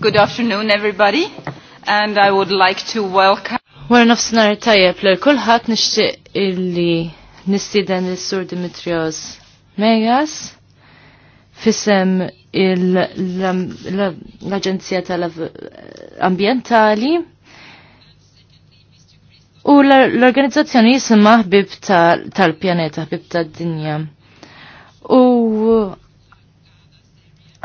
Good afternoon everybody and I would like to welcome Wara nofsinhar tajjeb l kulħadd nixtieq illi nistieden is-Sur Dimitrios Megas fisem l-Aġenzija tal-Ambientali u l-organizzazzjoni jisimha ħbib tal-pjaneta, ħbib tad-dinja. U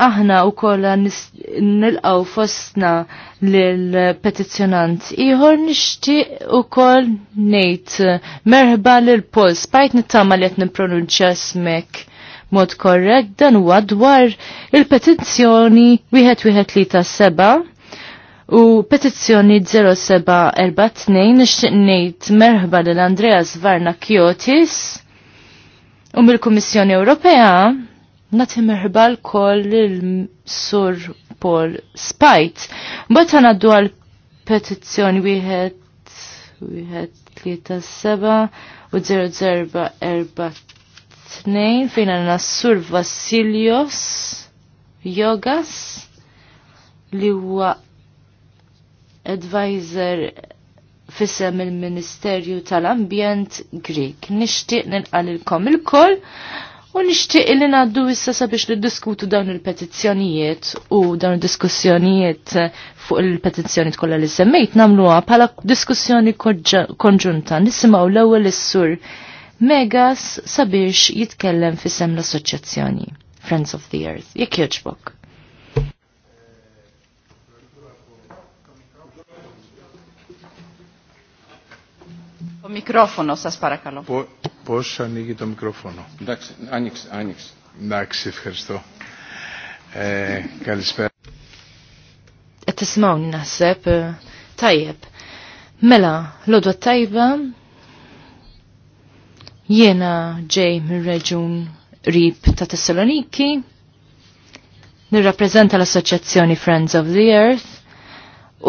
aħna u kolla nilqaw fostna l-petizjonant. Iħor nishti u koll nejt merħba l-pol, spajt nittama li jtni pronunċa smek mod korrekt, dan huwa dwar il-petizzjoni wieħed wieħed li ta' seba' U petizzjoni 0742 nixtieq ngħid merħba lil Andreas Varna Kiotis u mill-Kummissjoni Ewropea nati merħba l-koll l-sur Paul Spajt. għan għaddu għal petizjoni wieħed wieħed tlieta seba u 0042 fejn għandna sur Vassilios Jogas li huwa advisor fissem il-Ministerju tal-Ambjent Grik. Nixtieq nilqalilkom il-koll. il kom il koll U nixtieq li ngħaddu issa sabiex niddiskutu dawn il-petizzjonijiet u dawn il-diskussjonijiet eh, fuq il petizzjonijiet kollha li semmejt nagħmluha bħala diskussjoni konġunta nisimgħu l-ewwel is-sur Megas sabiex jitkellem fis-sem l-assoċjazzjoni Friends of the Earth. Jekk jogħġbok. Mikrofono sa sparakalo. Πώς ανοίγει το μικρόφωνο. Εντάξει, άνοιξε, άνοιξε. Εντάξει, ευχαριστώ. Ε, καλησπέρα. Tismawni naħseb, tajjeb. Mela, l-odwa tajba, jena ġej mir-reġun rib ta' Tessaloniki, nirrapprezenta l-Assoċjazzjoni Friends of the Earth,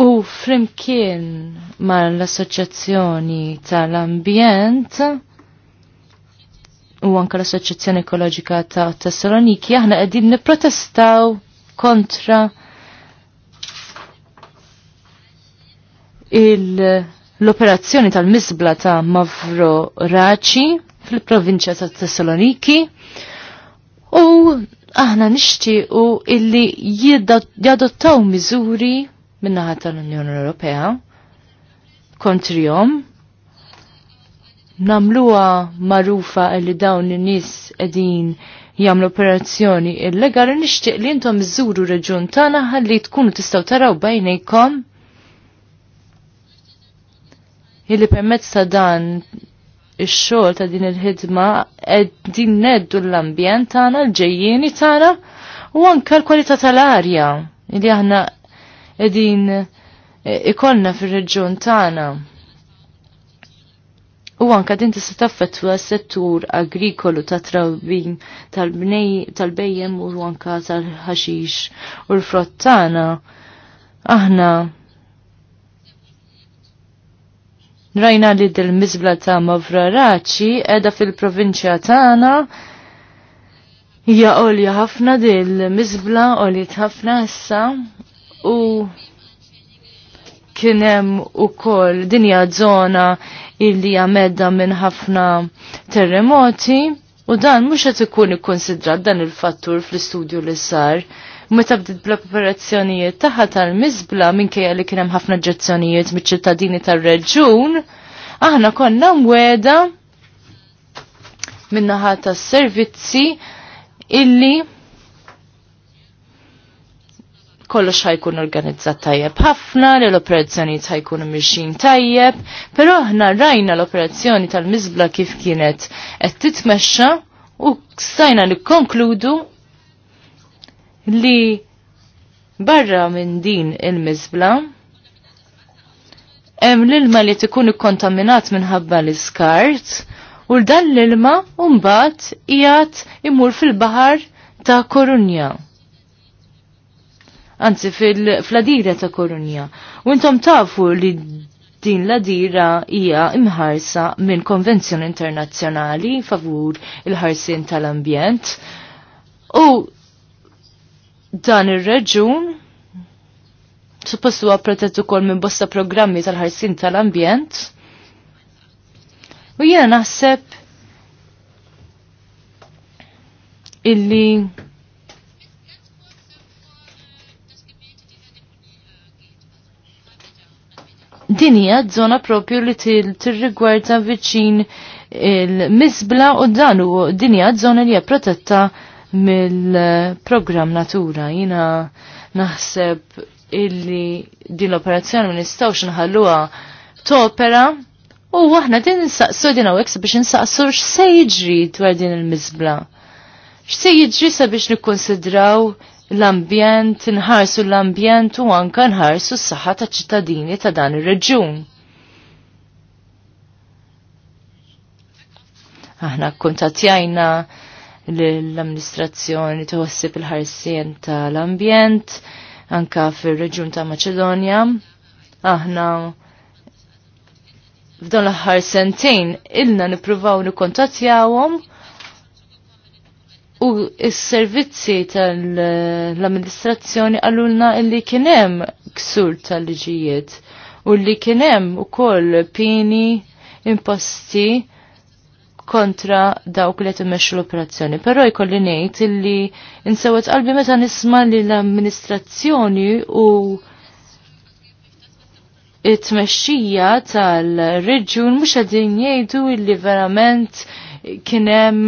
U flimkien ma l-Assoċjazzjoni tal-Ambjent u anka l-Assoċjazzjoni Ekoloġika ta' Tessaloniki aħna qegħdin nipprotestaw kontra l-operazzjoni tal-misbla ta' Mavro Raċi fil-provinċja ta' Tessaloniki u aħna nixtiequ illi jadottaw miżuri min-naħa tal-Unjoni Ewropea kontrihom namluwa marufa li dawn in-nies qegħdin jagħmlu operazzjoni illegali nixtieq li intom iżuru reġun tagħna ħalli tkunu tistgħu taraw bajnejkom illi permezz ta' dan ix-xogħol ta' din il-ħidma qegħdin neddu l-ambjent tagħna l-ġejjieni tagħna u anke l-kwalità tal-arja li aħna qegħdin eh, ikollna fir-reġjun tagħna. U anka din tista' taffettwa s-settur agrikolu ta' trawbin tal-bejjem u anka tal-ħaxix u l-frottana. Aħna rajna li dil-mizbla ta' Mavraraċi edha fil-provinċja tagħna hija għolja ħafna dil-mizbla olja ħafna issa u kienem u kol dinja zona illi għamedda minn ħafna terremoti u dan mux għet ikun ikkonsidrat dan il-fattur fl-istudju li sar. Meta bdiet bla preparazzjonijiet taħħa tal-mizbla minkejja li kienem ħafna ġezzjonijiet miċ-ċittadini tar-reġun, aħna konna mweda minnaħa tas-servizzi illi kollox ħajkun organizzat tajjeb ħafna, li l-operazzjonijiet ħajkunu mixin tajjeb, però aħna rajna l-operazzjoni tal-miżbla kif kienet qed titmexxa u stajna nikkonkludu li barra minn din il-miżbla hemm l-ilma li tikun ikkontaminat minħabba l-iskart u dan l-ilma mbagħad qiegħed imur fil-baħar ta' Korunja anzi fil-fladira ta' Korunja. U intom tafu li din l-adira hija imħarsa minn konvenzjoni internazzjonali favur il-ħarsin tal-ambjent. U dan ir-reġun suppost huwa protett ukoll minn bosta programmi tal-ħarsin tal-ambjent. U jena naħseb illi din hija żona propju li tirrigwarda viċin il-misbla u dan u din hija żona li hija protetta mill-programm Natura. Jina naħseb illi din l-operazzjoni ma nistgħux nħalluha topera u aħna din nsaqsu din hawnhekk biex nsaqsu x'se jiġri dwar din il misbla X'se jiġri sabiex nikkonsidraw l-ambjent, nħarsu l-ambjent u anka nħarsu s-saħħa ta' ċittadini ta' dan ir-reġjun. Aħna kuntatjajna l-amministrazzjoni tħossib il-ħarsien tal-ambjent anka fir-reġjun ta' Maċedonja. Aħna f'dan l-aħħar sentejn ilna nippruvaw nikkontattjawhom U s-servizzi tal-amministrazzjoni għallulna illi kienem ksur tal-liġijiet u li kienem u koll pini imposti kontra dawk li timmexxu l-operazzjoni. Però jkolli ngħid illi insewet qalbi meta nisma' li l-amministrazzjoni u it-tmexxija tal-reġjun mhux qegħdin jgħidu illi verament kien hemm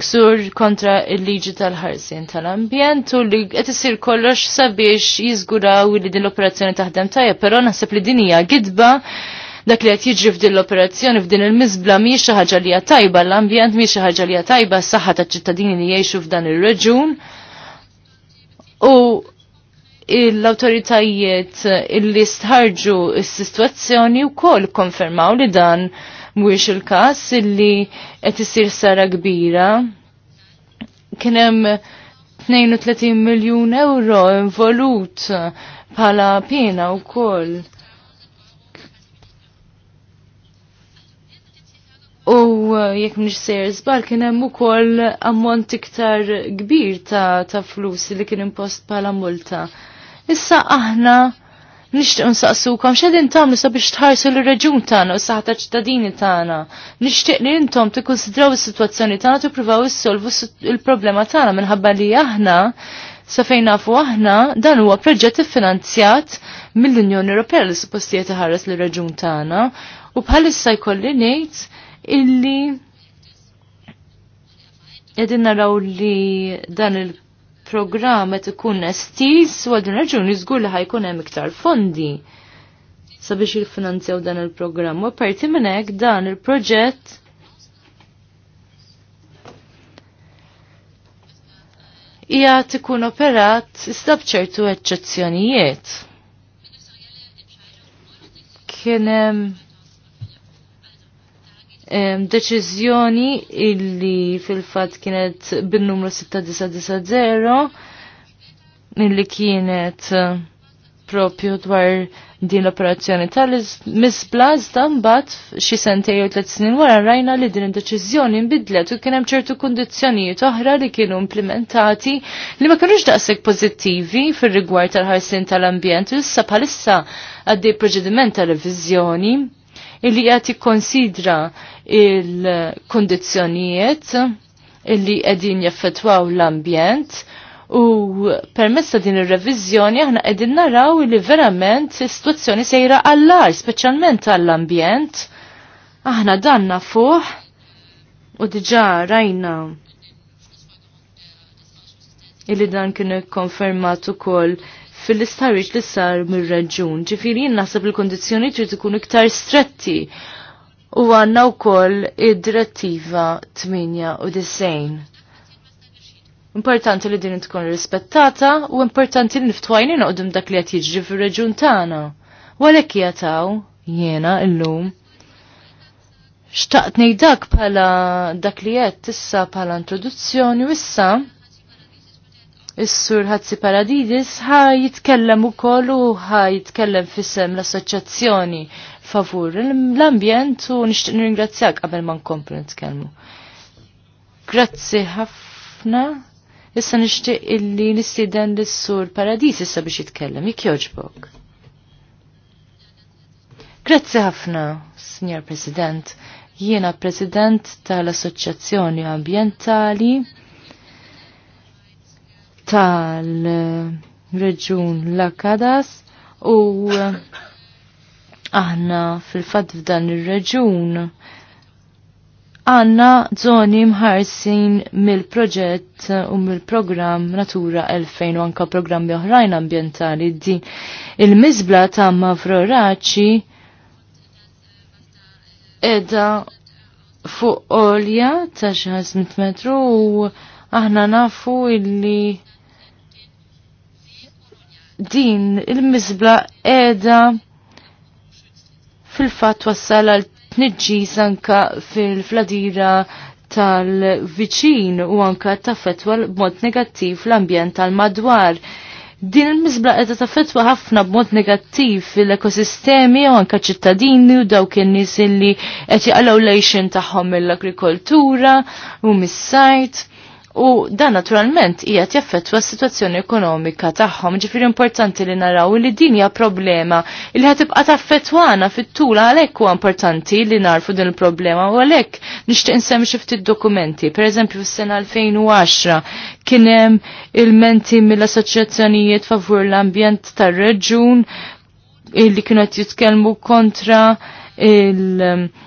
ksur kontra il-liġi tal-ħarsien tal-ambjent u li qed isir kollox sabiex jiżguraw li din l-operazzjoni taħdem tajja, però naħseb li din hija gidba dak li qed jiġri f'din l-operazzjoni f'din il-miżbla mhijiex xi ħaġa li hija tajba l-ambjent mhijiex xi ħaġa li hija tajba s-saħħa taċ-ċittadini li jgħixu f'dan ir-reġun. U l-autoritajiet illi stħarġu s-situazzjoni u kol konfermaw li dan mwix il-każ illi qed isir sara kbira. Kien hemm 32 miljun euro involut bħala pena wkoll. U uh, jekk mniex sejr żbal, kien hemm ukoll ammont iktar kbir ta', ta flus li kien impost bħala multa. Issa aħna Nixtieq nsaqsukom x'edin tagħmlu sabiex tħarsu l-reġun tagħna u saħta ċittadini tagħna. Nixtieq li intom tikkunsidraw is-sitwazzjoni tagħna tippruvaw issolvu il-problema tagħna minħabba li aħna sa fejn nafu aħna dan huwa proġett iffinanzjat mill-Unjoni Ewropea li suppost suppostijiet iħares l-reġun tagħna u bħalissa jkolli ngħid illi qegħdin naraw li dan il programm qed ikun estiż u għal din raġuni żgur li ħajkun hemm iktar fondi sabiex jiffinanzjaw dan il-programm. U parti minn hekk dan il-proġett hija tikun operat iżda b'ċertu eċċezzjonijiet. Kien hemm deċiżjoni illi fil-fatt kienet bin-numru 6990 illi kienet eh, propju dwar din l-operazzjoni tal-misblaz dan bat xi sentej u tliet snin wara rajna li din id-deċiżjoni nbidlet u kien hemm ċertu kundizzjonijiet oħra li kienu implementati li ma kinux daqshekk pożittivi fir-rigward tal-ħarsien tal-ambjent u issa bħalissa għaddej proċediment tal-reviżjoni illi qed jikkonsidra il-kondizjonijiet illi qegħdin jaffetwaw l-ambjent u permessa din ir-reviżjoni aħna qegħdin naraw li verament situazzjoni sejra għall specialment speċjalment għall-ambjent. Aħna danna fuħ u diġà rajna illi dan kien ikkonfermat ukoll fil istarriċ li sar mir-reġun. Ġifieri naħseb il kondizjoni trid ikun iktar stretti u għanna u koll id-direttiva 98. Importanti li din tkun rispettata u importanti li niftwajni noqdum dak li għat jiġri fil-reġun tana. Walek jataw jena illum. Xtaqt dak pala dak li għat issa pala introduzzjoni u issa Is-sur Ħazzi Paradidis ħaj jitkellem ukoll u ħaj jitkellem fissem l-assoċjazzjoni favur l-ambjent u nixtieq nirringrazzjak qabel ma nkomplu nitkellmu. Grazzi ħafna. Issa nixtieq illi nistieden lis-sur Paradis issa biex jitkellem, jekk jogħġbok. Grazzi ħafna, Signor President. Jiena President tal-Assoċjazzjoni Ambientali tal-Reġun Lakadas u aħna fil-fat f'dan ir-reġun għanna zoni mħarsin mill-proġett u mill-programm Natura 2000 u anka programmi oħrajn ambientali din il-mizbla ta' Mavroraċi edha fuq olja ta' xi metru u aħna nafu illi din il-mizbla edha fil-fatt wassal għal tniġġis anka fil-fladira tal-viċin u anka taffetwa b'mod negattiv l-ambjent tal-madwar. Din il-mizbla qed taffetwa ħafna b'mod negattiv fil-ekosistemi u anka ċittadini u dawk in-nies illi qed jaqgħu lejxin tagħhom mill-agrikoltura u mis-sajt. U dan naturalment hija jaffettwa s-sitwazzjoni ekonomika tagħhom, ġifieri importanti li naraw li din hija problema li ħad tibqa' taffettwana fit-tul għalhekk huwa importanti li narfu din il-problema u għalhekk nixtieq insemmi xi ftit dokumenti. Pereżempju fis-sena 2010 kien hemm il-menti mill-assoċjazzjonijiet favur l-ambjent tar-reġun li kienu qed jitkellmu kontra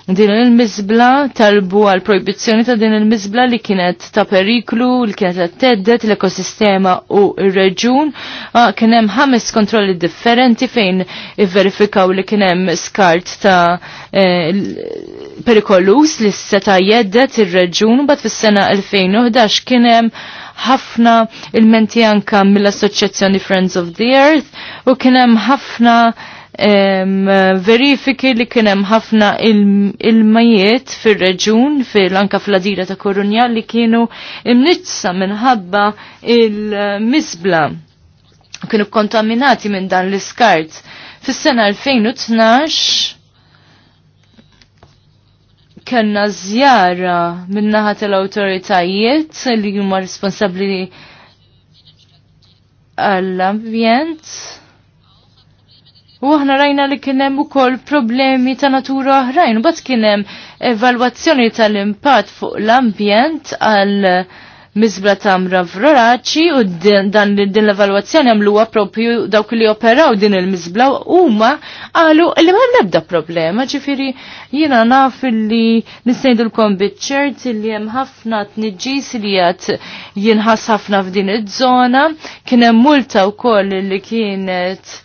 din il-mizbla talbu għal proibizzjoni ta' din il-mizbla li kienet ta' periklu, li kienet teddet l-ekosistema u il-reġun. Ah, kien hemm ħames kontrolli differenti fejn verifikaw li kien hemm skart ta' eh, perikolus li seta' jeddet il-reġun, bat fis-sena 2011 kien hemm ħafna il-menti anka mill-Assoċjazzjoni Friends of the Earth u kien hemm ħafna verifiki li kienem ħafna il-majiet il fil-reġun, fil-anka fil-adira ta' Korunja li kienu imnitsa minħabba il misbla Kienu kontaminati minn dan l-iskart. Fis-sena 2012 kellna zjara minnaħa tal-autoritajiet li huma responsabbli għall-ambjent U aħna rajna li kienem u kol problemi ta' natura oħrajn. Bat kienem evalwazzjoni tal-impat fuq l-ambjent għal Mizbra ta' mravroraċi u dan din l-evalwazzjoni għamluwa propju dawk li operaw din il-mizbla u ma għalu li ma nebda problema ġifiri jina naf li nisnejdu l ċert li jem ħafna t-nġis li jgħat jinħas ħafna f'din id-zona kienem multa u koll li kienet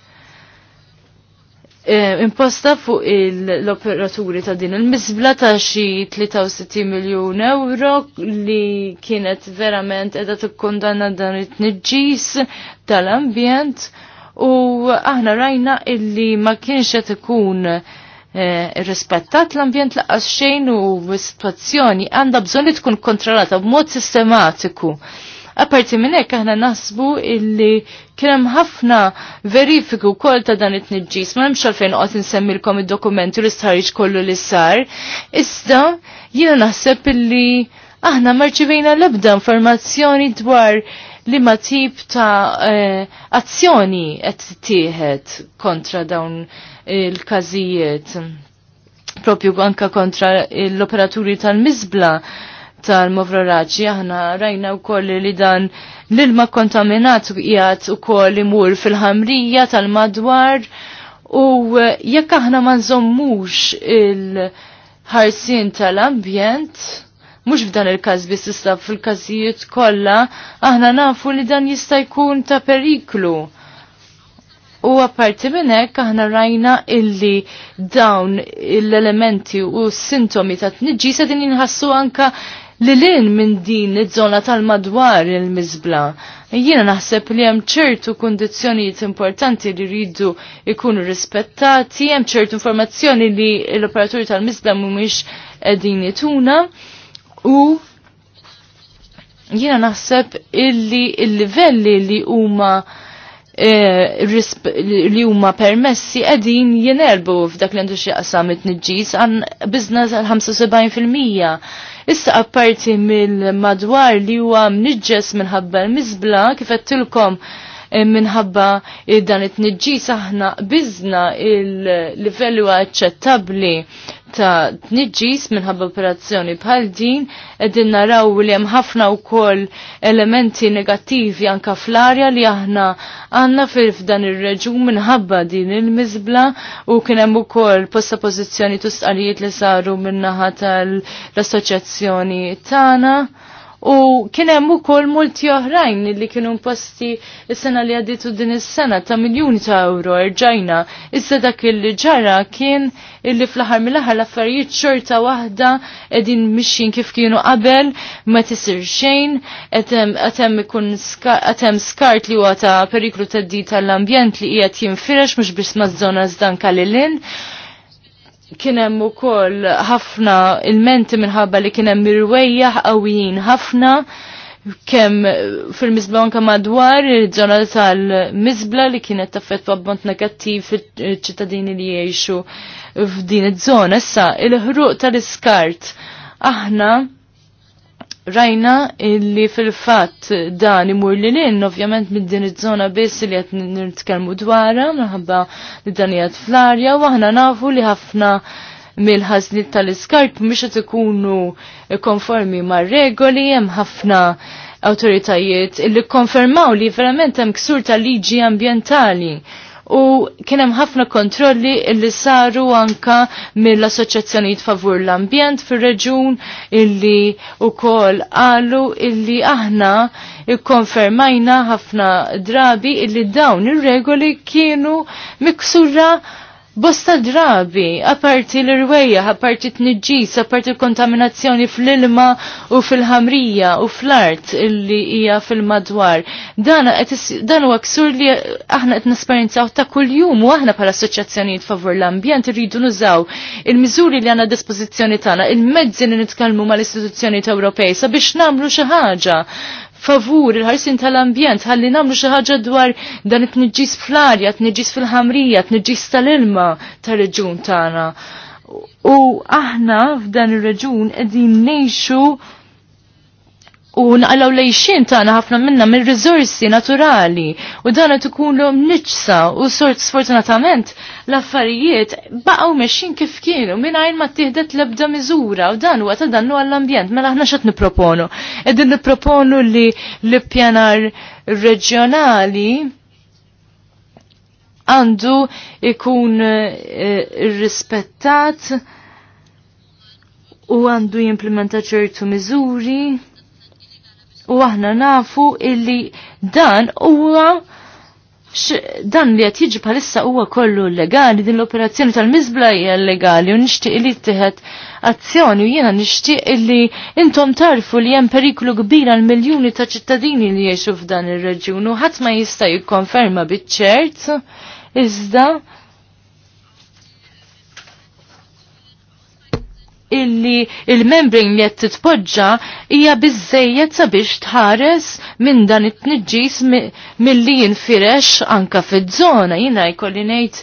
Eh, imposta fuq l-operaturi ta' din il-mizbla ta' xi 63 miljun euro li kienet verament edha tikkondanna dan it-tniġġis tal-ambjent u aħna rajna illi ma kienx qed ikun eh, rispettat l-ambjent laqqas xejn u s-situazzjoni għandha bżonn li tkun kontrollata b'mod sistematiku. Apparti minn hekk aħna naħsbu illi kien hemm ħafna verifiku wkoll ta' dan it-tniġġis, ma hemmx għalfejn qgħod insemmilkom id-dokumenti u l istħarġ kollu li sar. Iżda jiena naħseb illi aħna marċivejna l-ebda informazzjoni dwar li ma tip ta' eh, azzjoni qed tieħed kontra dawn il-każijiet propju anka kontra l-operaturi tal-mizbla tal-Movroraċi aħna rajna wkoll li dan l-ilma kontaminat u u ukoll imur fil-ħamrija tal-madwar u jekk aħna ma nżommux il-ħarsien tal-ambjent mux f'dan il-każ biss issa fil-każijiet kollha, aħna nafu li dan jista' jkun ta' periklu. U apparti minn hekk aħna rajna illi dawn l-elementi u s-sintomi ta' tniġġi se din jinħassu anka li lin minn din iż-żona tal-madwar il-miżbla. Jiena naħseb li hemm ċertu kundizzjonijiet importanti li rridu jkunu rispettati, hemm ċertu informazzjoni li l-operaturi tal-miżbla mhumiex qegħdin jituna u jiena naħseb illi il-livelli li huma il Eh, li huma permessi qegħdin jinerbu f'dak li għandu xi qasam it-tniġġis għan biżna tal-75%. Issa apparti mill-madwar li huwa mniġġes minħabba l-miżbla kif qedtilkom eh, minħabba dan it-tniġġis aħna biżna il-livellu aċċettabbli ta' tniġġis minħabba operazzjoni bħal din qegħdin naraw li hemm ħafna wkoll elementi negattivi anka fl-arja li aħna għandna f'dan ir-reġun minħabba din il-miżbla u kien hemm ukoll posta pożizzjoni tustqarijiet li saru min-naħa tal-assoċjazzjoni tagħna. U kien hemm ukoll multi oħrajn li kienu imposti s-sena li għaddiet u din is-sena ta' miljuni ta' euro erġajna. Issa dak li ġara kien illi fl-aħħar mill ħar l-affarijiet xorta waħda qegħdin kif kienu qabel ma tisir xejn, għatem hemm ikun hemm skart li huwa ta' periklu tad-di tal-ambjent li qiegħed jinfirax mhux biss maż-żona żdan kalilin kienem u koll ħafna il-menti minħabba li kienem mirwejja għawijin ħafna kem fil-mizbla anka madwar il-ġona tal-mizbla li kienet taffet babbont negattiv fil-ċittadini li jiexu f'din iż-żona. Issa, il-ħruq tal-iskart aħna rajna illi fil-fatt dan imur li lin, ovvjament minn din iż-żona biss li qed nitkellmu dwarha minħabba li dan qiegħed fl-arja u aħna nafu li ħafna mill-ħażliet tal-iskarp mhux qed ikunu konformi mar-regoli hemm ħafna awtoritajiet illi konfermaw li verament hemm ksur tal-liġi ambjentali u kienem ħafna kontrolli illi saru anka mill-assoċjazzjonijiet favur l-ambjent fir-reġun illi ukoll qalu illi aħna konfermajna ħafna drabi illi dawn ir-regoli kienu miksura Bosta drabi, aparti l-irwejja, aparti t-nġis, aparti l-kontaminazzjoni fl-ilma u fil-ħamrija u fl-art illi hija fil-madwar. Dan huwa ksur li aħna qed nesperjenzaw ta' kuljum u aħna bħala assoċjazzjonijiet favur l-ambjent rridu nużaw il-miżuri li għandna dispożizzjoni tagħna, il-mezzi li nitkellmu mal-istituzzjonijiet Ewropej sabiex nagħmlu xi ħaġa favur il-ħarsin tal-ambjent, ħalli namlu xi ħaġa dwar dan it nġis fl-arja, t nġis fil-ħamrija, t nġis tal-ilma tar-reġun tagħna. U aħna f'dan ir-reġun qegħdin ngħixu u naqalaw lejxin tagħna ħafna minna minn riżorsi naturali u dan qed ikunhom niċsa u sort sfortunatament l-affarijiet baqgħu mexxin kif kienu mingħajr ma tieħdet l-ebda miżura u dan huwa għata dannu għall-ambjent mela aħna xat nipproponu. Qegħdin nipproponu li l-ippjanar reġjonali għandu ikun eh, irrispettat u għandu jimplementa ċertu miżuri u aħna nafu illi dan huwa dan li qed jiġi bħalissa huwa kollu legali din l-operazzjoni tal-miżbla hija legali u nixtieq li tieħed azzjoni u jiena nixtieq illi intom tarfu li hemm periklu kbir għal miljuni ta' ċittadini li jgħixu f'dan ir-reġjun u ħadd ma jista' jikkonferma biċ-ċert iżda illi il-membrin li qed titpoġġa hija biżejjed sabiex tħares minn dan it-tniġġis milli jinfirex anka fiż-żona. Jiena jkolli ngħid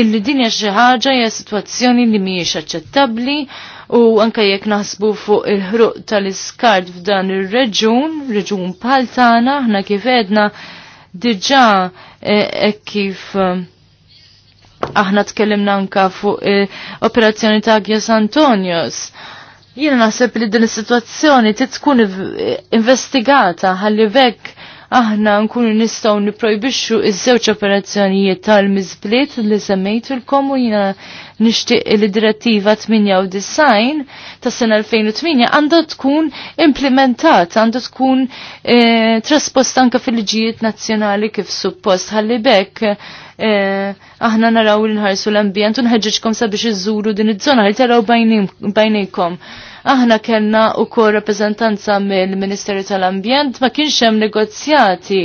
illi din hija xi ħaġa hija sitwazzjoni li mhijiex aċċettabbli u anka jekk naħsbu fuq il-ħruq tal-iskard f'dan ir-reġun, reġun bħal tagħna, aħna kif edna diġà e, e, kif eh, aħna tkellimna anka fuq eh, operazzjoni ta' Agnes Antonios. Jiena naħseb li din is-sitwazzjoni tkun investigata ħalli vekk aħna nkunu nistgħu nipprojbixxu iż-żewġ operazzjonijiet tal-miżbliet li semmejtulkom u jiena nixtieq li direttiva 98 tas sena 2008 għandha tkun implementat, għandha tkun e, trasposta anke fil-liġijiet nazzjonali kif suppost ħalli bekk eh, aħna naraw l-inħarsu l-ambjent u nħedġiġkom sabiex iżżuru din iż-żona li taraw bajnejkom. Aħna kellna ukoll rappreżentanza mill-Ministeru tal-Ambjent ma kienx hemm negozjati.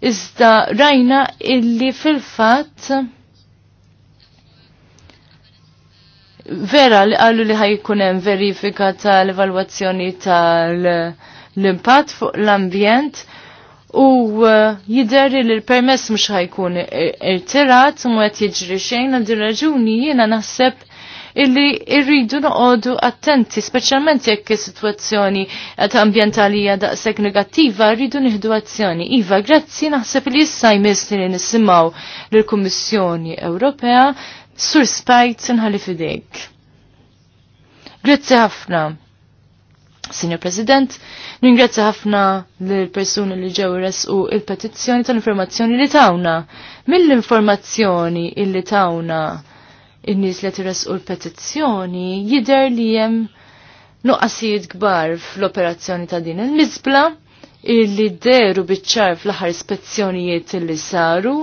Iżda rajna illi fil-fatt vera li għallu li ħajkun hemm verifika tal-evalwazzjoni tal-impatt fuq l-ambjent u uh, jideri li l-permess mhux ħajkun irtirat u qed jiġri xejn għal raġuni jiena naħseb illi irridu noqogħdu attenti, speċjalment jekk is-sitwazzjoni ambjentali hija daqshekk negattiva, rridu nihdu azzjoni. Iva, grazzi naħseb li issa jmiss li nisimgħu lill-Kummissjoni Ewropea sur spajt sinħalli fidejk. Grazzi ħafna. Signor President, ningrazzja ħafna l-persuni li ġew resqu il-petizzjoni tal-informazzjoni li tawna. Mill-informazzjoni li tawna in-nies li tirresqu l-petizzjoni jidher li hemm nuqqasijiet kbar fl-operazzjoni ta' din il-nisbla illi deru biċċar fl-aħħar ispezzjonijiet li saru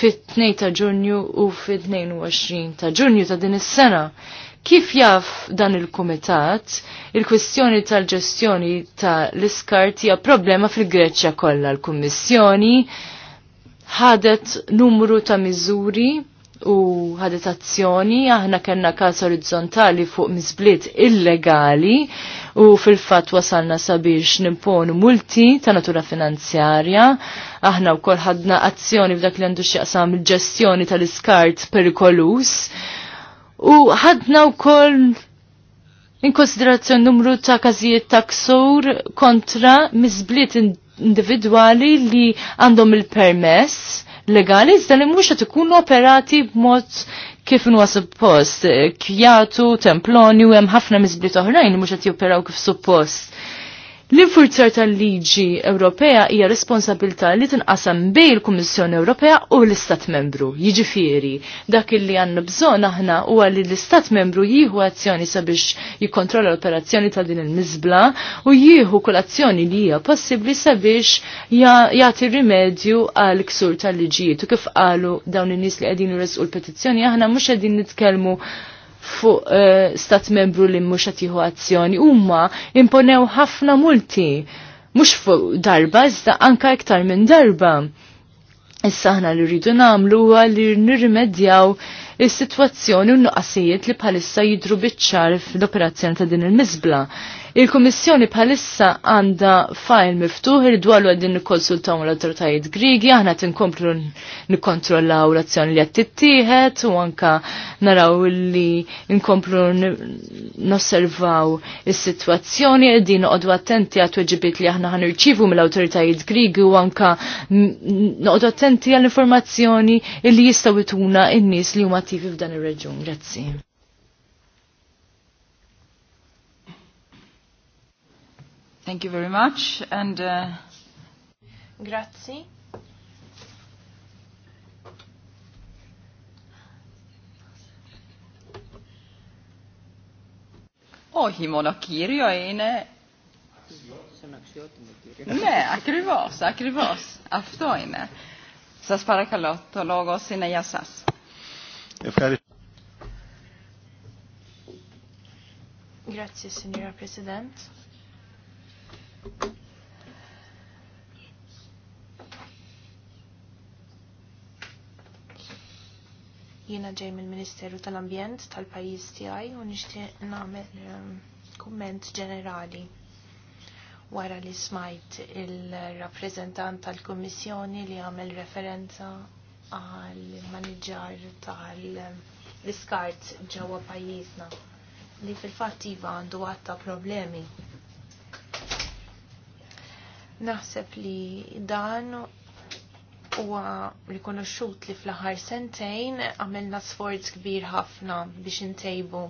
fit-2 ta' ġunju u fit-22 ta' ġunju ta' din is-sena. Kif jaf dan il-kumitat, il-kwistjoni tal-ġestjoni ta' l-iskart hija problema fil-Greċja kollha l-Kummissjoni ħadet numru ta' miżuri u ħadetazzjoni azzjoni, aħna kellna każ orizzontali fuq miżbliet illegali u fil-fatt wasalna sabiex nimponu multi ta' natura finanzjarja. Aħna wkoll ħadna azzjoni f'dak li għandu x'jaqsam il-ġestjoni tal-iskart perikolus u ħadna wkoll in konsiderazzjoni numru ta' każijiet ta' ksur kontra miżbliet individwali li għandhom il-permess legali, iżda li mhux qed ikunu operati b'mod kif huwa suppost, kjatu, temploni u hemm ħafna miżbliet oħrajn li mhux qed jopperaw kif suppost. L-infurzar tal-liġi Ewropea hija responsabilità li tinqasam bej il-Kummissjoni Ewropea u l-Istat Membru. Jiġifieri, dak li għandna bżonn aħna huwa li l-Istat Membru jieħu azzjoni sabiex jikkontrolla l-operazzjoni ta' din il-miżbla u jieħu kull azzjoni li hija possibbli sabiex jagħti rimedju għal ksur tal-liġijiet u kif qalu dawn in-nies li qegħdin jresqu l-petizzjoni aħna mhux qegħdin nitkellmu fuq uh, stat membru li mhux qed jieħu azzjoni huma imponew ħafna multi mhux fuq darba iżda anka iktar minn darba. Issa aħna li rridu namlu huwa li nirrimedjaw is-sitwazzjoni u n-nuqqasijiet li bħalissa jidru biċ-ċar fl-operazzjoni ta' din il-miżbla. Il-Kummissjoni bħalissa għandha fajl miftuħ irdwalu għaddin nikkonsultaw l-autoritajiet Grigi, aħna tinkomplu nikkontrollaw l-azzjoni li qed tittieħed u anka naraw li nkomplu nosservaw is-sitwazzjoni qegħdin noqogħdu attenti għat weġibiet li aħna ħanirċivu mill-awtoritajiet Grigi u anka noqogħdu attenti għall-informazzjoni li jistgħu ituna n-nies li huma attivi f'dan ir-reġun. Grazzi. Thank you very much. And, uh... Grazie. Grazzi. Ohi oh, monokiri ojine. Ne, akrivos, akrivos, aftojne. Sas parakalotto logos ine jasas. Grazie, signora Presidente. Jiena ġej mill-Ministeru tal-Ambjent tal-pajjiż tiegħi u nixtieq nagħmel ehm, kumment ġenerali wara li smajt il-rappreżentant tal-Kummissjoni li għamel referenza għal maniġar tal-iskart ġewwa pajjiżna li fil-fatt iva għandu għatta problemi Naħseb li dan huwa rikonoxxut li fl-aħħar sentejn għamilna sforz kbir ħafna biex intejbu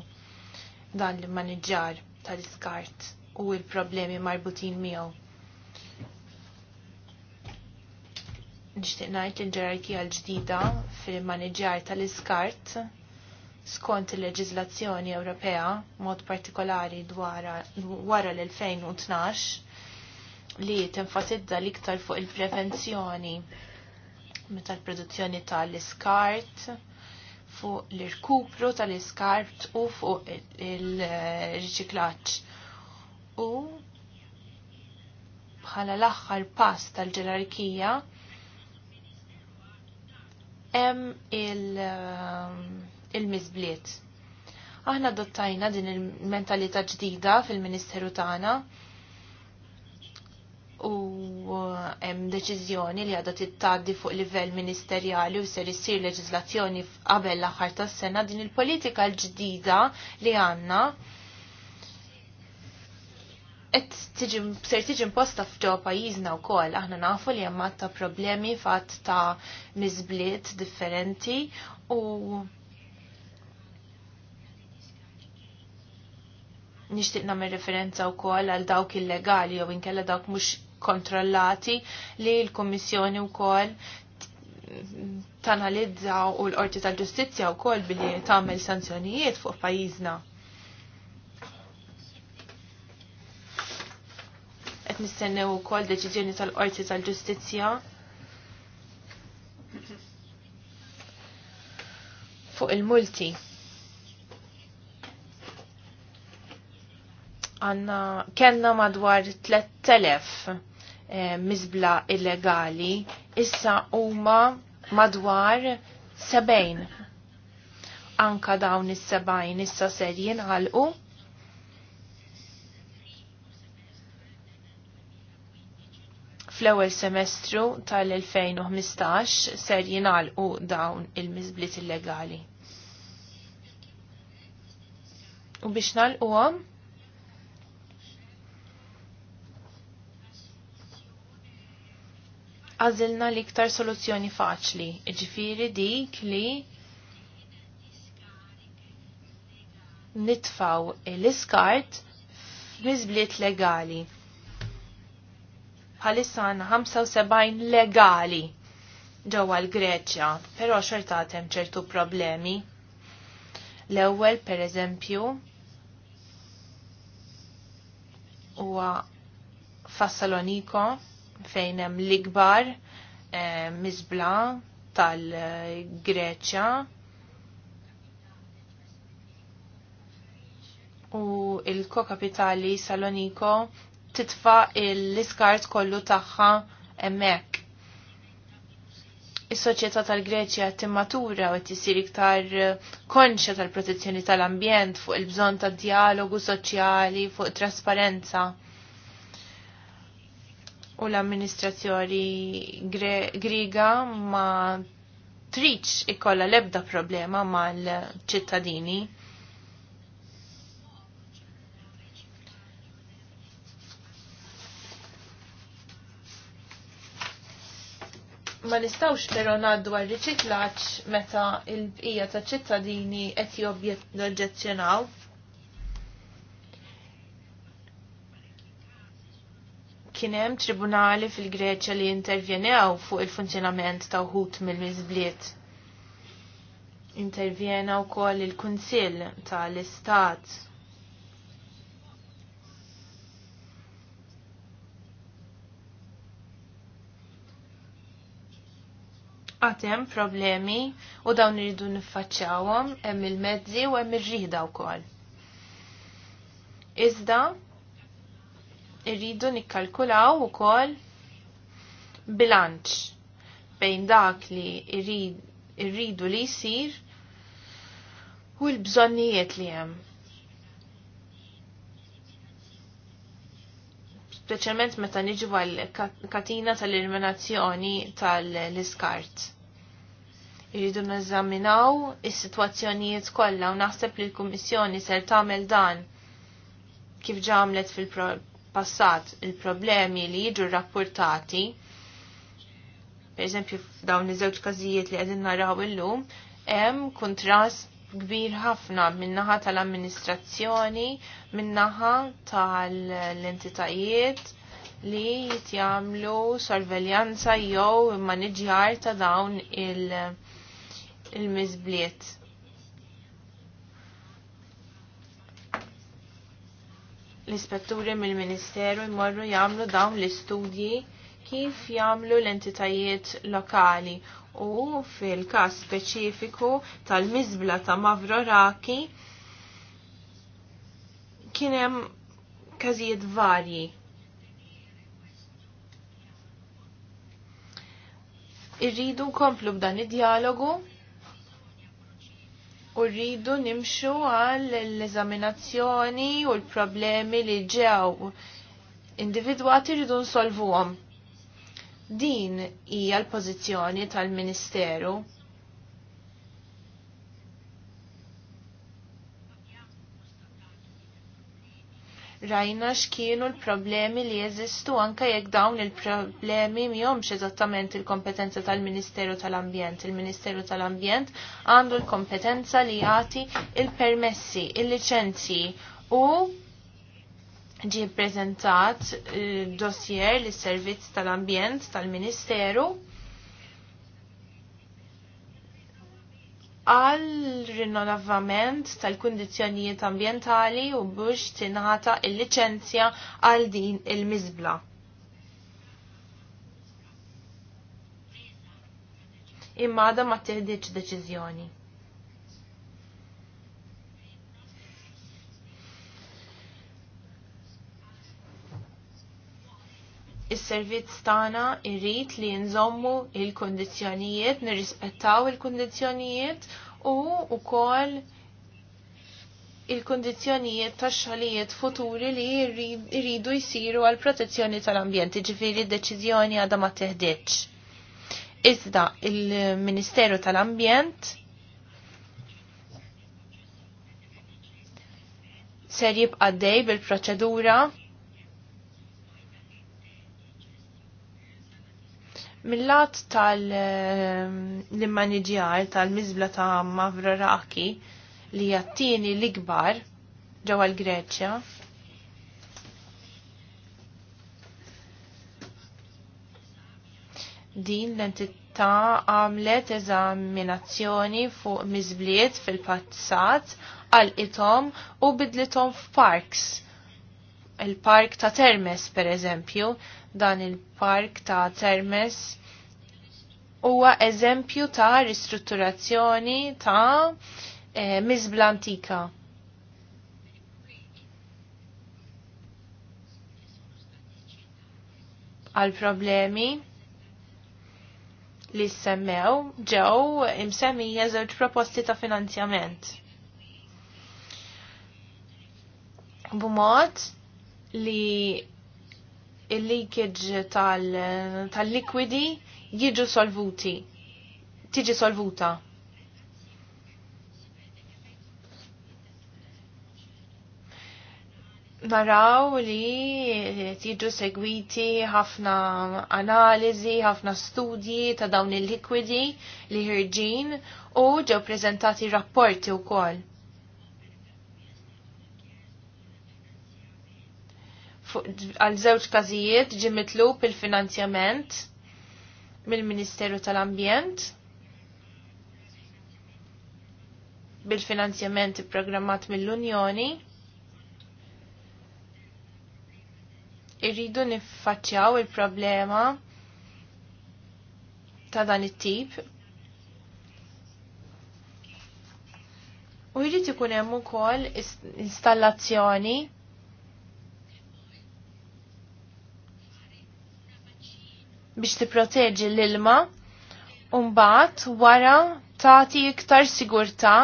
dan li maniġġar tal-iskart u l-problemi marbutin miegħu. Nixtieq ngħid li l-ġerarkija l-ġdida fil-maniġġar tal-iskart skont il-leġiżlazzjoni Ewropea mod partikolari dwar wara l-2012 li tenfasizza l-iktar fuq il-prevenzjoni meta l-produzzjoni tal-iskart fuq l-irkupru tal-iskart u fuq il-riċiklaġġ. U bħala l-aħħar pass tal-ġerarkija hemm um, il-miżbliet. Aħna adottajna din il-mentalità ġdida fil-Ministeru tagħna u uh, hemm deċiżjoni li għadha tittaddi fuq livell ministerjali u ser issir leġiżlazzjoni qabel l-aħħar tas-sena din il-politika l-ġdida li għandna qed tiġi ser tiġi imposta f'ġew pajjiżna wkoll aħna nafu li hemm ta' problemi fatt ta' miżbliet differenti u nixtieq nagħmel referenza wkoll għal dawk illegali jew inkella dawk mhux kontrollati li l-Kommissjoni wkoll tanalizza u l-Qorti tal-Ġustizzja wkoll billi tagħmel sanzjonijiet fuq pajjiżna. Qed nistennew ukoll deċiżjoni tal-Qorti tal-Ġustizzja fuq il-multi. Għanna, kena madwar 3000 Eh, miżbla illegali issa huma madwar sebejn. Anka dawn is sebajn issa ser jinħalqu fl-ewwel semestru tal-2015 ser jingħalqu dawn il-miżbliet illegali. U biex nalquhom għazilna liktar soluzzjoni faċli, ġifiri dik li nitfaw l-iskart f'miżbliet legali. Bħalissa għandna 75 legali ġewwa l-Greċja, però xortat hemm ċertu problemi. L-ewwel pereżempju huwa Fassaloniko fejn hemm l-ikbar eh, miżbla tal-Greċja u il-ko-kapitali Saloniko titfa l-iskart kollu tagħha hemmhekk is-soċjetà tal-Greċja timmatura u qed iktar konxja tal-protezzjoni tal-ambjent fuq il-bżonn tad-dialogu soċjali fuq trasparenza u l-amministrazzjoni griga ma triċ ikolla lebda problema mal-ċittadini. ma nistawx però naddu għal riċiklaċ meta il-bqija ta' ċittadini qed jobjezzjonaw kienem tribunali fil-Greċja li intervjenew fuq il-funzjonament ta' uħut mill mizbliet Intervjena u koll il-Kunsil tal-Istat. Għatem problemi u dawn irridu nifacċawom, hemm il-mezzi u hemm ir u wkoll. Iżda irridu nikkalkulaw ukoll bilanċ bejn dak li irridu li jsir u l-bżonnijiet li hemm. Speċjalment meta nġu għal katina tal-eliminazzjoni tal-iskart. Irridu nazzaminaw is-sitwazzjonijiet kollha u naħseb li l-Kummissjoni ser tagħmel dan kif ġamlet fil-program passat il-problemi li jiġu rapportati, per esempio f'dawn iż-żewġ każijiet li qegħdin naraw illum, hemm kontrast kbir ħafna min-naħa tal-amministrazzjoni, min-naħa tal-entitajiet li jitjamlu sorveljanza jew maniġjar ta' dawn il-miżbliet. l-ispetturi mill-Ministeru jmorru jagħmlu dawn l-istudji kif jagħmlu l-entitajiet lokali u fil-każ speċifiku tal-miżbla ta' Mavroraki kien hemm każijiet varji. Irridu nkomplu b'dan id-dialogu u rridu nimxu għal l-eżaminazzjoni u l-problemi li ġew individwati rridu nsolvuhom. Din hija l-pożizzjoni tal-Ministeru rajna x'kienu l-problemi li jeżistu anke jekk dawn il-problemi mihomx eżattament il-kompetenza tal-Ministeru tal-Ambjent. Il-Ministeru tal-Ambjent għandu l-kompetenza li jagħti il-permessi, il-liċenzji u ġie ppreżentat eh, dossier lis servizz tal-Ambjent tal-Ministeru. tal ambjent tal ministeru għal rinnovament tal-kondizjonijiet ambientali u biex tinħata il-licenzja għal din il-mizbla. Imma għada ma teħdiċ deċizjoni. Is-servizz tagħna jrid li nżommu il-kundizzjonijiet, nirrispettaw il-kundizzjonijiet u wkoll il kundizzjonijiet ta' xalijiet futuri li jridu jisiru għal protezzjoni tal-ambjent, ġifiri deċizjoni għadha ma teħdiċ. Iżda il-Ministeru tal-Ambjent ser jibqa' dej bil-proċedura Mill-lat tal-immaniġjar ehm, tal-mizbla ta' Mavraraki li jattini l-ikbar ġewwa l-Greċja. Din l-entità għamlet eżaminazzjoni fuq miżbliet fil-pazzat għal itom u bidlitom f'parks. Il-park ta' Termes, per eżempju, dan il-park ta' Termes huwa eżempju ta' ristrutturazzjoni ta' eh, mizbla antika. Għal problemi li semmew ġew imsemmija żewġ proposti ta' finanzjament. B'mod li il-leakage tal-liquidi jiġu solvuti, tiġi solvuta. naraw li tiġu segwiti ħafna analizi, ħafna studji ta' dawn il-likwidi li ħirġin u ġew prezentati rapporti wkoll. għal żewġ każijiet ġi mitlub il-finanzjament mill-Ministeru tal-Ambjent bil-finanzjament programmat mill-Unjoni irridu niffaċċjaw il-problema ta' dan it-tip u jrid ikun hemm ukoll installazzjoni biex tipproteġi l-ilma u mbagħad wara tagħti iktar sigurtà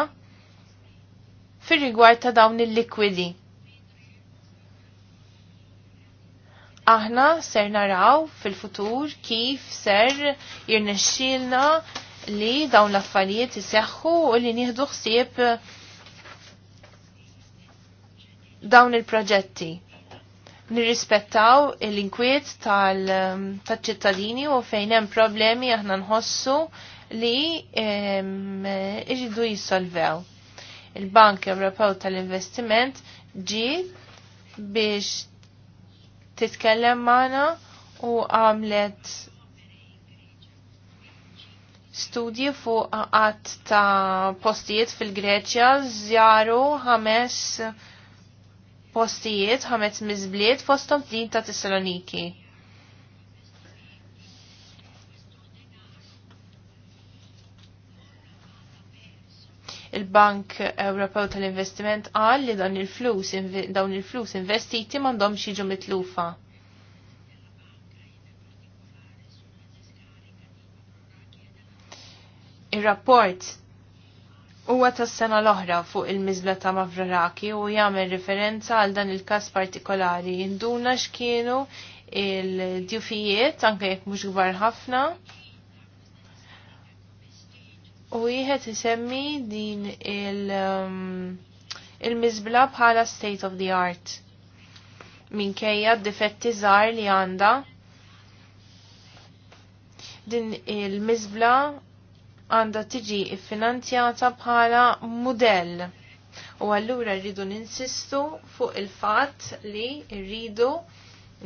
fir-rigward ta' dawn il-likwidi. Aħna ser naraw fil-futur kif ser jirnexxilna li dawn l-affarijiet iseħħu u li nieħdu ħsieb dawn il-proġetti nirrispettaw l-inkwiet um, tal-ċittadini u fejn hemm problemi aħna nħossu li um, iġidu jissolvew. Il-Bank Ewropew tal-Investiment ġi biex titkellem magħna u għamlet studji fuq qatt ta' postijiet fil-Greċja żjaru ħames postijiet ħamet mizbliet fostom din ta' Tessaloniki. il-Bank Ewropew tal-Investiment qal li dan il-flus dawn il-flus investiti m'għandhomx jiġu mitlufa. Ir-rapport huwa tas sena l-oħra fuq il mizla ta' Mavraraki u jagħmel referenza għal dan il-każ partikolari jinduna x'kienu il-djufijiet anke jekk mhux kbar ħafna. U wieħed isemmi din il- um, il bħala state of the art minkejja d-difetti żgħar li għandha din il-mizbla għanda tiġi iffinanzjata bħala mudell. U allura rridu ninsistu fuq il-fatt li rridu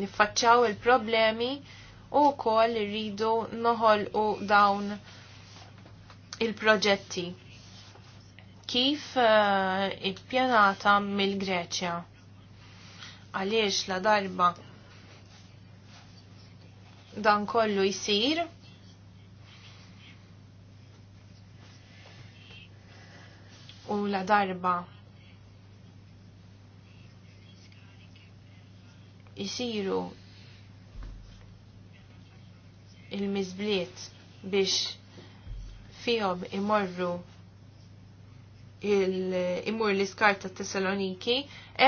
nifacċaw il-problemi u kol rridu noħol u dawn il-proġetti. Kif uh, eh, il-pjanata mill-Greċja? Għaliex la darba dan kollu jisir? u la darba jisiru il-mizbliet biex fihom imorru il-imur l-iskar ta' Tessaloniki,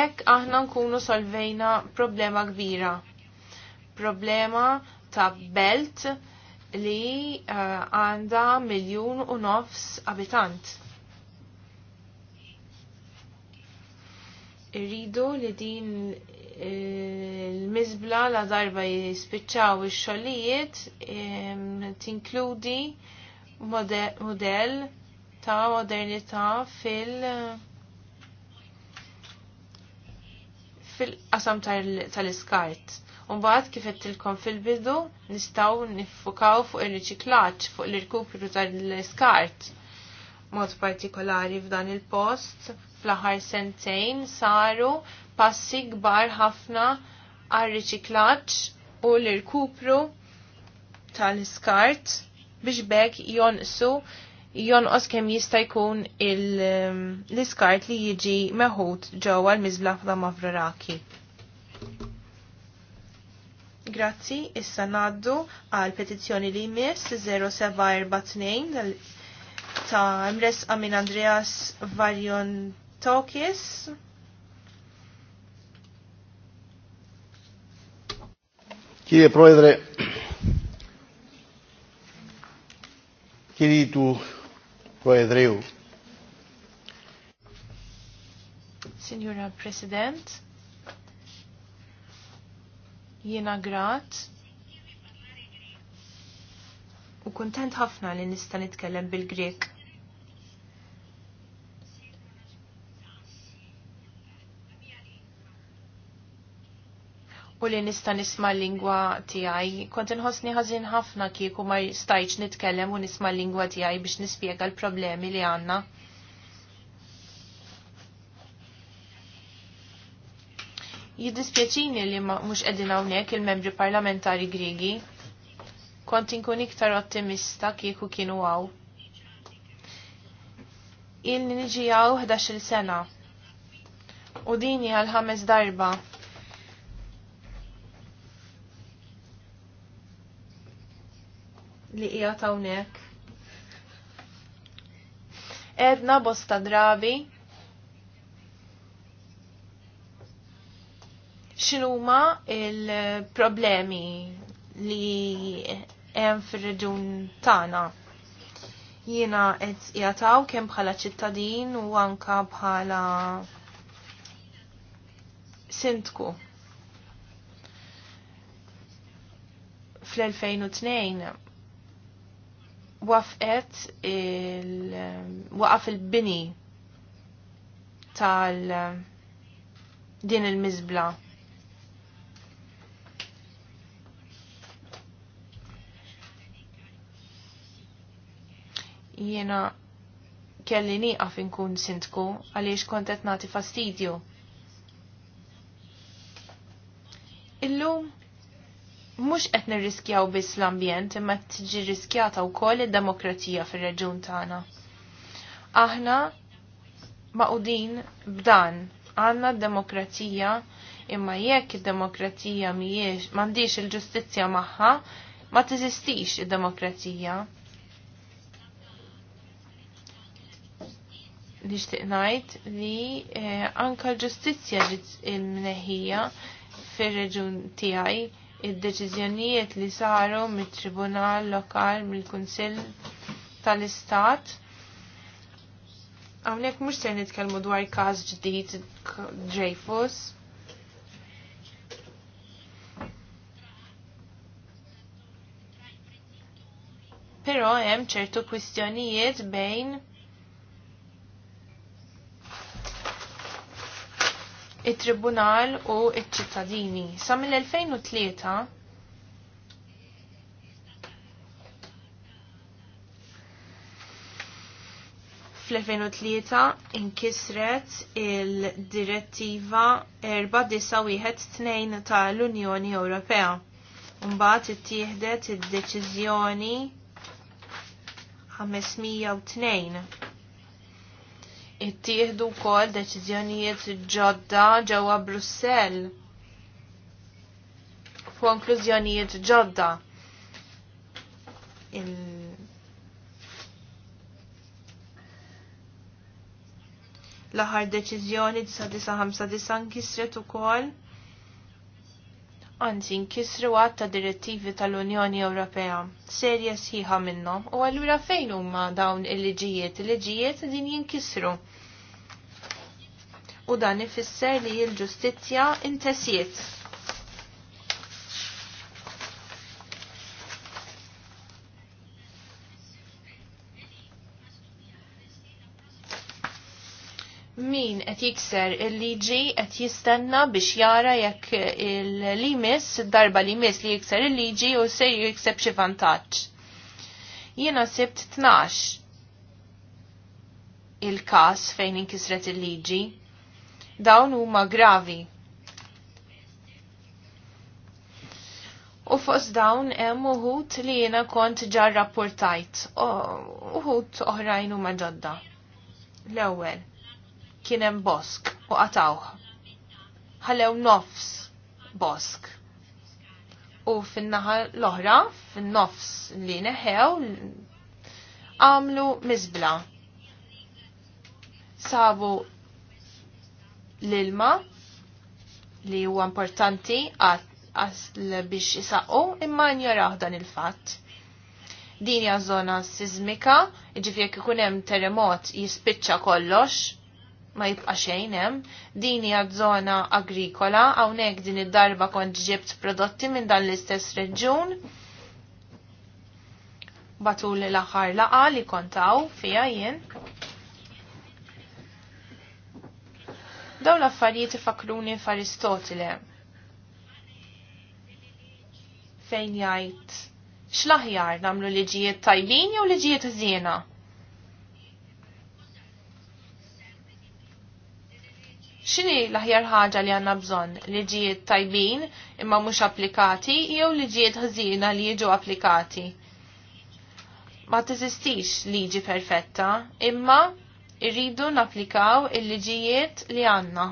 ek aħna nkunu solvejna problema kbira. Problema ta' belt li eh, għanda uh, miljun u nofs abitant. Irridu li din il-mizbla eh, la darba jispiċċaw ix-xogħlijiet tinkludi modell ta' modernità fil- fil-qasam tal-iskart. Umbaħt kif għettilkom fil-bidu nistaw nifukaw fuq il-riċiklaċ, fuq il-rikupru tal-iskart. Mod partikolari f'dan il-post fl-aħħar sentejn saru passi kbar ħafna għar-riċiklaġġ u l-irkupru tal-iskart biex bekk jonqsu jonqos kemm jista' jkun um, l-iskart li jiġi meħud ġewwa l-miżbla ta' Mavroraki. Grazzi, issa naddu għal petizzjoni li jmiss 0742 ta' imres Amin Andreas Varjon Tokis. Κύριε proedre, κύριοι tu Προεδρείου. Signora President, jiena grat u kontent ħafna li nista' nitkellem bil-Grek u li nista nisma l-lingwa tiegħi. Kont inħossni ħażin ħafna kieku ma stajtx nitkellem u nisma l-lingwa tiegħi biex nispjega l-problemi li għandna. Jiddispjaċini li mhux qegħdin hawnhekk il-membri parlamentari Griegi. Kont inkun iktar ottimista kieku kienu għaw. Il-niġi għaw 11 sena. U dini għal ħames darba li hija tawnek. Edna bosta drabi x'inhuma il-problemi li hemm fir-reġun tagħna jiena qed jataw kemm bħala ċittadin u anka bħala sindku. Fl-2002 wafqet il waqaf il-bini tal din il-mizbla. Jiena kelli nieqaf inkun sintku għaliex kont qed nagħti fastidju. Illum mhux qed nirriskjaw biss l-ambjent imma tiġi riskjata wkoll id-demokrazija fir-reġjun tagħna. Aħna maqudin b'dan għandna d-demokrazija imma jekk id-demokrazija mhijiex m'għandix il-ġustizzja magħha ma tiżistix id-demokrazija. Nixtieq ngħid li eh, l ġustizzja ġiet il fir reġun tiegħi id-deċiżjonijiet li saru mit-Tribunal Lokal mill-Kunsill tal-Istat. Għamnek mux se nitkelmu dwar każ ġdijt Dreyfus. Pero hemm ċertu kwistjonijiet bejn it-tribunal u iċ-ċittadini. Sa mill-2003 fl-2003 inkisret il-direttiva 491 tal-Unjoni Ewropea. Mbagħad ittieħdet id-deċiżjoni 502 ittieħdu wkoll deċiżjonijiet ġodda ġewwa Brussell. Konklużjonijiet ġodda. Il... L-aħħar deċiżjoni 995 kisret ukoll anzi nkisru għad ta' direttivi tal-Unjoni Ewropea, serja sħiħa minnhom, u allura fejn huma dawn il-liġijiet? Il-liġijiet din jinkisru. U dan ifisser li l-ġustizzja intesiet min qed jikser il-liġi qed jistenna biex jara jekk il-limis, darba limis li jikser il-liġi u se jikseb xi vantaġġ. Jiena sibt 12 il-każ fejn inkisret il-liġi. Dawn huma gravi. U fost dawn hemm uħut li jiena kont ġar rapportajt, uħut oħrajn huma ġodda. L-ewwel kienem bosk u qatawħ. Ħalew nofs bosk. U fin-naħa l-oħra, fin-nofs li neħew, għamlu mizbla. Sabu l-ilma li huwa importanti għasl biex jisaqqu imma njoraw dan il-fatt din hija żona sismika, jiġifieri ikun hemm terremot jispiċċa kollox ma jibqa' xejn hemm. Din hija żona agrikola hawnhekk din id-darba kont ġibt prodotti minn dan l-istess reġjun. Batul l-aħħar laqa li kontaw fija jien. Dawn l-affarijiet ifakruni f'Aristotile. Fejn jgħid xlaħjar namlu nagħmlu liġijiet tajbin jew liġijiet żiena? x'inhi l-aħjar ħaġa li għandna bżonn liġijiet tajbin imma mhux applikati jew liġijiet ħażina li jiġu applikati. Ma teżistix liġi perfetta, imma irridu napplikaw il-liġijiet li għandna.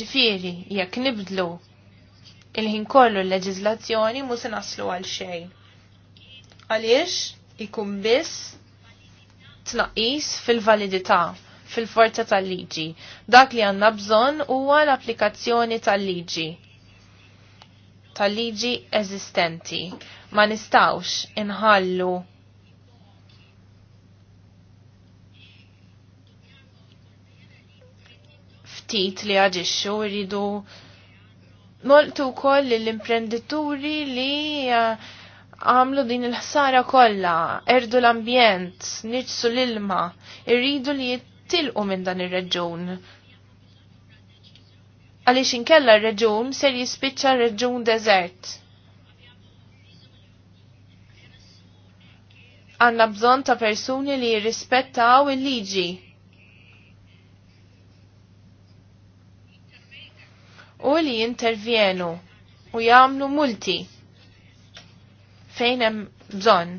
Ġifiri, jekk nibdlu il-ħin kollu l-leġizlazzjoni mu se naslu għal xejn. Għaliex ikun biss tnaqis fil-validità, fil-forza tal-liġi. Dak li għanna bżon huwa l-applikazzjoni tal-liġi. Tal-liġi eżistenti. Ma nistawx inħallu ftit li għagġiċu rridu moltu koll l-imprenditori li uh, għamlu din il-ħsara kollha, erdu l-ambjent, nirċsu l-ilma, irridu li jittilqu minn dan ir-reġun. Għaliex inkella r-reġun ser jispiċċa il reġun deżert. Għanna bżon ta' persuni li jirrispettaw il-liġi. U li jintervjenu u jagħmlu multi fejn hemm bżonn.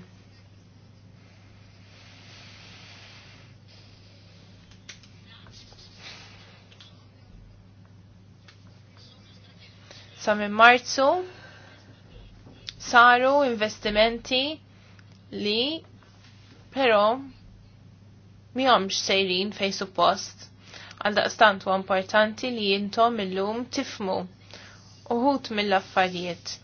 Sa minn Marzu saru investimenti li però miħomx sejrin fej suppost. Għal daqstant u importanti li jintom illum tifmu uħut mill-affarijiet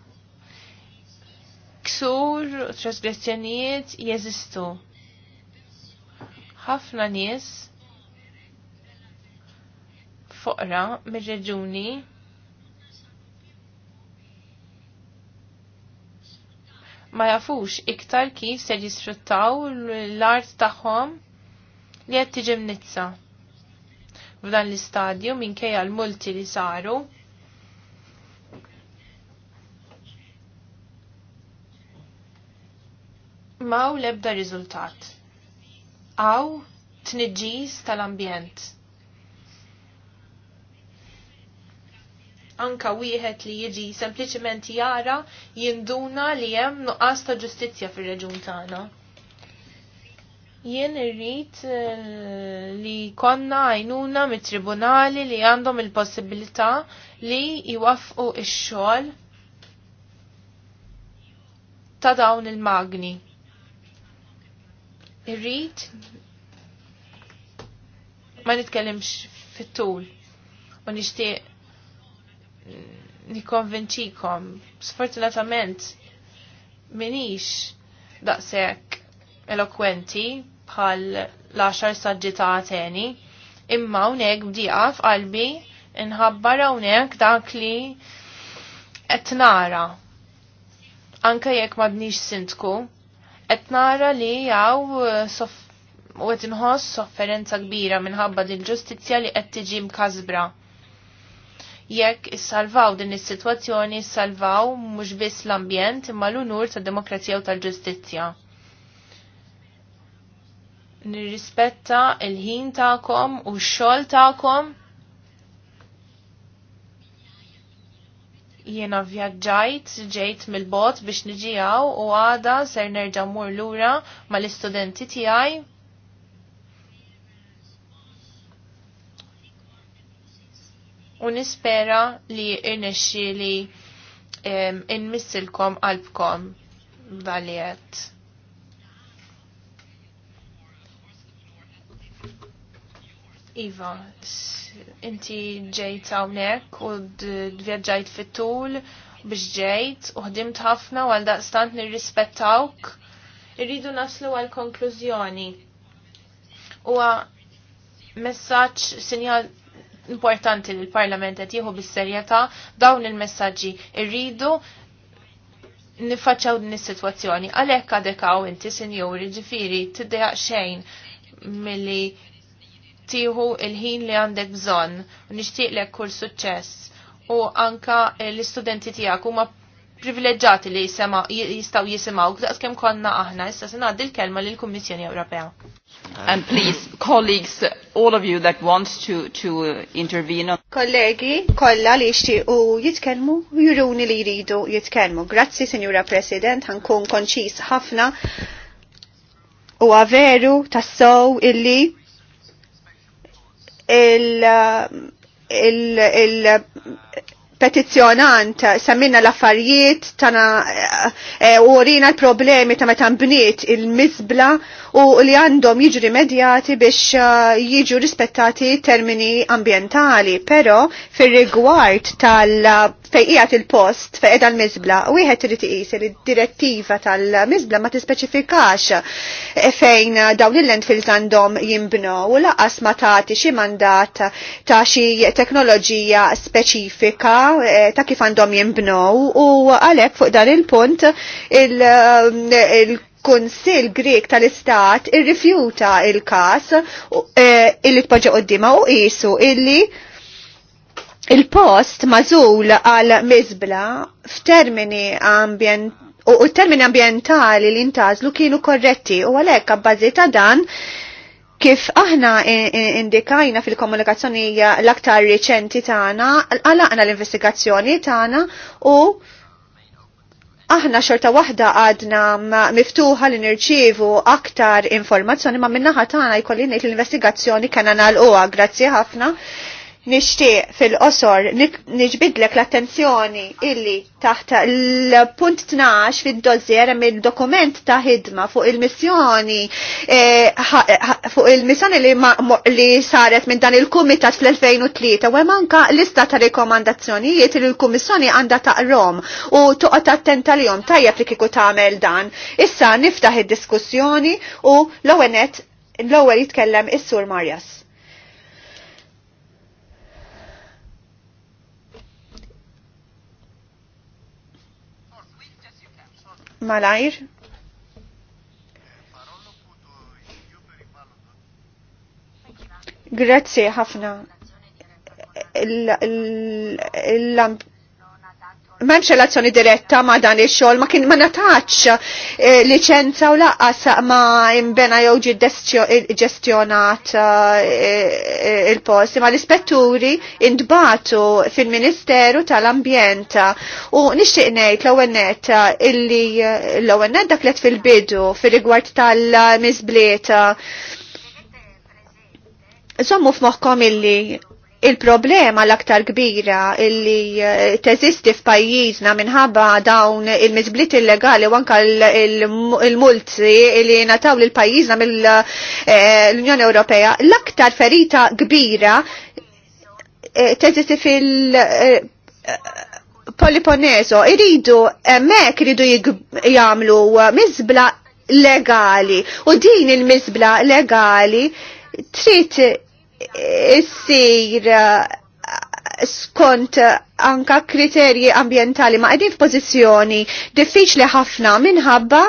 ksur u trasgressjonijiet jeżistu. Ħafna nies foqra mir-reġuni ma jafux iktar kif se jisfruttaw l-art tagħhom li qed tiġi F'dan l-istadju minkejja l-multi li saru maw lebda riżultat. Aw tniġġis tal-ambjent. Anka wieħed li jiġi sempliċement jara jinduna li hemm nuqqas ta' ġustizzja fir-reġun tagħna. Jien irrid eh, li konna għajnuna mit-tribunali li għandhom il-possibilità li jwaffqu ix-xogħol ta' dawn il-magni irrid ma nitkellimx fit-tul u nixtieq nikkonvinċikom. Sfortunatament minix daqshekk elokwenti bħal l-10 saġġi ta' Ateni, imma hawnhekk bdiqa f'qalbi inħabbar hawnhekk dak li qed nara. Anke jekk m'għadniex sintku, qed nara li jaw u eh, qed inħoss sofferenza kbira minħabba din ġustizzja li qed tiġi mkasbra. Jekk salvaw din is-sitwazzjoni salvaw mhux biss l-ambjent imma l-unur tad-demokrazija u tal-ġustizzja. Nirrispetta il-ħin tagħkom u x-xogħol tagħkom jiena vjaġġajt ġejt mill-bot biex niġijaw u għada ser nerġa' mur lura mal-istudenti tiegħi. U nispera li irnexxi li in-missilkom qalbkom dalijet. Iva, inti ġejt hawnhekk u vjaġġajt fit-tul biex ġejt u ħdimt ħafna u għal daqstant nirrispettawk. Irridu naslu għal konklużjoni. Huwa messaġġ sinjal importanti li l-Parlament qed jieħu bis-serjetà dawn il-messaġġi irridu nifaċċaw din is-sitwazzjoni. Għalhekk għadek hawn inti sinjuri ġifieri tiddejaq xejn milli tiħu il-ħin li għandek bżon, u lek kull suċċess u anka eh, l-istudenti tiegħek huma privileġġati li jistaw jisimaw, daqs kem konna aħna, issa se ngħaddi l-kelma lill kummissjoni Ewropea. And please, colleagues, all of you that want to, to uh, intervene. Kollegi, kolla li u jitkelmu, juruni li jridu jitkelmu. Grazzi, Signora President, ħankun konċis ħafna u għaveru tassow illi il-petizjonant il, il, l-affarijiet tana eh, eh, u e, l-problemi ta' meta bniet il-mizbla u li għandhom jiġu rimedjati biex uh, jiġu rispettati termini ambientali, pero fir rigward tal- uh, fejqijat il-post fejqed għal-mizbla, u jħed trid iqis li direttiva tal-mizbla ma tispeċifikax fejn uh, dawn il-landfills għandhom u laqas ma tagħti xi mandat ta' xi teknoloġija speċifika eh, ta' kif għandhom jimbnow u għalhekk fuq dan il-punt il um, il-Kunsil Grek tal-Istat irrifjuta il-kas e, illi tpoġġa qoddima u qisu illi il-post mażul għal mizbla f'termini ambjent u termini ambientali li ntażlu kienu korretti u għalhekk abbażi ta' dan Kif aħna indikajna fil-komunikazzjoni l-aktar reċenti tagħna, għalaqna l-investigazzjoni tagħna u aħna xorta waħda għadna miftuħa li nirċievu aktar informazzjoni ma minnaħat tagħna jkolli ngħid l-investigazzjoni kena nagħlquha. Grazzi ħafna nixtieq fil-qosor niġbidlek l-attenzjoni illi taħt l-punt 12 fid-dozzjera mill dokument ta' ħidma fuq il-missjoni eh, fuq il-missjoni li saret minn dan il-kumitat fl-2003 u manka lista ta' rekomandazzjonijiet li l-kummissjoni għandha taqrom u toqgħod attenta lihom tajjeb li kieku tagħmel dan. Issa niftaħ id-diskussjoni u l-ewwel l-ewwel jitkellem is-Sur Marjas. malajr. Grazie ħafna l-lamp memx relazzjoni diretta ma dan il-xol, ma kien ma nataċ eh, licenza u saq ma imbena jew ġestjonat eh, il-post, ma l-ispetturi indbatu fil-Ministeru tal-Ambjent u nixtieq ngħid l-ewwel illi l-ewwel dak let fil-bidu fir-rigward tal-miżbliet. Zommu f'moħħkom illi il-problema l-aktar kbira illi eh, teżisti f'pajjiżna minħabba dawn il-mizblit illegali u anka il-multi illi nataw l pajjiżna mill-Unjoni eh, Ewropea, l-aktar ferita kbira eh, teżisti fil- Poliponeso, iridu, mek iridu jgħamlu mizbla legali u din il-mizbla legali trid issir eh, skont anka kriterji ambientali ma' għedin f'pozizjoni diffiċli ħafna minħabba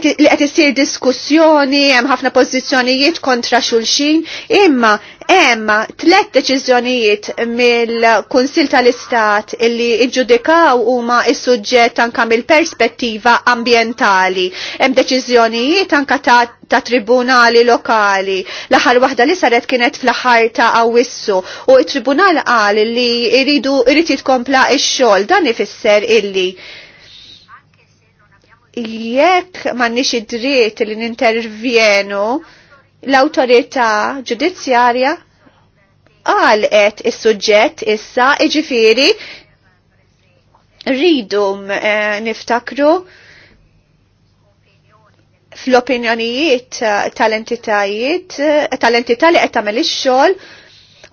li qed issir diskussjoni hemm ħafna pożizzjonijiet kontra xulxin, imma hemm tliet deċiżjonijiet mill kunsill tal-Istat illi iġġudikaw huma s-suġġett anke mill-perspettiva ambjentali. Hemm deċiżjonijiet anke ta' ta' tribunali lokali. L-aħħar waħda li saret kienet fl-aħħar ta' Awissu u t tribunal qal li jridu jrid jitkompla x-xogħol dan ifisser illi jekk m'għandniex id-dritt li nintervjenu l-awtorità ġudizzjarja għalqet is-suġġett issa iġifiri rridu eh, niftakru fl-opinjonijiet tal-entitajiet, tal-entità li qed tagħmel ix-xogħol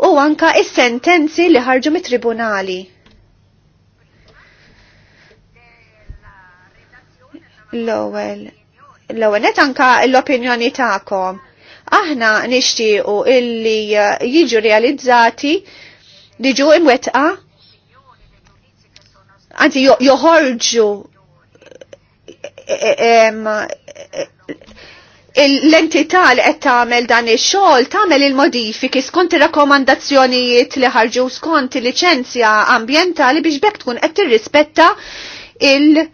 u anka is-sentenzi li ħarġu mit-tribunali. l-ewwel l-ewwel net anka l-opinjoni tagħkom. Aħna nixtiequ illi uh, jiġu realizzati diġu imwetqa anzi joħorġu eh, eh, eh, l-entità li qed tagħmel dan ix-xogħol tagħmel il-modifiki skont ir-rakkomandazzjonijiet li ħarġu skont il-liċenzja ambjentali biex bekk tkun qed tirrispetta il-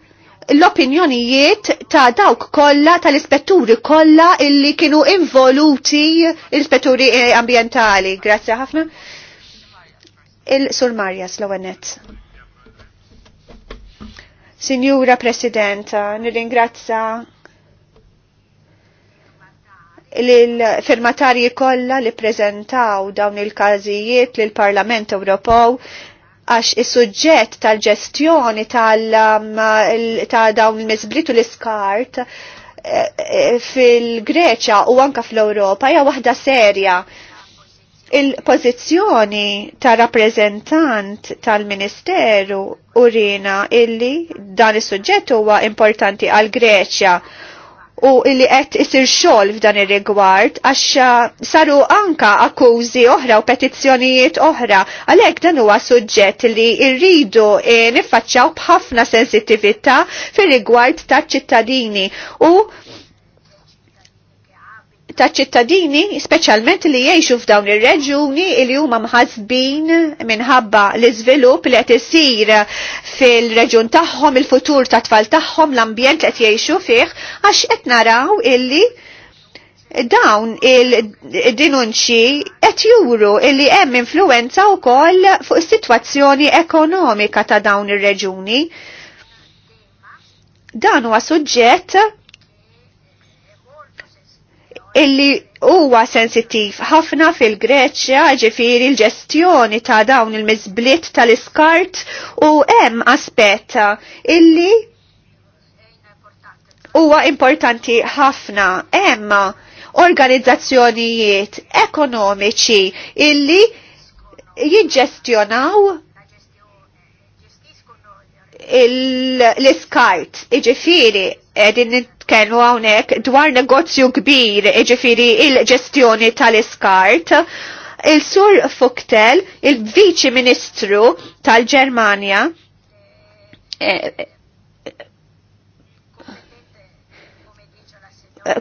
l-opinjonijiet ta' dawk kollha tal-ispetturi kollha illi kienu involuti l-ispetturi eh, ambientali. Grazzi ħafna. Il-Sur Marjas l Signora Presidenta, nirringrazza l-firmatarji kollha li prezentaw dawn il-każijiet lill-Parlament Ewropew għax is-suġġett tal-ġestjoni um, ta' dawn il-mizblit l-iskart eh, eh, fil-Greċa u anka fl-Ewropa hija waħda serja. Il-pożizzjoni ta' rappreżentant tal-Ministeru urina illi dan is-suġġett huwa importanti għal Greċja u illi qed isir xogħol f'dan ir-rigward għax uh, saru anka akkużi oħra u petizzjonijiet oħra għalhekk dan huwa suġġett li rridu e, niffaċċjaw b'ħafna sensittività fir-rigward taċ-ċittadini u ta' ċittadini, speċjalment li jgħixu f'dawn ir-reġuni li huma mħazbin minħabba l-iżvilupp li qed isir fil-reġun tagħhom, il-futur ta' tfal tagħhom, l-ambjent li qed jgħixu fih, għax qed naraw illi dawn il dinunċi qed juru illi hemm influenza wkoll fuq is-sitwazzjoni ekonomika ta' dawn ir-reġuni. Dan huwa suġġett illi huwa sensittiv ħafna fil-Greċja ġifiri l-ġestjoni ta' dawn il-mizblit tal-iskart u hemm aspetta illi huwa importanti ħafna hemm organizzazzjonijiet ekonomiċi illi jiġġestjonaw l-iskart iġifiri edin nitkellmu hawnhekk dwar negozju kbir, ġifiri il-ġestjoni tal-iskart. Il-Sur Fuktel, il-Viċi Ministru tal-Ġermanja, eh,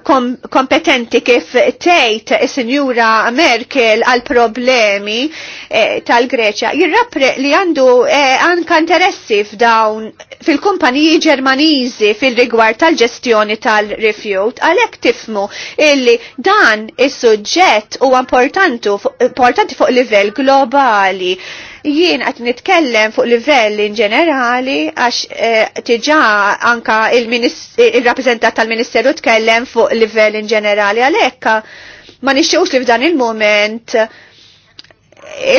kom kompetenti kif tgħid is-Sinjura Merkel għal problemi eh, tal-Greċja jirrapre li għandu eh, anka interessi f'dawn fil-kumpaniji Ġermaniżi fil-rigward tal-ġestjoni tal-refjut għalhekk tifmu illi dan is-suġġett huwa importanti fuq livell globali. Jien qed nitkellem fuq livell in ġenerali għax tiġa eh, anka il-rappreżentant tal-Ministeru tkellem fuq livell in ġenerali għalhekk ma nixxewx li f'dan il-moment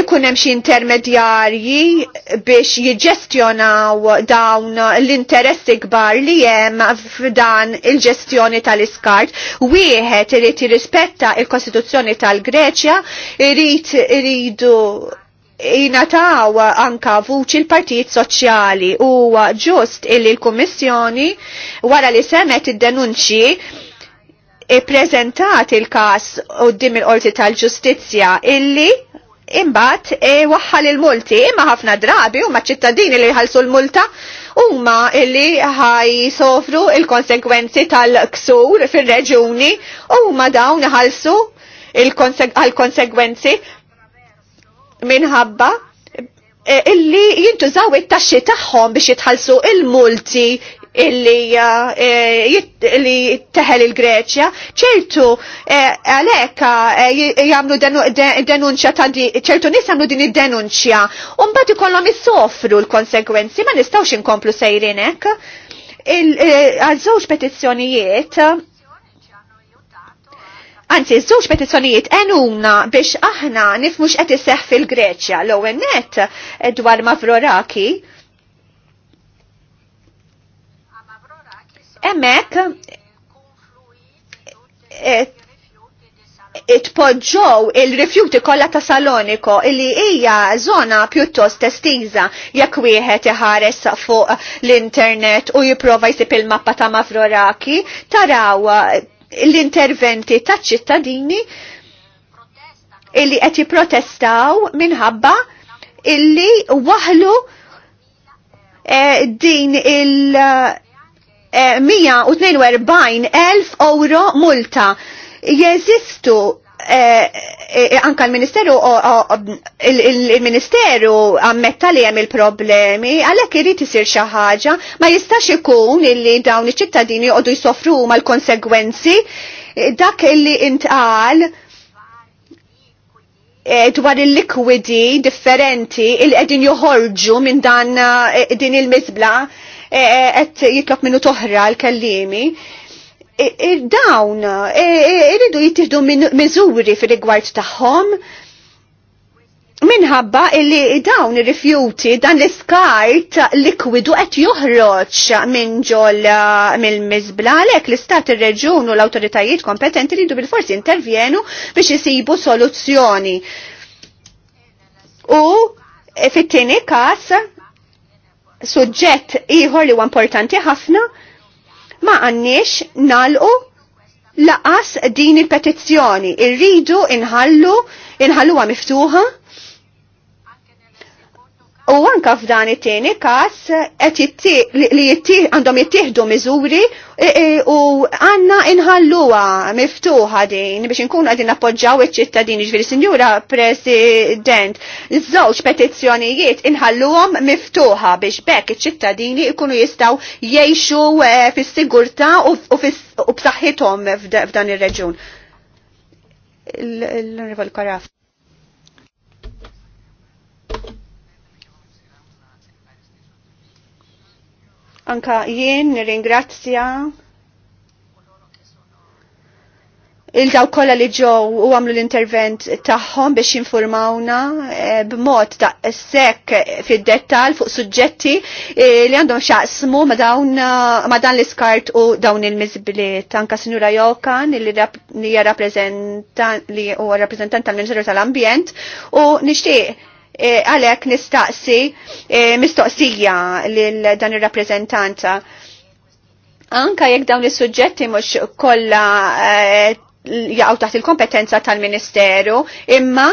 ikun hemm xi intermedjarji biex jiġġestjonaw dawn l-interessi kbar li hemm f'dan il-ġestjoni tal-iskart. Wieħed irid jirrispetta il-Kostituzzjoni tal-Greċja, irid iridu jinataw anka vuċi l-partijiet soċjali u ġust illi l-Kommissjoni wara li semet id-denunċi i prezentat il-kas u dim il-qorti tal-ġustizja illi imbat e, waħħal il-multi imma ħafna drabi u ċittadini li ħalsu l-multa huma illi ħaj sofru il-konsekwenzi tal-ksur fil-reġuni u ma dawn ħalsu għal-konsekwenzi minħabba e, illi jintużaw it-taxxi tagħhom biex jitħallsu il-multi illi e, e, illi teħel il-Greċja, ċertu għalek jamlu denunċja ta' di, ċertu nis jamlu din id-denunċja, unbat ikollhom jissofru l-konsegwenzi, ma nistawx inkomplu sejrinek. Għal żewġ petizzjonijiet Anzi, żewġ petizzjonijiet enuna biex aħna nifmux qed iseħħ fil-Greċja l-ewwel net eh, dwar Mavroraki. Hemmhekk eh, podġow il-rifjuti kollha ta' Saloniko illi hija żona pjuttost testiza jekk wieħed iħares fuq l-internet u jipprova jsib il-mappa ta' Mavroraki taraw eh, l-interventi ta' ċittadini illi qed jipprotestaw minħabba illi waħlu eh, din il- eh, 142.000 euro multa. Jeżistu Eh, eh, anka l-Ministeru il-Ministeru ammetta li hemm il-problemi għalhekk irid isir xi ħaġa ma jistax ikun illi dawn iċ-ċittadini jqogħdu jsofru mal-konsegwenzi dak illi intqal eh, dwar il-likwidi differenti il-qegħdin joħorġu minn dan din il mizbla qed jitlok minnu toħra l kallimi dawn iridu jittieħdu miżuri fil-rigward tagħhom minħabba illi dawn ir-rifjuti dan l skart likwidu qed joħroġ minn ġol mill mizbla għalhekk l-istat ir-reġun u l-awtoritajiet kompetenti ridu bil-forsi intervjenu biex isibu soluzzjoni. U fit-tieni każ suġġett ieħor li huwa importanti ħafna ma għanniex nalqu laqas din il-petizzjoni. Irridu inħallu, inħalluha miftuħa U anka f'dan it-tieni każ qed li għandhom jittieħdu miżuri e, e, u għandna inħalluha miftuħa din biex inkunu qegħdin nappoġġaw iċ-ċittadini ġifieri Sinjura President. Żewġ petizzjonijiet inħalluhom miftuħa biex bekk iċ-ċittadini jkunu jistgħu jgħixu e, fis-sigurtà u b'saħħithom f'dan ir-reġun. l Anka jien nirringrazzja il-daw kolla li ġow u għamlu l-intervent taħħom biex informawna eh, b'mod ta' sekk fid dettal fuq suġġetti eh, li għandhom xaqsmu eh, ma' dan l-iskart u dawn il-mizbliet. Anka sinjura Jokan li hija rappresentant tal-Ministeru tal-Ambjent u nixtieq Eh, għalek nistaqsi eh, mistoqsija lil dan ir-rappreżentanta. Anka jekk dawn is-suġġetti mhux kollha eh, jaqgħu taħt il-kompetenza tal-Ministeru, imma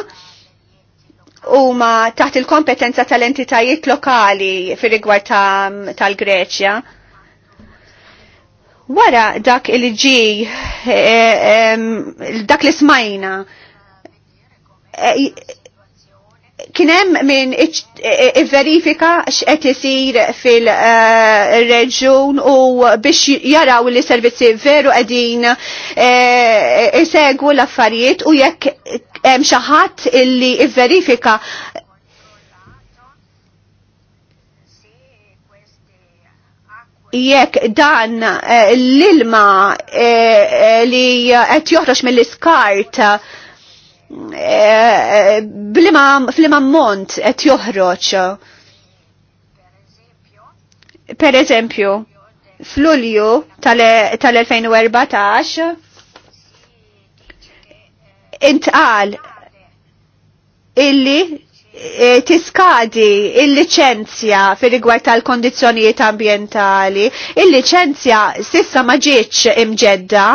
huma taħt il-kompetenza tal-entitajiet lokali fir-rigward tal-Greċja. wara dak il ġi dak li smajna kienem minn verifika x'qed isir fil-reġun eh, u biex jaraw li servizzi veru qegħdin eh, isegwu l-affarijiet u jekk hemm xi ħadd illi verifika jekk dan eh, l-ilma li qed joħroġ mill-iskart Eh, eh, Blima mont qed joħroġ. Per eżempju, fl-Ulju tal-2014 intqal illi eh, tiskadi il-licenzja fil rigward tal-kondizzjonijiet ambientali, il-licenzja sissa ma ġietx imġedda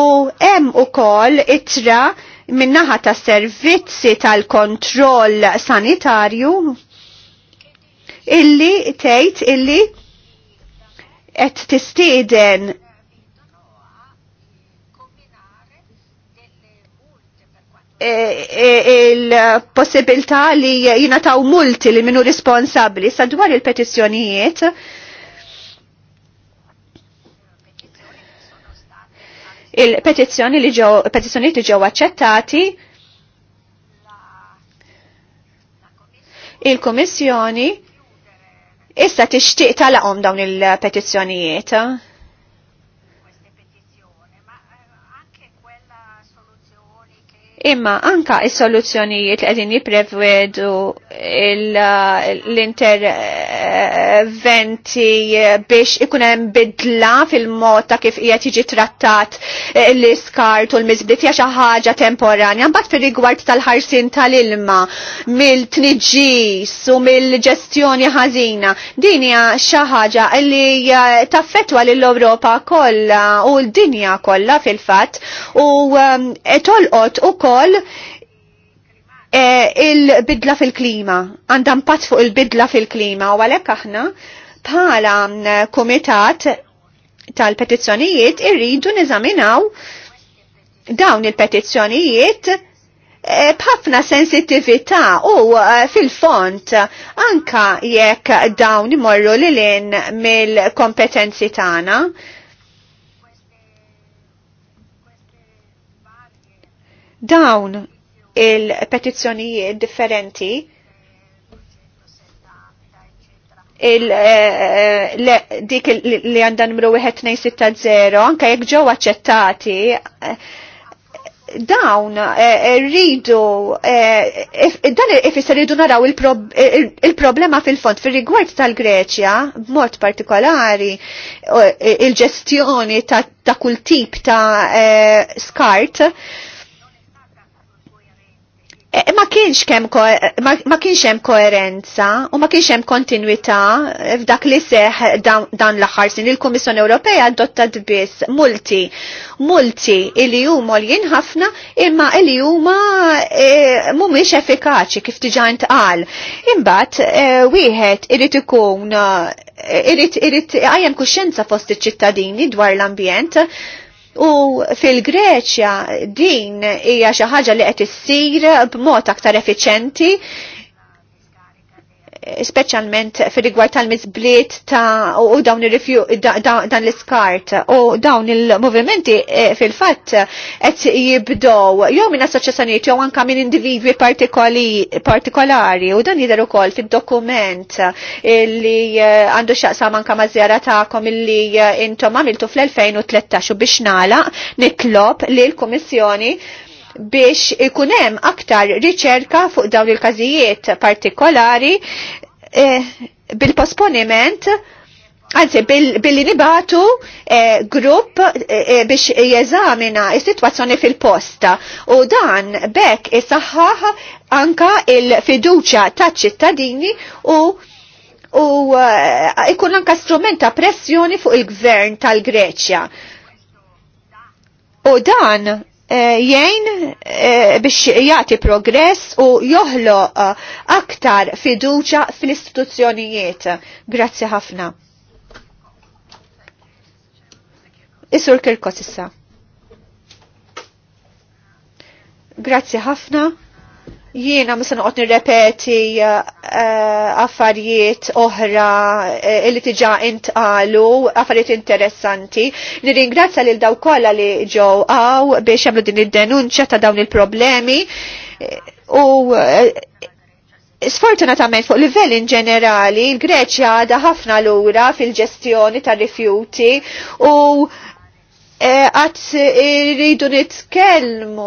u hemm ukoll itra minnaħa ta' servizzi tal-kontroll sanitarju illi tgħid illi qed tistieden e, e, il-possibilità li jinataw multi li minu responsabli sa dwar il-petizzjonijiet il-petizzjoni li ġew il-petizzjonijiet li ġew aċċettati il kummissjoni issa tixtieq talaqhom dawn il-petizzjonijiet. imma anka il soluzzjonijiet li qegħdin jipprevedu l-interventi biex ikun hemm bidla fil-mod ta' kif qiegħed jiġi trattat l-iskart u l-miżbliet hija xi ħaġa temporanja. Mbagħad fir-rigward tal-ħarsin tal-ilma mill tniġis u mill-ġestjoni ħażina. Din hija xi ħaġa li taffettwa lill-Ewropa kollha u l-dinja kollha fil-fatt u eh, tolqot ukoll ukoll eh, il-bidla fil-klima, għandha impatt fuq il-bidla fil-klima u għalhekk aħna bħala eh, kumitat tal-petizzjonijiet irridu nizaminaw dawn il-petizzjonijiet eh, bħafna sensitivita u fil-font anka jekk dawn imorru lilin mill-kompetenzi tagħna Dawn il-petizzjonijiet differenti il, eh, eh, le, dik li għanda numru 1260, anka jekk ġew aċċettati, eh, dawn rridu dan ifisser rridu naraw il-problema fil-fond fil-rigward tal-Greċja b'mod partikolari il-ġestjoni ta' kull tip ta' skart Eh, ma kienx kem eh, ma kienx hemm koerenza u ma kienx hemm kontinwità f'dak li seħ dan, dan l-aħħar sin il-Kummissjoni Ewropea adottat biss multi multi li huma li ħafna imma li huma e, mhumiex effikaċi kif diġà ntqal. Imbagħad e, wieħed irid ikun irid irid għajjem kuxjenza fost iċ-ċittadini dwar l-ambjent U fil-Greċja din hija xi ħaġa li qed issir b'mod aktar effiċenti specialment fil rigward tal-mizbliet ta' u dawn il-rifju dan l-iskart u dawn il-movimenti eh, fil-fatt qed jibdow jew minn assoċjazzjonijiet jew anka minn individwi partikolari u dan jidher ukoll fid-dokument eh, li eh, għandu x'aqsam anka ma' żjara tagħkom illi intom għamiltu fl-2013 u biex nagħlaq nitlob li l-Kummissjoni biex ikunem aktar riċerka fuq dawn il-każijiet partikolari eh, bil-posponiment Anzi, billi nibatu eh, grupp eh, eh, biex jeżamina is-sitwazzjoni fil-posta u dan bekk isaħħaħ anka il-fiduċa taċ ċittadini u u eh, ikun anka strument ta' pressjoni fuq il-gvern tal-Greċja. U dan Eh, jgħin eh, biex jagħti progress u joħlo eh, aktar fiduċa fl-istituzzjonijiet. Grazzi ħafna. Isur Kirkos issa. Grazzi ħafna. Jiena se noqgħod nirrepeti eh, eh, affarijiet oħra eh, li tiġa intqalu, affarijiet interessanti. Nirringrazzja lil daw kollha li ġew għaw biex jagħmlu din id-denunċja ta' dawn il-problemi u Sfortunatament fuq livell in ġenerali, il-Greċja għadha ħafna lura fil-ġestjoni tar rifjuti u Eh, għat rridu nitkellmu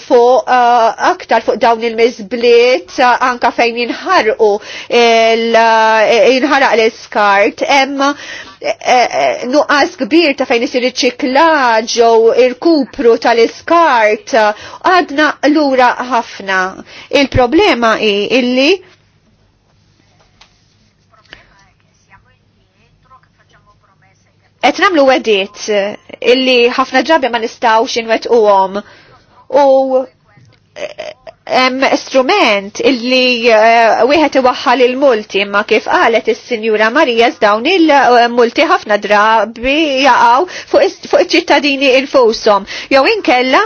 fuq eh, aktar fuq dawn il-mizbliet eh, anka fejn jinħarqu jinħaraq l-iskart emma nuqqas kbir ta' fejn isir iċ u il-kupru tal-iskart għadna lura ħafna. Il-problema i illi qed nagħmlu wedit eh, illi ħafna ġabja ma nistgħux inwettquhom u eh, hemm strument illi eh, wieħed iwaħħal il-multi ma kif qalet is-Sinjura Marija dawn il-multi ħafna drabi jaqgħu fuq iċ-ċittadini infushom. Jew inkella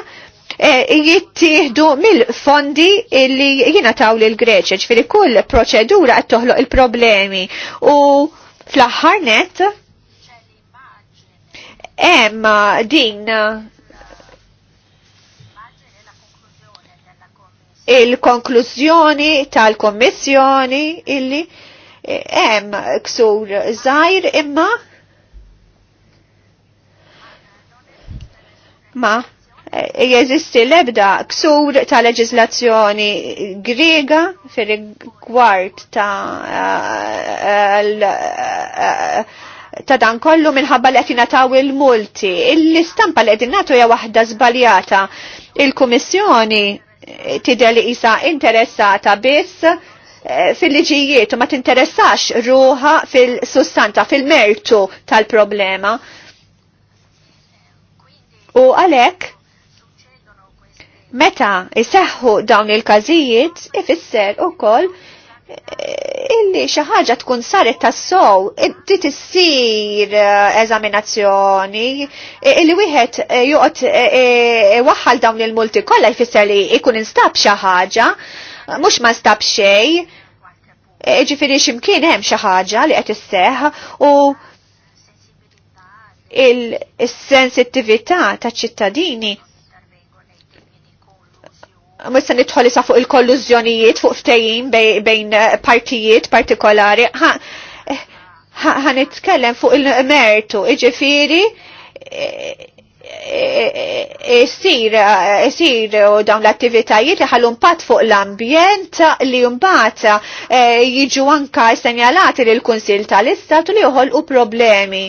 jittieħdu mill-fondi illi jina taw lil greċeċ fil kull proċedura qed toħloq il-problemi u fl-aħħar net Emma, eh, din il-konklużjoni tal-Kommissjoni illi hemm eh, ksur żgħir imma ma eh, jeżisti l-ebda ksur ta' leġislazzjoni grega fir rigward ta' ta' dan kollu minħabba li qed jingħataw il-multi. Il-istampa li qegħdin nagħtu hija waħda żbaljata. Il-Kummissjoni eh, tidher li isa interessata biss eh, fil-liġijiet u ma tinteressax ruħa fil-sustanza, fil-mertu tal-problema. U għalek, meta iseħħu dawn il-kazijiet, ifisser u koll illi xi ħaġa tkun saret tas-sow, trid issir eh, eżaminazzjoni illi wieħed eh, joqgħod eh, waħħal dawn il-multi kollha jfisser li jkun instab xi ħaġa, mhux ma nstab xej, ġifieri x'imkien hemm xi ħaġa li qed isseħħ u il-sensittività taċ-ċittadini Mwissa nidħol sa fuq il-kollużjonijiet fuq ftejjim bejn eh, partijiet partikolari. Ħa nitkellem fuq il-mertu, iġifiri jisir eh, eh, jisir u dawn l-attivitajiet li ħallu mpat fuq l-ambjent li mbagħad jiġu anka segnalati l kunsil tal-Istat li joħolqu problemi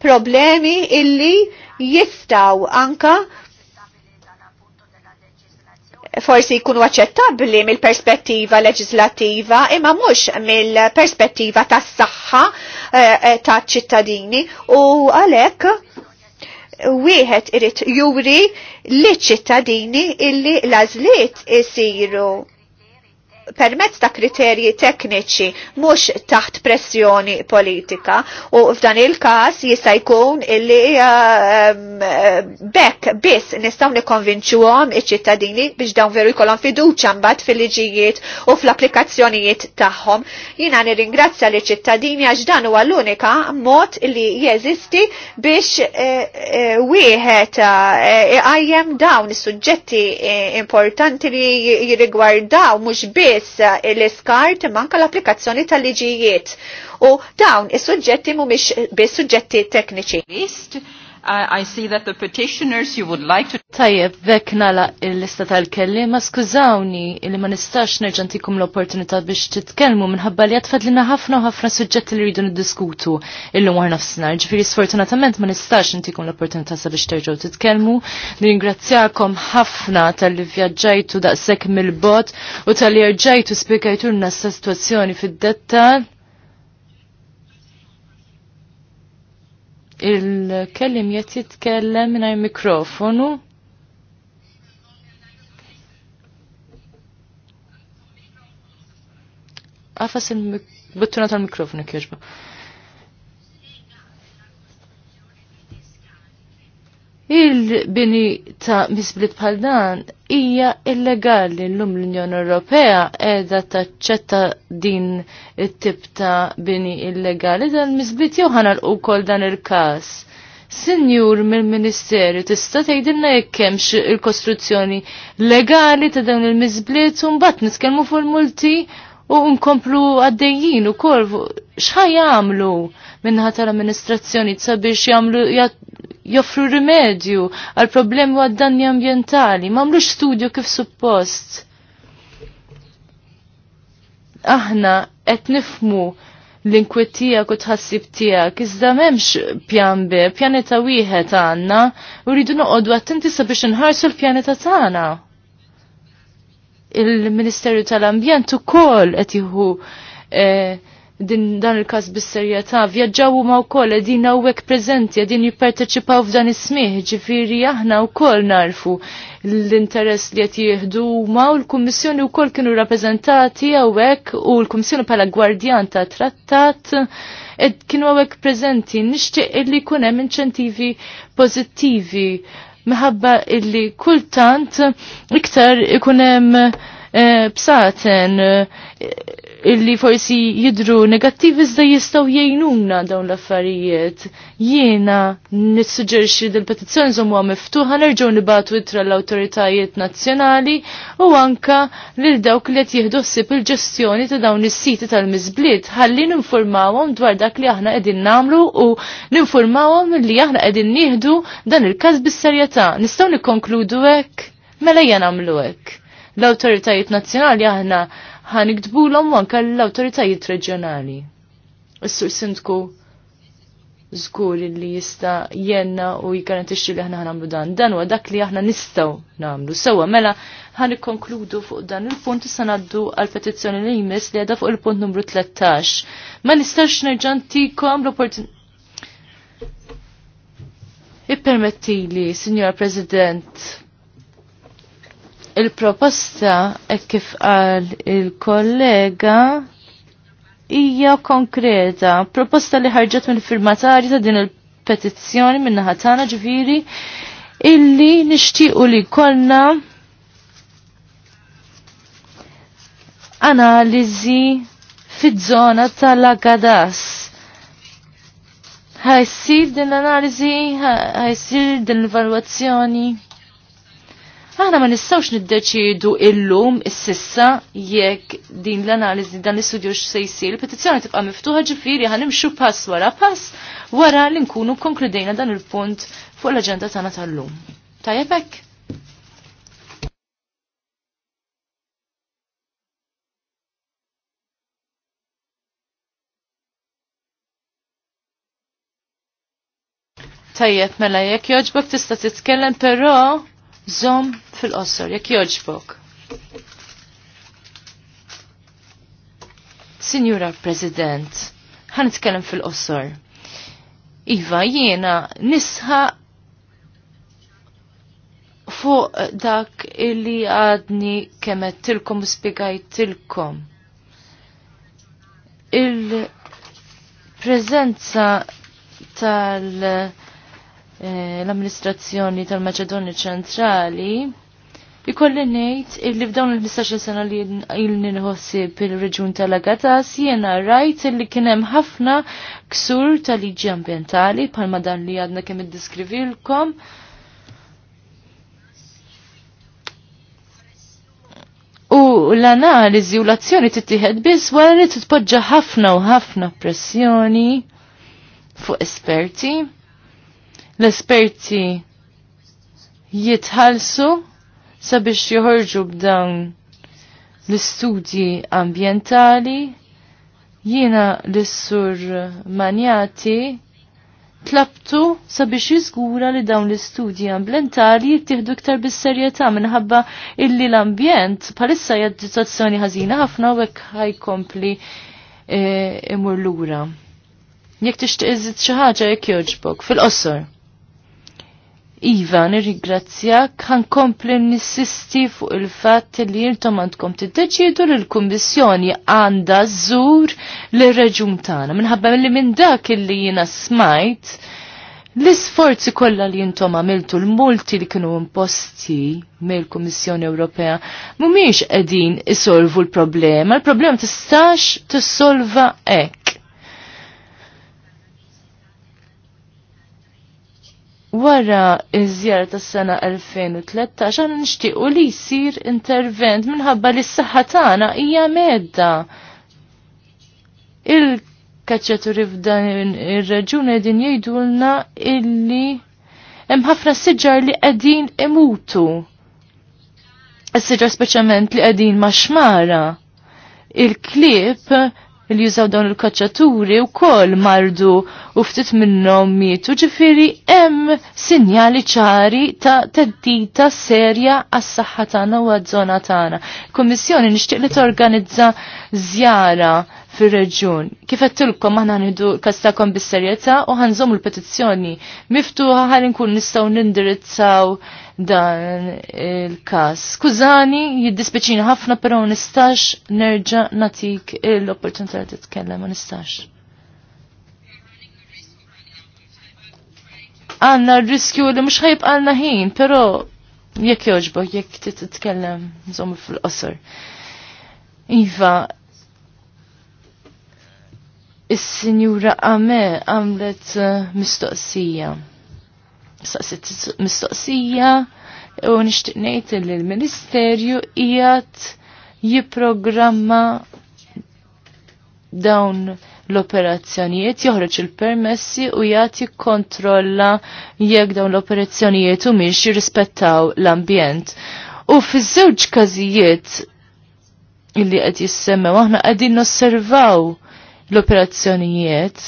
problemi illi jistaw anka forsi jkunu aċċettabbli mill-perspettiva leġislativa imma mhux mill-perspettiva tas-saħħa ta' eh, eh, taċ-ċittadini u għalhekk wieħed irid juri liċ ċittadini illi l-għażliet isiru permezz ta' kriterji tekniċi mhux taħt pressjoni politika u f'dan il-każ jista' jkun illi eh, eh, bekk biss nistgħu nikkonvinċuhom iċ-ċittadini biex dawn veru jkollhom fiduċja mbagħad fil-liġijiet u fl-applikazzjonijiet tagħhom. Jiena nirringrazzja li ċittadini għax dan huwa l-unika mod li jeżisti biex eh, wieħed iqajjem dawn is-suġġetti importanti li jirrigwardaw mhux biss biss eh, l-iskart manka l-applikazzjoni tal-liġijiet. U dawn is-suġġetti mhumiex biss suġġetti tekniċi. I, I see that the petitioners you would like to... Tajjeb, vek nala il lista tal ma skużawni li ma nistax nerġantikum l-opportunità biex titkellmu minħabba li għatfadlina ħafna u ħafna suġġetti li rridu niddiskutu illum għarna f-snar. Ġifiri, sfortunatament ma nistax ntikum l-opportunità sabiex terġaw titkellmu. Ringrazzjakom ħafna tal-li vjaġġajtu daqsek mill-bot u tal-li rġajtu spiegajtu l-nasta situazzjoni fid detta il-kellim jett jitkellem minna mikrofonu. Għafas il-buttuna tal-mikrofonu kieġba. il-bini ta' misblit bħal dan hija illegali llum l-Unjoni Ewropea qiegħda taċċetta din it-tip ta' bini illegali dan misblit jew ħanalqu wkoll dan il-każ. Sinjur mill-Ministeru tista' tgħidilna jekk hemmx il-kostruzzjoni legali ta' dawn il-miżbliet u mbagħad nitkellmu fuq il-multi u nkomplu għaddejjin u kol xħaj jagħmlu minnaħat tal-amministrazzjoni sabiex jagħmlu joffru rimedju għal problemi għad danni ambientali, mamlux studju kif suppost. Aħna qed nifmu l inkwetija tijak u tħassib tiegħek iżda memx pjan B, pjaneta wieħed għanna, u rridu noqogħdu attenti sabiex nħarsu l-pjaneta tagħna. Il-Ministerju tal-Ambjent ukoll qed jieħu eh, din dan il-kas bis-serjetà vjaġġaw huma wkoll qegħdin hawnhekk preżenti qegħdin jipparteċipaw f'dan is-smieħ, ġifieri aħna wkoll narfu l-interess li qed jieħdu huma u l-Kummissjoni wkoll kienu rappreżentati hawnhekk u l-Kummissjoni bħala gwardjan ta' trattat ed kienu hawnhekk preżenti nixtieq li jkun hemm inċentivi pożittivi minħabba illi kultant iktar ikun hemm eh, bsaten eh, illi forsi jidru negattivi iżda jistgħu jgħinuna dawn l-affarijiet. Jiena nissuġġerixxi li l-petizzjoni żommuha miftuħa nerġgħu nibatu ittra l-awtoritajiet nazzjonali u anka lil dawk li qed jieħdu ħsieb il-ġestjoni ta' dawn is-siti tal-miżbliet ħalli ninformawhom dwar dak li aħna qegħdin nagħmlu u ninformawhom li aħna qegħdin nieħdu dan il-każ bis-serjetà. Nistgħu nikkonkludu hekk? Mela jena hekk. L-awtoritajiet nazzjonali aħna ħaniktbulhom anke l-awtoritajiet reġjonali. Is-sur sindku żgur li jista' jenna u jgarantixxi li aħna għamlu dan. Dan huwa dak li aħna nistgħu nagħmlu. Sewwa mela ħan ikkonkludu fuq dan il-punt issa ngħaddu għal petizzjoni li jmiss li għadha fuq il-punt numru 13. Ma nistax nerġa' ntikom l-opportunità Ippermetti li, Signor President, il-proposta e kif qal il-kollega hija konkreta, proposta li ħarġet mill-firmatari ta' din il-petizzjoni minn naħa tagħna illi nixtiequ li kollna analizi fid-żona tal-Agadas. Ħajsir din l-analizi, ħajsir din l-evalwazzjoni. Aħna ma nistawx niddeċidu illum is-sissa jekk din l-analiżi dan l-istudju x'se jsir. Il-petizzjoni tibqa' miftuħa ġifieri ħa nimxu pass wara pass wara li nkunu konkludejna dan il-punt fuq l-aġenda tagħna tal-lum. Tajjeb hekk? Tajjeb, mela jekk joġbok tista' titkellem, però Zom fil-qossor, jekk joġbok. Signora President, ħan kellem fil-qossor. Iva, jiena nisħa fuq dak illi għadni kemet tilkom u spiegaj tilkom. Il-prezenza tal- Eh, l-amministrazzjoni tal-Maċedonja ċentrali, ikolli ngħid illi f'dawn il-15 sena li jilni nħossib il-reġun tal-Agatas jiena rajt illi kien hemm ħafna ksur tal-liġi ambjentali bħalma dan li għadna kemm id-diskrivilkom. U l-analiżi u l-azzjoni tittieħed biss wara li titpoġġa ħafna u ħafna pressjoni fuq esperti l-esperti jitħalsu sabiex joħorġu b'dawn l-istudji ambientali jiena l-sur manjati tlabtu sabiex jiżgura li dawn l-istudji ambientali jittieħdu iktar bis-serjetà minħabba illi l-ambjent bħalissa hija ħażina ħafna u hekk ħajkompli eh, imur lura. Jekk tixtieq iżid xi ħaġa jekk jogħġbok fil-qosor. Iva, nirrigrazzjak, kompli nissisti fuq il-fat li jintom għandkom tiddeċidu li l-Kummissjoni għanda żur l reġun tagħna. Minħabba li minn dak li jiena smajt l-isforzi kollha li jintom għamiltu l-multi li kienu imposti mill-Kummissjoni Ewropea mhumiex qegħdin isolvu l-problema, l-problema tistax tissolva hekk. Wara iż-żjara tas-sena 2013 aħna nixtiequ li jsir intervent minħabba li s-saħħa tagħna hija medda. Il-kaċċaturi f'dan ir-raġuni qegħdin jgħidulna illi hemm ħafna siġar li qegħdin imutu. Is-siġar speċjalment li qegħdin ma' xmara. Il-klieb li jużaw dawn il kacċaturi u koll mardu u ftit minnom mietu ġifiri hemm sinjali ċari ta' teddita serja għas saħħa tagħna u għaż-żona tagħna. Kummissjoni nixtieq li torganizza żjara fir-reġjun. Kif għedtilkom aħna nħidu kastakom bis-serjetà u ħanżom il-petizzjoni miftuħa ħalli nkun nistgħu nindirizzaw dan il-każ. Skużani, jiddispeċin ħafna però nistax nerġa' natik l-opportunità li titkellem, ma nistax. Għanna r-riskju li mhux ħajb għanna ħin, però jekk joġbok, jekk titkellem, nżomm fil-qosor. Iva, Is-Sinjura Ame għamlet uh, mistoqsija. Saqsit mistoqsija u nixtieq ngħid li l-Ministerju qiegħed jipprogramma dawn l-operazzjonijiet, joħroġ il-permessi u jagħti jikkontrolla jekk dawn l-operazzjonijiet u miex jirrispettaw l-ambjent. U fiż-żewġ każijiet illi qed jissemmew aħna qegħdin nosservaw l-operazzjonijiet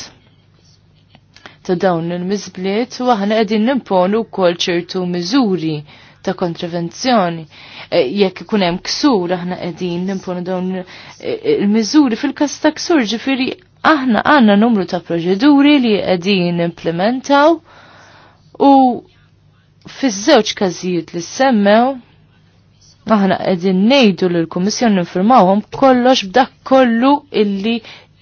ta' dawn il-mizbliet u aħna qegħdin nimponu wkoll ċertu miżuri ta' kontravenzjoni e, Jekk ikun hemm ksur aħna qegħdin nimponu dawn e, il-miżuri fil-każ ta' ksur ġifieri aħna għandna numru ta' proċeduri li qegħdin implementaw u fiż-żewġ każijiet li semmew aħna qegħdin ngħidu lill kummissjoni nifirmawhom kollox b'dak kollu illi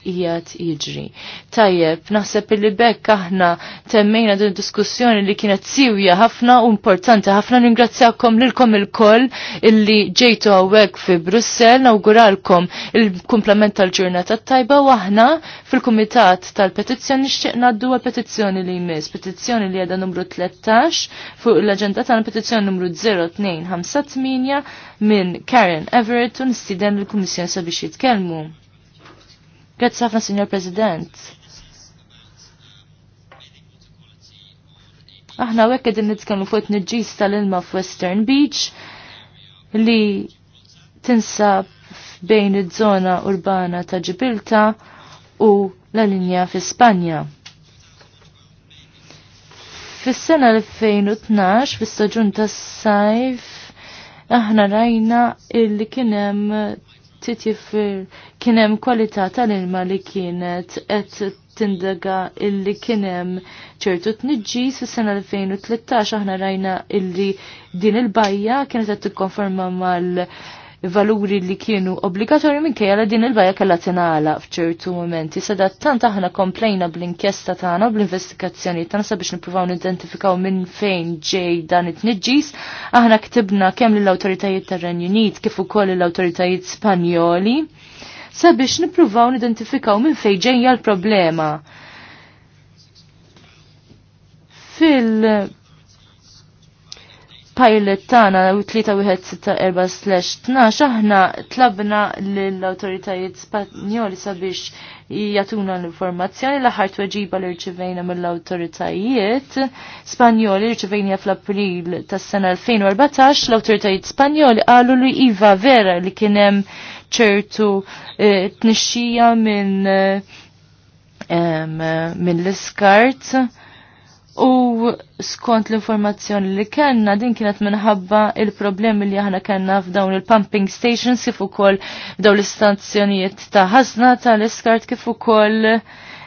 ijat jiġri. Tajjeb, naħseb li bekk aħna temmejna din diskussjoni li kienet siwja ħafna u importanti ħafna ningrazzjakom lilkom il-koll illi ġejtu għawek fi Brussel, nawguralkom il kumplament tal-ġurnata tajba u aħna fil-Kumitat tal-Petizzjoni xċeqna d petizzjoni li jmiss, petizzjoni li għedha numru 13 fuq l-agenda tal-petizzjoni numru 0258 minn Karen Everett u nistiden l-Kummissjoni sabiex jitkellmu. Grazie ħafna, Signor President. Aħna għek għedin nitkellmu fuq it-nġis tal-ilma f'Western Beach li tinsab bejn iż-żona urbana ta' Ġibilta u la linja fi Spanja. Fis-sena 2012, fis-staġun tas-sajf, aħna rajna illi kien hemm titjifir kienem kwalità tal-ilma li kienet qed tindaga illi kienem ċertu t-nġi s-sena 2013 aħna rajna illi din il-bajja kienet qed tikkonforma mal valuri li kienu obbligatorju minn kejja din il-bajja kella tingħala f'ċertu momenti. Sada tant aħna komplejna bl-inkjesta tagħna bl-investigazzjoni tagħna sabiex nippruvaw nidentifikaw minn fejn ġej dan it-tniġġis, aħna ktibna kemm lill-awtoritajiet tar-Renju Unit kif ukoll l-awtoritajiet Spanjoli sabiex nippruvaw nidentifikaw minn fejn ġejja l-problema. Fil- pilot tana 3164-12 aħna tlabna l-autoritajiet spanjoli sabiex jatuna l-informazzjoni l-aħħar tweġiba li rċivejna mill-autoritajiet spanjoli rċivejna fl-april tas-sena 2014 l-autoritajiet spanjoli qalu li iva vera li kienem ċertu eh, tnixxija minn eh, minn l-iskart u skont l-informazzjoni li kellna din kienet minħabba il-problemi li aħna kellna f'dawn il-pumping stations kif ukoll dawn l-istanzjonijiet ta' ħażna tal-iskart kif ukoll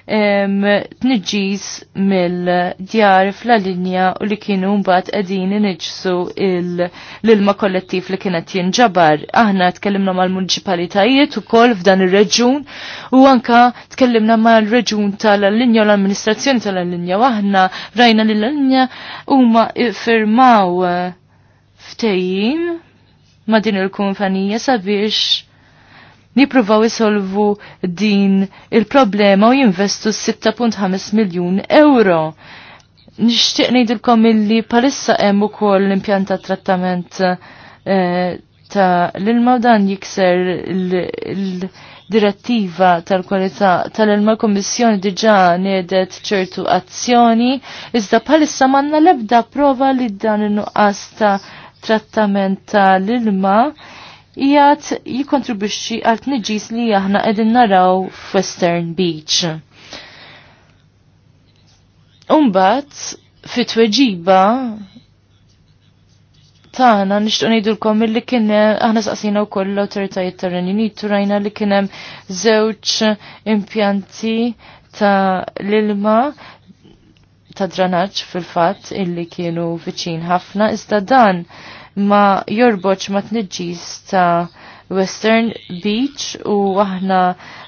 tniġġis mill-djar fl-linja u li kienu mbagħad qegħdin iniġsu l-ilma kollettiv li kienet jinġabar. Aħna tkellimna mal-munċipalitajiet ukoll f'dan ir-reġun u anka tkellimna mal-reġun tal-linja u l-amministrazzjoni tal-linja u aħna rajna li l-linja huma firmaw eh, ftejjin ma' din il-kumpanija sabiex jipruvaw isolvu din il-problema u jinvestu 6.5 miljun euro. Nixtieq ngħidilkom illi palissa hemm ukoll l-impjant ta' trattament eh, ta' l-ilma dan jikser l direttiva tal-kwalità tal-ilma kommissjoni diġa nedet ċertu azzjoni, iżda palissa manna lebda prova li dan il-nuqqas ta' trattament tal-ilma jgħat jikontribuxxi għal tniġis li aħna qegħdin naraw f'Western Beach. Umbagħad fit-tweġiba tagħna nixtieq ngħidulkom li kien aħna saqsina wkoll l autoritajiet tar-Renju turajna li kien hemm żewġ impjanti ta' l-ilma ta' dranaġġ fil-fatt illi kienu viċin ħafna iżda dan ma jorboċ ma tniġġis ta' Western Beach u aħna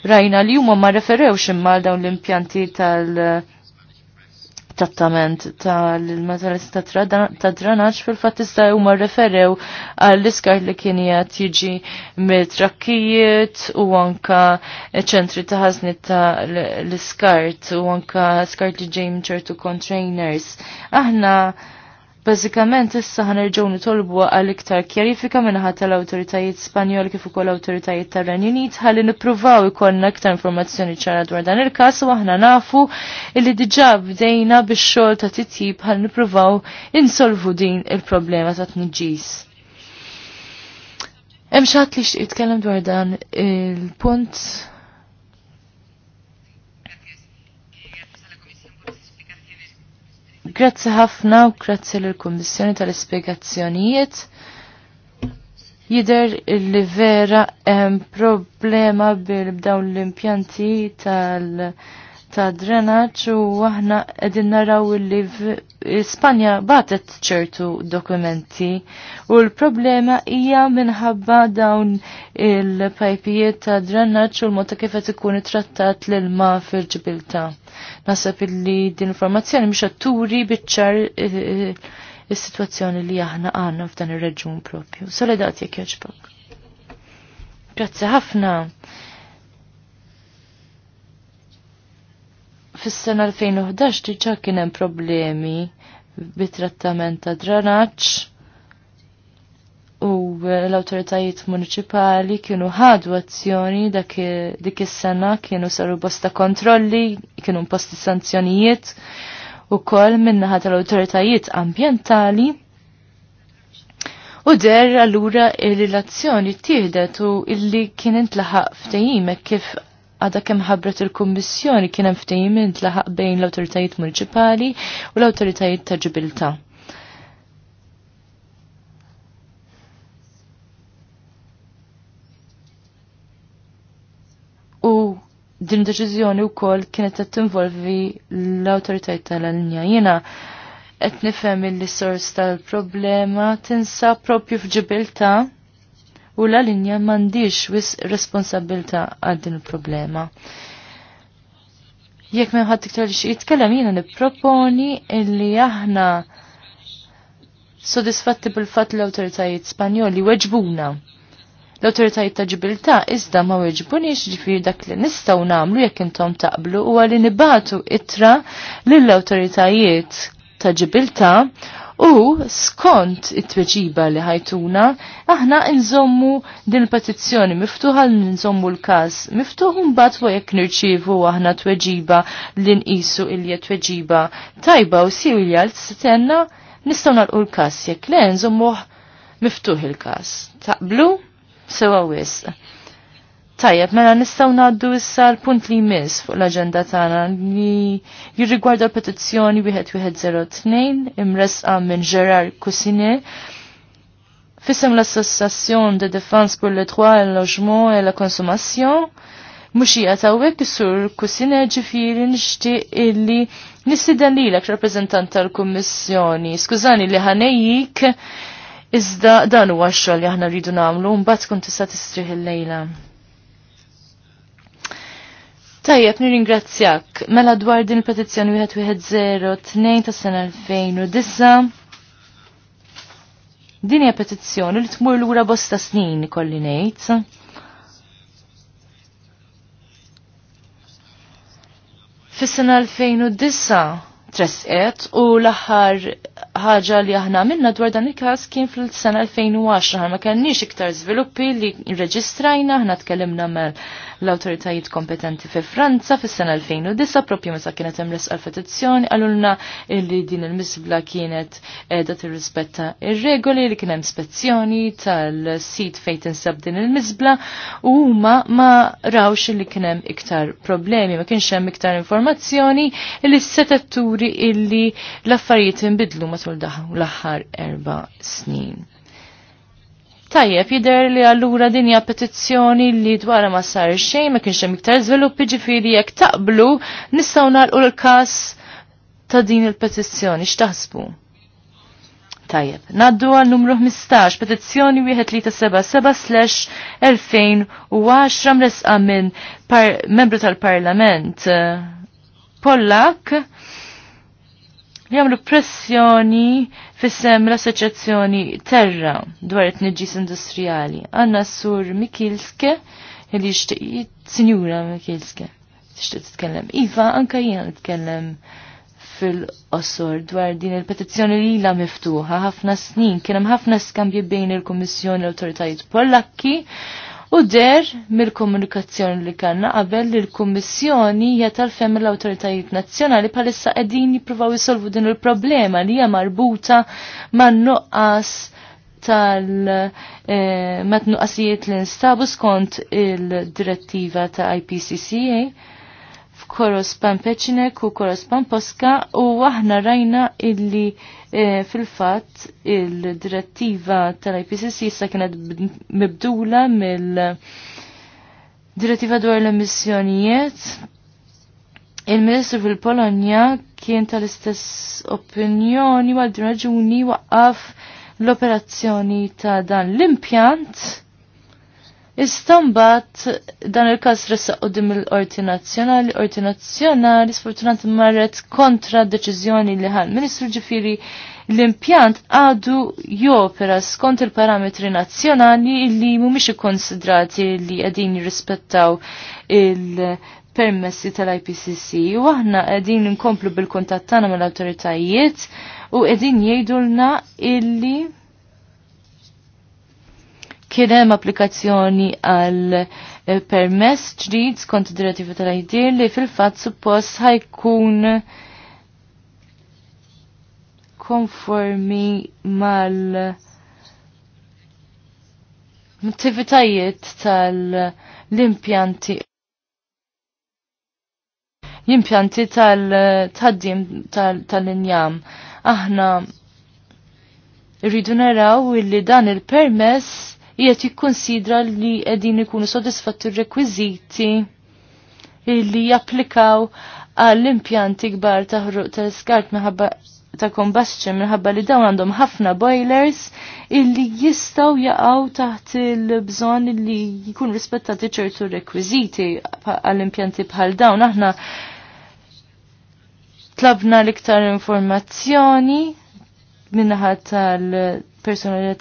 rajna li huma ma referewx imma dawn l-impjanti tal- trattament tal mazalist ta' dranaġġ fil-fatt issa huma referew għall-iskar li kien qed jiġi mit-trakkijiet u anka ċentri ta' ħażnit ta' l-iskart u anka skart li ġej ċertu containers. Aħna Bażikament issa ħanerġgħu nitolbu għal iktar kjarifika minħat tal-awtoritajiet Spanjol kif ukoll awtoritajiet tar-Renju Unit ħalli nippruvaw ikollna iktar informazzjoni ċara dwar dan il-każ u aħna nafu illi diġà bdejna bix-xogħol ta' titjib ħalli nippruvaw insolvu din il-problema ta' tniġis. Hemm xi li xtieq jitkellem dwar dan il-punt Grazzi ħafna u grazzi l-Kommissjoni tal-Ispiegazzjonijiet. Jider li vera hemm problema bil-dawn l-impjanti tal- ta' drenaġġ u aħna qegħdin naraw li Spanja batet ċertu dokumenti u l-problema hija minħabba dawn il-pajpijiet ta' drenaġġ u l mota kif qed ikun trattat l-ilma fil-ġibilta. Nasab illi din informazzjoni mhix turi biċ-ċar eh, eh, is-sitwazzjoni li aħna għandna f'dan ir-reġun propju. Soledat jekk jogħġbok. Grazzi ħafna. fis-sena 2011 diġà kien hemm problemi bit-trattament ta' dranaġġ u l-autoritajiet municipali kienu ħadu azzjoni dik is-sena kienu saru bosta kontrolli, kienu posti sanzjonijiet u koll minnaħat l-autoritajiet ambientali. U der allura il-relazzjoni tieħdet u illi kien intlaħaq ftehimek kif għada kem ħabret il-Kommissjoni kien hemm ftehim tlaħaq bejn l-awtoritajiet municipali u l-awtoritajiet ta' ġibilta. U din deċiżjoni wkoll kienet qed tinvolvi l-awtoritajiet tal-linja. Jiena qed nifhem il-sors tal-problema tinsa propju f'ġibilta' u la linja mandiġ wis responsabilta għad din il-problema. Jekk memħat iktar li jitkellem jina niproponi illi aħna sodisfatti bil-fat l-autoritajiet spanjoli weġbuna. L-autoritajiet ta' ġibilta iżda ma weġbunix ġifiri dak li nistaw namlu jekk intom taqblu u għalli nibatu itra lill-autoritajiet ta' ġibilta u skont it-tweġiba li ħajtuna aħna nżommu din il-petizzjoni miftuħa li nżommu l-każ miftuħ mbagħad jekk nirċievu aħna tweġiba li nqisu ilja tweġiba tajba u siwja li tistenna nistgħu nagħlqu l-każ jekk le nżommuh miftuħ il-każ. Taqblu? Sewa wisq. Tajjeb, mela nistaw naddu issa l-punt li jmiss fuq l-agenda tagħna li jirrigwarda l-petizzjoni 1102 imresqa minn Gerard Cousinet fissem l-Associazzjon de Defense pour le droit et logement et la consommation mhux hija tawwek sur kusine ġifieri nixtieq illi nissidan lilek rappreżentant tal-Kummissjoni. Skużani li ħanejjik iżda dan huwa x-xogħol li aħna rridu nagħmlu mbagħad tkun tista' tistrih il-lejla. Tajjeb, nirringrazzjak. Mela dwar din il-petizzjoni 1102 tas sena 2009. Din hija petizzjoni li tmur lura bosta snin kolli ngħid. Fis-sena 2009 tresqet u l-aħħar ħaġa li aħna minna dwar dan il-każ kien fil-sena 2010 ma kellniex iktar żviluppi li rreġistrajna aħna tkellimna mal l-autoritajiet kompetenti fi Franza fis sena 2009 propju meta kienet hemm resqa petizzjoni għalulna li din il-misbla kienet qiegħda tirrispetta ir-regoli li kien hemm spezzjoni tal-sit fejn tinsab din il-misbla u huma ma rawx li kien hemm iktar problemi, ma kienx hemm iktar informazzjoni li setetturi illi l-affarijiet inbidlu matul daħ l-aħħar erba' snin. Tajjeb, jider li allura din hija petizzjoni li dwar ma sar xejn ma kienx hemm iktar żviluppi ġifieri jekk taqblu nistgħu nagħlqu l-każ ta' din il-petizzjoni x'taħsbu. Tajjeb, naddu għal numru 15, petizzjoni 1377/2010 mresqa minn membru tal-Parlament eh, Pollak li għamlu pressjoni fissem l-assoċjazzjoni Terra dwar it-nġis industrijali. Għanna sur Mikilske, li xtiqit, Sinjura Mikilske, xtiqit tkellem. Iva, anka jena tkellem fil-qosor dwar din il-petizzjoni li la miftuħa ħafna snin, kienem ħafna skambji bejn il-Kommissjoni l-Autoritajiet Pollakki U der mill-komunikazzjoni li kanna qabel li l-Kummissjoni hija tal-fem l-awtoritajiet nazzjonali bħalissa qegħdin jippruvaw isolvu din il-problema li hija marbuta man-nuqqas tal eh, matnuqqasijiet li nstabu skont il-direttiva ta' IPCCA f'Korospan Peċinek u Korospan Poska u aħna rajna illi E, Fil-fatt, il-direttiva tal-IPCC issa kienet mibdula mill-direttiva dwar l-emissjonijiet Il-Ministru fil-Polonja kien tal-istess opinjoni għal din raġuni waqqaf l-operazzjoni ta' dan l-impjant Istambat dan il-kas ressaq qoddim il-Qorti Nazzjonali, Qorti Nazzjonali sfortunat marret kontra deċiżjoni li ħal Ministru ġifiri l-impjant għadu jopera skont il-parametri nazzjonali li mhumiex ikkonsidrati li qegħdin jirrispettaw il-permessi tal-IPCC u aħna qegħdin inkomplu bil-kuntatt tagħna mal-awtoritajiet u qegħdin jgħidulna illi kienem applikazzjoni għal eh, permess ġdid skont id-direttiva tal-ajdir li fil-fatt suppost ħajkun konformi mal attivitajiet tal-impjanti l-impjanti tal-taddim tal-injam. Aħna rridu naraw illi dan il-permess jiet jikkonsidra li qegħdin ikunu sodisfatti r-rekwiżiti li japplikaw għall-impjanti kbar taħruq tal ta' skart meħabba ta' combustion minħabba li dawn għandhom ħafna boilers illi jistaw jaqaw taħt il-bżon illi jkun rispettati ċertu rekwiziti għall-impjanti bħal dawn. Aħna tlabna l-iktar informazzjoni minnaħat tal-personali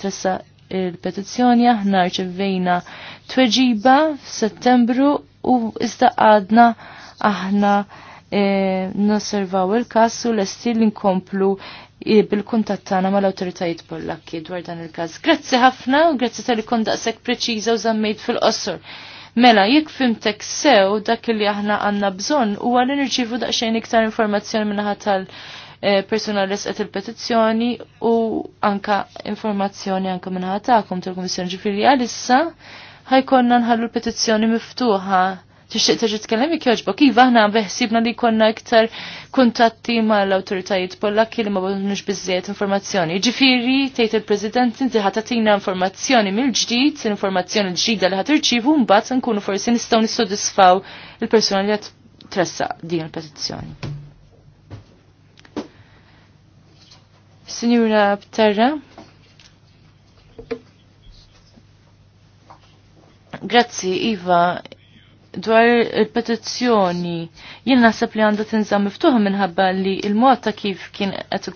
il-petizzjoni aħna rċevejna tweġiba f'Settembru u iżda għadna aħna eh, nosservaw il-kas u l-estil nkomplu eh, bil kuntattana ma mal-awtoritajiet pollakki dwar dan il-każ. Grazzi ħafna u grazzi tal-li daqshekk preċiża u zammejt fil qossor Mela, jekk fimtek sew dak li aħna għanna bżonn huwa li nirċivu daqsxejn iktar informazzjoni minnaħa tal- Eh, persuna li sqet il-petizzjoni u anka informazzjoni anka minnaħa tagħkom tal-Kummissjoni ġifieri għalissa ħajkonna nħallu l-petizzjoni miftuħa tixtieq terġa' tkellem jogħġbok, iva aħna beħsibna li konna iktar kuntatti mal-awtoritajiet Pollakki li ma bonux biżżejjed informazzjoni. Ġifieri tgħid il-President inti ħad tagħtina informazzjoni mill-ġdid, informazzjoni ġdida li ħad irċievu mbagħad nkunu forsi nistgħu nissodisfaw il-persuna li qed tressaq din il-petizzjoni. Signora Pterra. Grazzi, Iva. Dwar il-petizzjoni, jien naħseb li għandha tinżam miftuħa minħabba li il-mod ta' kif kien qed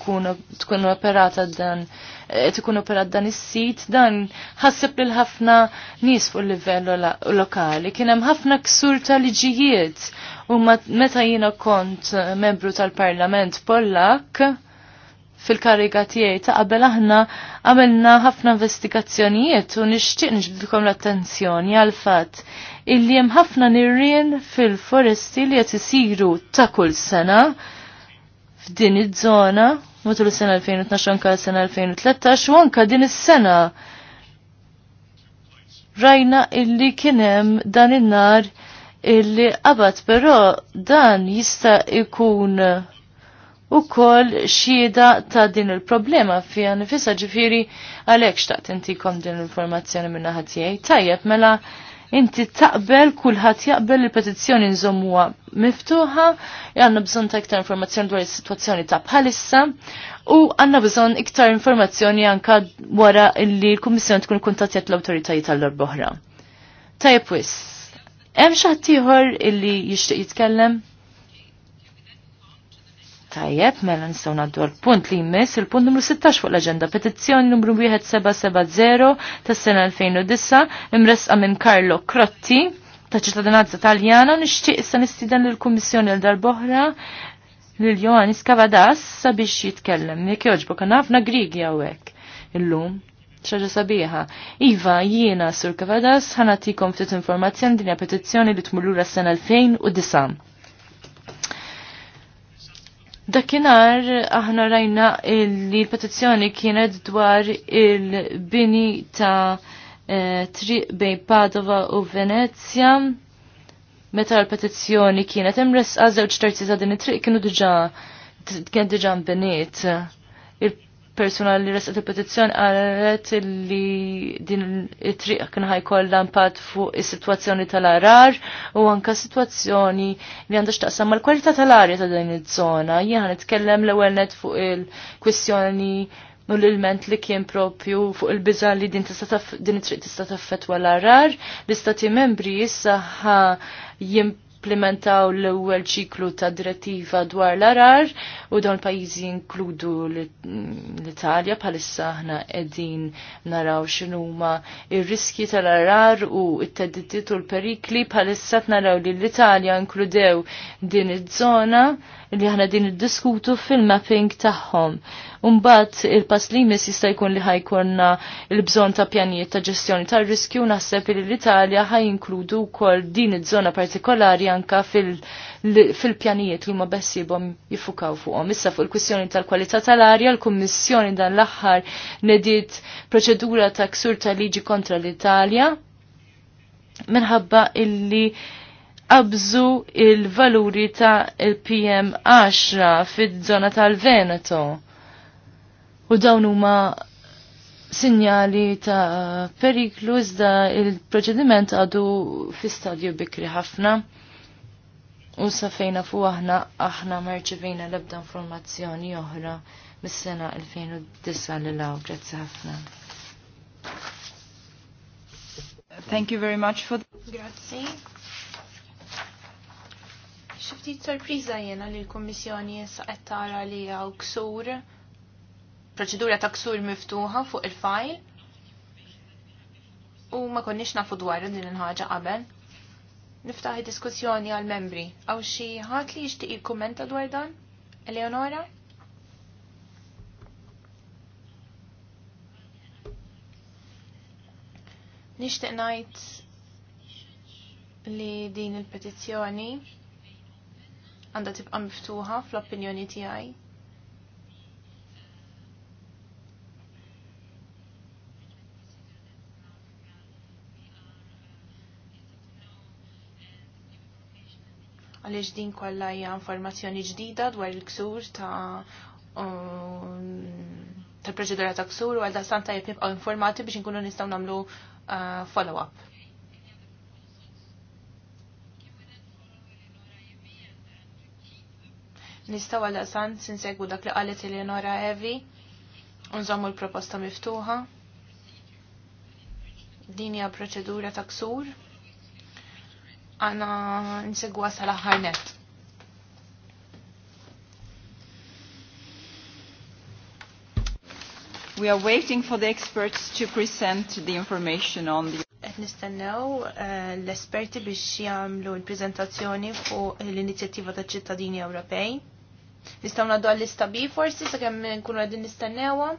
tkun operata dan qed ikun operat dan is-sit dan ħasseb lil ħafna nies fuq il-livell lokali. Kien hemm ħafna ksur ta' liġijiet u meta jiena kont membru tal-Parlament Pollak fil-kariga tiegħi ta' qabel aħna għamilna ħafna investigazzjonijiet u nixtieq nixbidilkom l-attenzjoni għal fatt illi hemm ħafna nirrien fil-foresti li qed isiru ta' kull sena f'din iż-żona matul is-sena 2012 anka sena 2013 u anke din is-sena rajna illi kien hemm dan in-nar illi qabad però dan jista' ikun u kol xieda ta' din il-problema fija nifisa ġifiri għalek xtaqt kom din l-informazzjoni minna ħatijaj. Tajjeb, mela inti taqbel, kullħat jaqbel il-petizzjoni nżommuha miftuħa, għanna bżon ta' iktar informazzjoni dwar is-sitwazzjoni ta' bħalissa u għanna bżon iktar informazzjoni anka wara li l-Kummissjoni tkun kontatjat l-awtoritajiet tal-darbohra. Tajjeb wis, hemm xi ħadd illi jixtieq jitkellem? Tajjeb, mela nistgħu ngħaddu għal punt li jmiss il-punt numru 16 fuq l-aġenda petizzjoni numru 1770 tas-sena 2009 imresqa minn Carlo Crotti ta' ċittadinanza Taljana nixtieq issa nistieden lill-Kummissjoni l darboħra lil Johannis Cavadas sabiex jitkellem. Jekk jogħġbok ħafna Grigi hawnhekk illum Xaġa sabiħa. Iva, jiena, Sur Kavadas, ħanatikom ftit informazzjoni dinja petizzjoni li tmurlura s-sena 2009. Dakinar aħna rajna li l-petizzjoni kienet dwar il-bini ta' eh, triq bejn Padova u Venezia. Meta l-petizzjoni kienet imres żewġ terzi ta' din it-triq kienu diġà kien diġà mbiniet persuna li resqet il petizzjon qalet li din it-triq kien ħajkollha impatt fuq is-sitwazzjoni tal-arar u anke sitwazzjoni li għandha x'taqsam mal-kwalità tal-arja ta' din iż-żona. Jien nitkellem l-ewwel net fuq il-kwistjoni u l-ilment li kien propju fuq il-biża li din din it-triq tista' taffettwa l-arar, l-istati membri issa ħa jimp implementaw l-ewwel ċiklu ta' direttiva dwar l-arar u dawn pajjiżi inkludu l-Italja bħalissa aħna qegħdin naraw x'inhuma ir-riski tal-arar u t-teddittit u l-perikli bħalissa naraw li l-Italja inkludew din iż-żona li aħna din iddiskutu fil-mapping tagħhom. Umbat il-pass li jista' jkun li ħajkonna l-bżonn ta' pjanijiet ta' ġestjoni tar-riskju naħseb li l-Italja ħajinkludu wkoll din iż-żona partikolari anka fil-pjanijiet li huma bessibom jifukaw fuqhom. Issa fuq il-kwistjoni tal-kwalità tal-arja, l-Kummissjoni dan l-aħħar nediet proċedura ta' ksur tal-liġi kontra l-Italja minħabba illi qabżu il-valuri ta' il-PM10 fid-żona tal-Veneto. U dawn huma sinjali ta' periklu iżda il-proċediment għadu fi stadju bikri ħafna. U safejna fu aħna aħna marċivina lebda informazzjoni oħra mis-sena 2009 li law. Grazzi ħafna. Thank you very much for the Grazzi. Xiftit sorpriża jena li l-Kommissjoni jessa qed tara li hawn ksur proċedura ta' ksur miftuħa fuq il-fajl u ma konniex nafu dwar din il-ħaġa qabel niftaħ diskussjoni għal membri. Għaw xi ħadd li jixtieq jikkumenta dwar dan? Eleonora? Nixtieq ngħid li din il-petizzjoni għandha tibqa' miftuħa fl-opinjoni tiegħi għaliex din kollha hija informazzjoni ġdida dwar il-ksur ta' um, tal-proċedura ta' ksur u għal santa tajjeb nibqgħu informati biex inkunu nistgħu nagħmlu uh, follow-up. Nistaw għalda daqsan sinsegwu dak li qalet Eleonora Evi unżommu l-proposta miftuħa. Din hija proċedura ta' ksur għana nsegwa sal net. We are waiting for the experts to present the information on the Et nistennew eh, l-esperti biex jagħmlu l prezentazzjoni fuq l-inizjattiva ta' ċittadini Ewropej. Nistgħu ngħaddu għall-istabi forsi sakemm nkunu qegħdin nistennewa.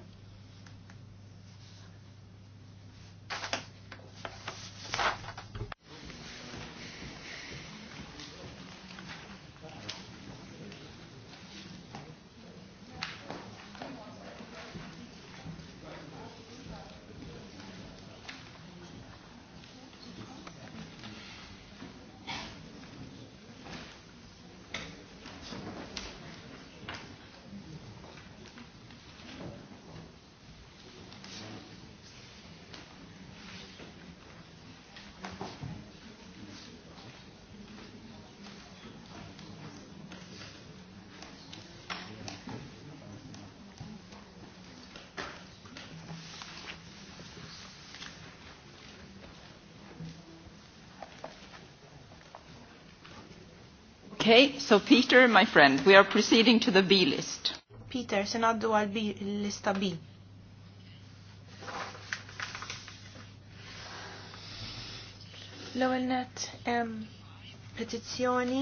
Okay, so Peter, my friend, we are proceeding to the B list. Peter, se naddu għal B lista B. L-ewwel net um, petizzjoni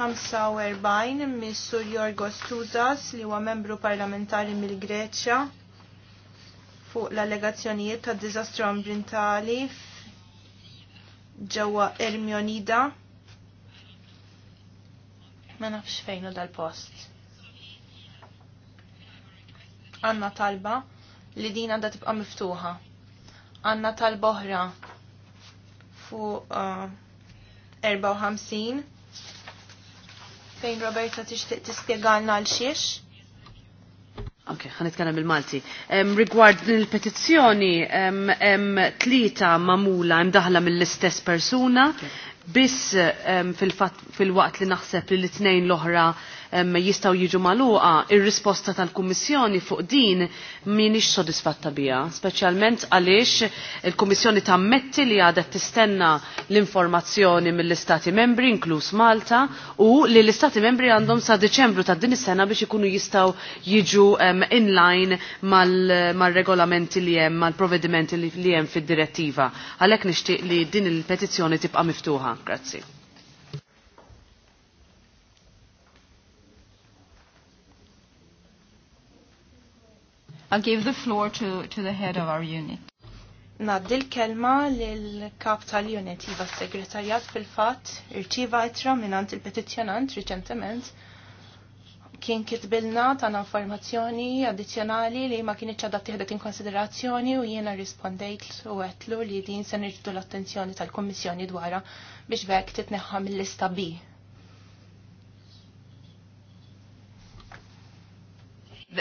45 mis Missur Jorgos Tuzas li huwa membru parlamentari mill-Greċja fuq l-allegazzjonijiet ta' diżastru ambientali ġewwa Ermionida ma nafx fejnu dal-post. Anna talba li din għanda tibqa miftuħa. Anna talba oħra fuq uh, 54 fejn Roberta tixtieq tispjegalna għal xiex. Ok, għan itkellem bil-Malti. Um, rigward il-petizzjoni, um, um, tlita mamula imdaħla mill-istess persuna, biss eh, fil-waqt li naħseb li l-tnejn l-oħra jistaw jiġu maluqa, ir-risposta tal-Kummissjoni fuq din minix sodisfatta bija, speċjalment għaliex il-Kummissjoni tammetti li għadet tistenna l-informazzjoni mill-Istati membri, inkluż Malta, u li l-Istati membri għandhom sa' Deċembru ta' din is-sena biex ikunu jistaw jiġu in-line mal-regolamenti li hemm, mal-provvedimenti li hemm fid-direttiva. Għalhekk nixtieq li din il-petizzjoni tibqa' miftuħa. Grazzi. I'll give the floor to, to the head of our unit. Naddi l-kelma l-kap tal-unit iva segretarjat fil-fat irċiva itra minant il-petizjonant reċentement kien kitbilna tana informazzjoni addizjonali li ma kienieċ ċadda tiħdet in konsiderazzjoni u jiena rispondejt u għetlu li din se nirġdu l-attenzjoni tal-Kommissjoni dwara biex vek titneħħa mill-lista B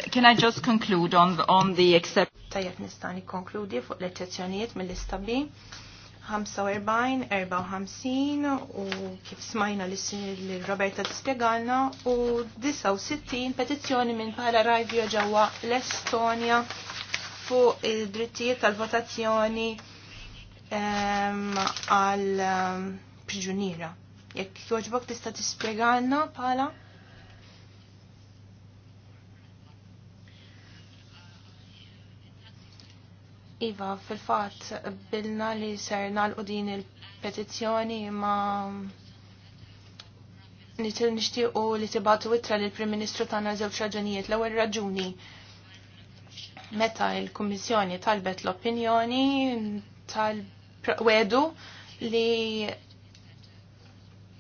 Can I just conclude on the, on the except... Tajjeb nistani konkludi fuq l-eccezzjonijiet mill-lista 45, 54 u kif smajna li Roberta t-spiegalna u 69 petizzjoni minn para radio ġewwa l-Estonja fuq id-drittijiet tal-votazzjoni ehm, għal ehm, priġuniera. Jekk joġbok tista' tispjegalna pala? Iva, fil-fat, bilna li ser nalqu din il-petizjoni ma nitil nishtiqu li tibatu witra li l-Prim Ministru tana żewġ raġunijiet. L-ewwel raġuni meta l-Kummissjoni talbet l-opinjoni tal wedu li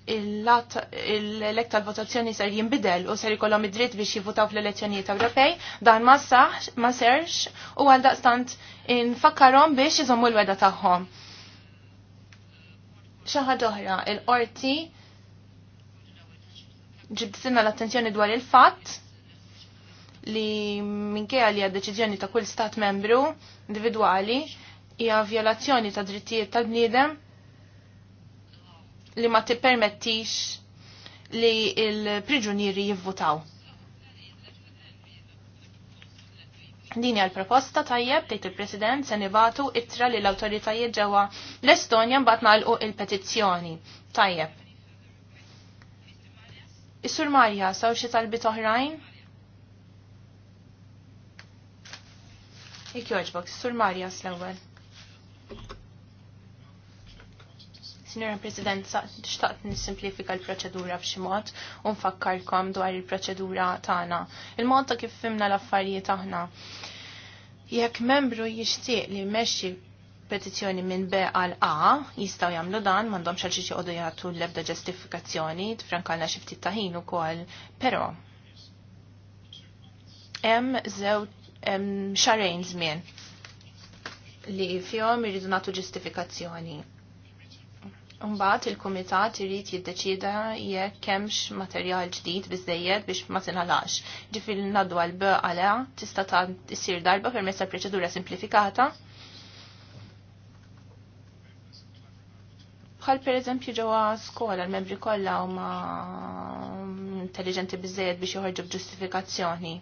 il-lek tal-votazzjoni ser jimbidel u ser jkollhom id-dritt biex jivutaw fl-elezzjonijiet Ewropej, dan ma saħx, ma serx u għal daqstant infakkarhom biex iżommu l-weda tagħhom. Xi ħaġa oħra, il-qorti ġibdisina l-attenzjoni dwar il-fatt li minkeja li għad-deċiżjoni ta' kull stat membru individwali hija vjolazzjoni ta' drittijiet tal-bniedem li ma tippermettix li il-priġunieri jivvutaw. Dini għal-proposta tajjeb tgħid il-President se nibatu ittra li l-awtoritajiet ġewwa l-Estonja mbagħad nagħlqu il-petizzjoni. Tajjeb. Is-Sur Marja saw xi talbi oħrajn? Jekk jogħġbok, Sur Marja s ewwel Signora President, xtaqt nisimplifika l-proċedura b'xi mod u nfakkarkom dwar il-proċedura tagħna. Il-mod ta' kif fimna l-affarijiet aħna. Jekk membru jixtieq li jmexxi petizzjoni minn B għal A, jistgħu jagħmlu dan m'għandhomx għal xie joqogħdu jagħtu l-ebda ġustifikazzjoni, tfrankalna xi ftit ta' ħin ukoll, però hemm zew xarejn żmien li fihom irridu nagħtu ġustifikazzjoni Mbagħad il-kumitat irid jiddeċida jekk kemmx materjal ġdid biżejjed biex ma tinħalax. Ġifieri ngħaddu għal B għalha tista' issir darba permezz tal proċedura simplifikata. Bħal pereżempju ġewwa skola l-membri kollha huma intelligenti biżejjed biex joħorġu b'ġustifikazzjoni.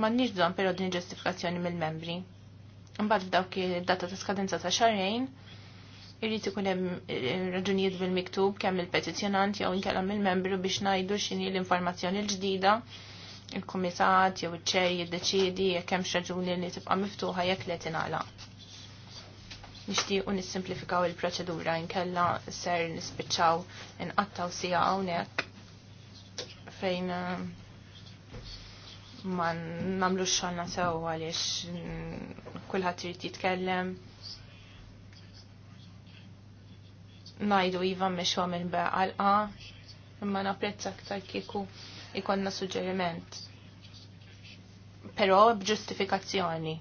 M'għandniex bżonn però din ġustifikazzjoni mill-membri. Mbagħad f'dawk id-data ta' skadenza ta' xarrejn irrid ikun hemm eh, raġunijiet bil-miktub kemm il-petizzjonant jew inkella mill-membru biex ngħidu x'inhi l-informazzjoni l-ġdida il-kumitat jew iċ-ċej jiddeċiedi jekk hemm raġuni li tibqa' miftuħa jekk le tingħala. Nixtiequ nissimplifikaw il-proċedura inkella ser nispiċċaw inqattaw sija hawnhekk fejn eh, ma namlu xolna sew għaliex kulħadd irid jitkellem. Najdu iva mhix għamil beqalqa, imma napprezza aktar kieku ikonna suġġeriment. Però b'ġustifikazzjoni.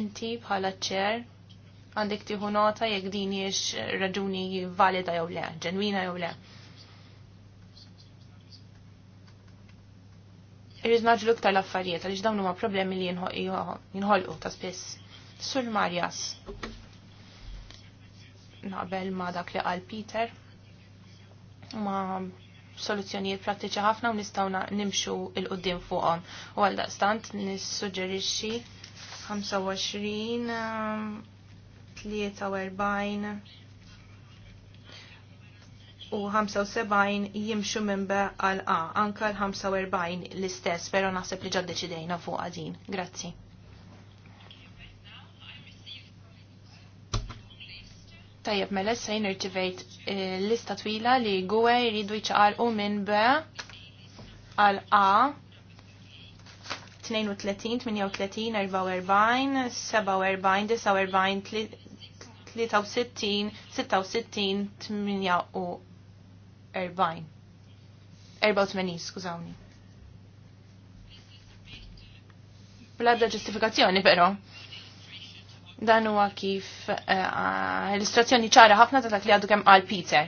Inti bħala ċer għandek tieħu nota jekk din hiex raġuni valida jew le, ġenwina jew le. irrid naġlu ktar l-affarijiet għaliex dawn huma problemi li jinħolqu ta' spiss. Sur Marjas. Naqbel ma' dak li qal Peter. Ma' soluzzjonijiet prattiċi ħafna u nistgħu nimxu il qudiem fuqhom. U għal daqstant nissuġġerixxi 25 43 u 75 jimxu minn B għal A, anka l-45 l-istess, pero naħseb li ġad deċidejna fuq għadin. Grazzi. Tajjeb, mela issa l eh, lista twila li gwe jridu u minn B għal A 32, 38, 44, 47, 49, 63, 68, 84, skużawni. Bladda ġustifikazzjoni, però. Dan huwa kif eh, illustrazzjoni ċara ħafna ta' dak li għadu kemm qal Peter.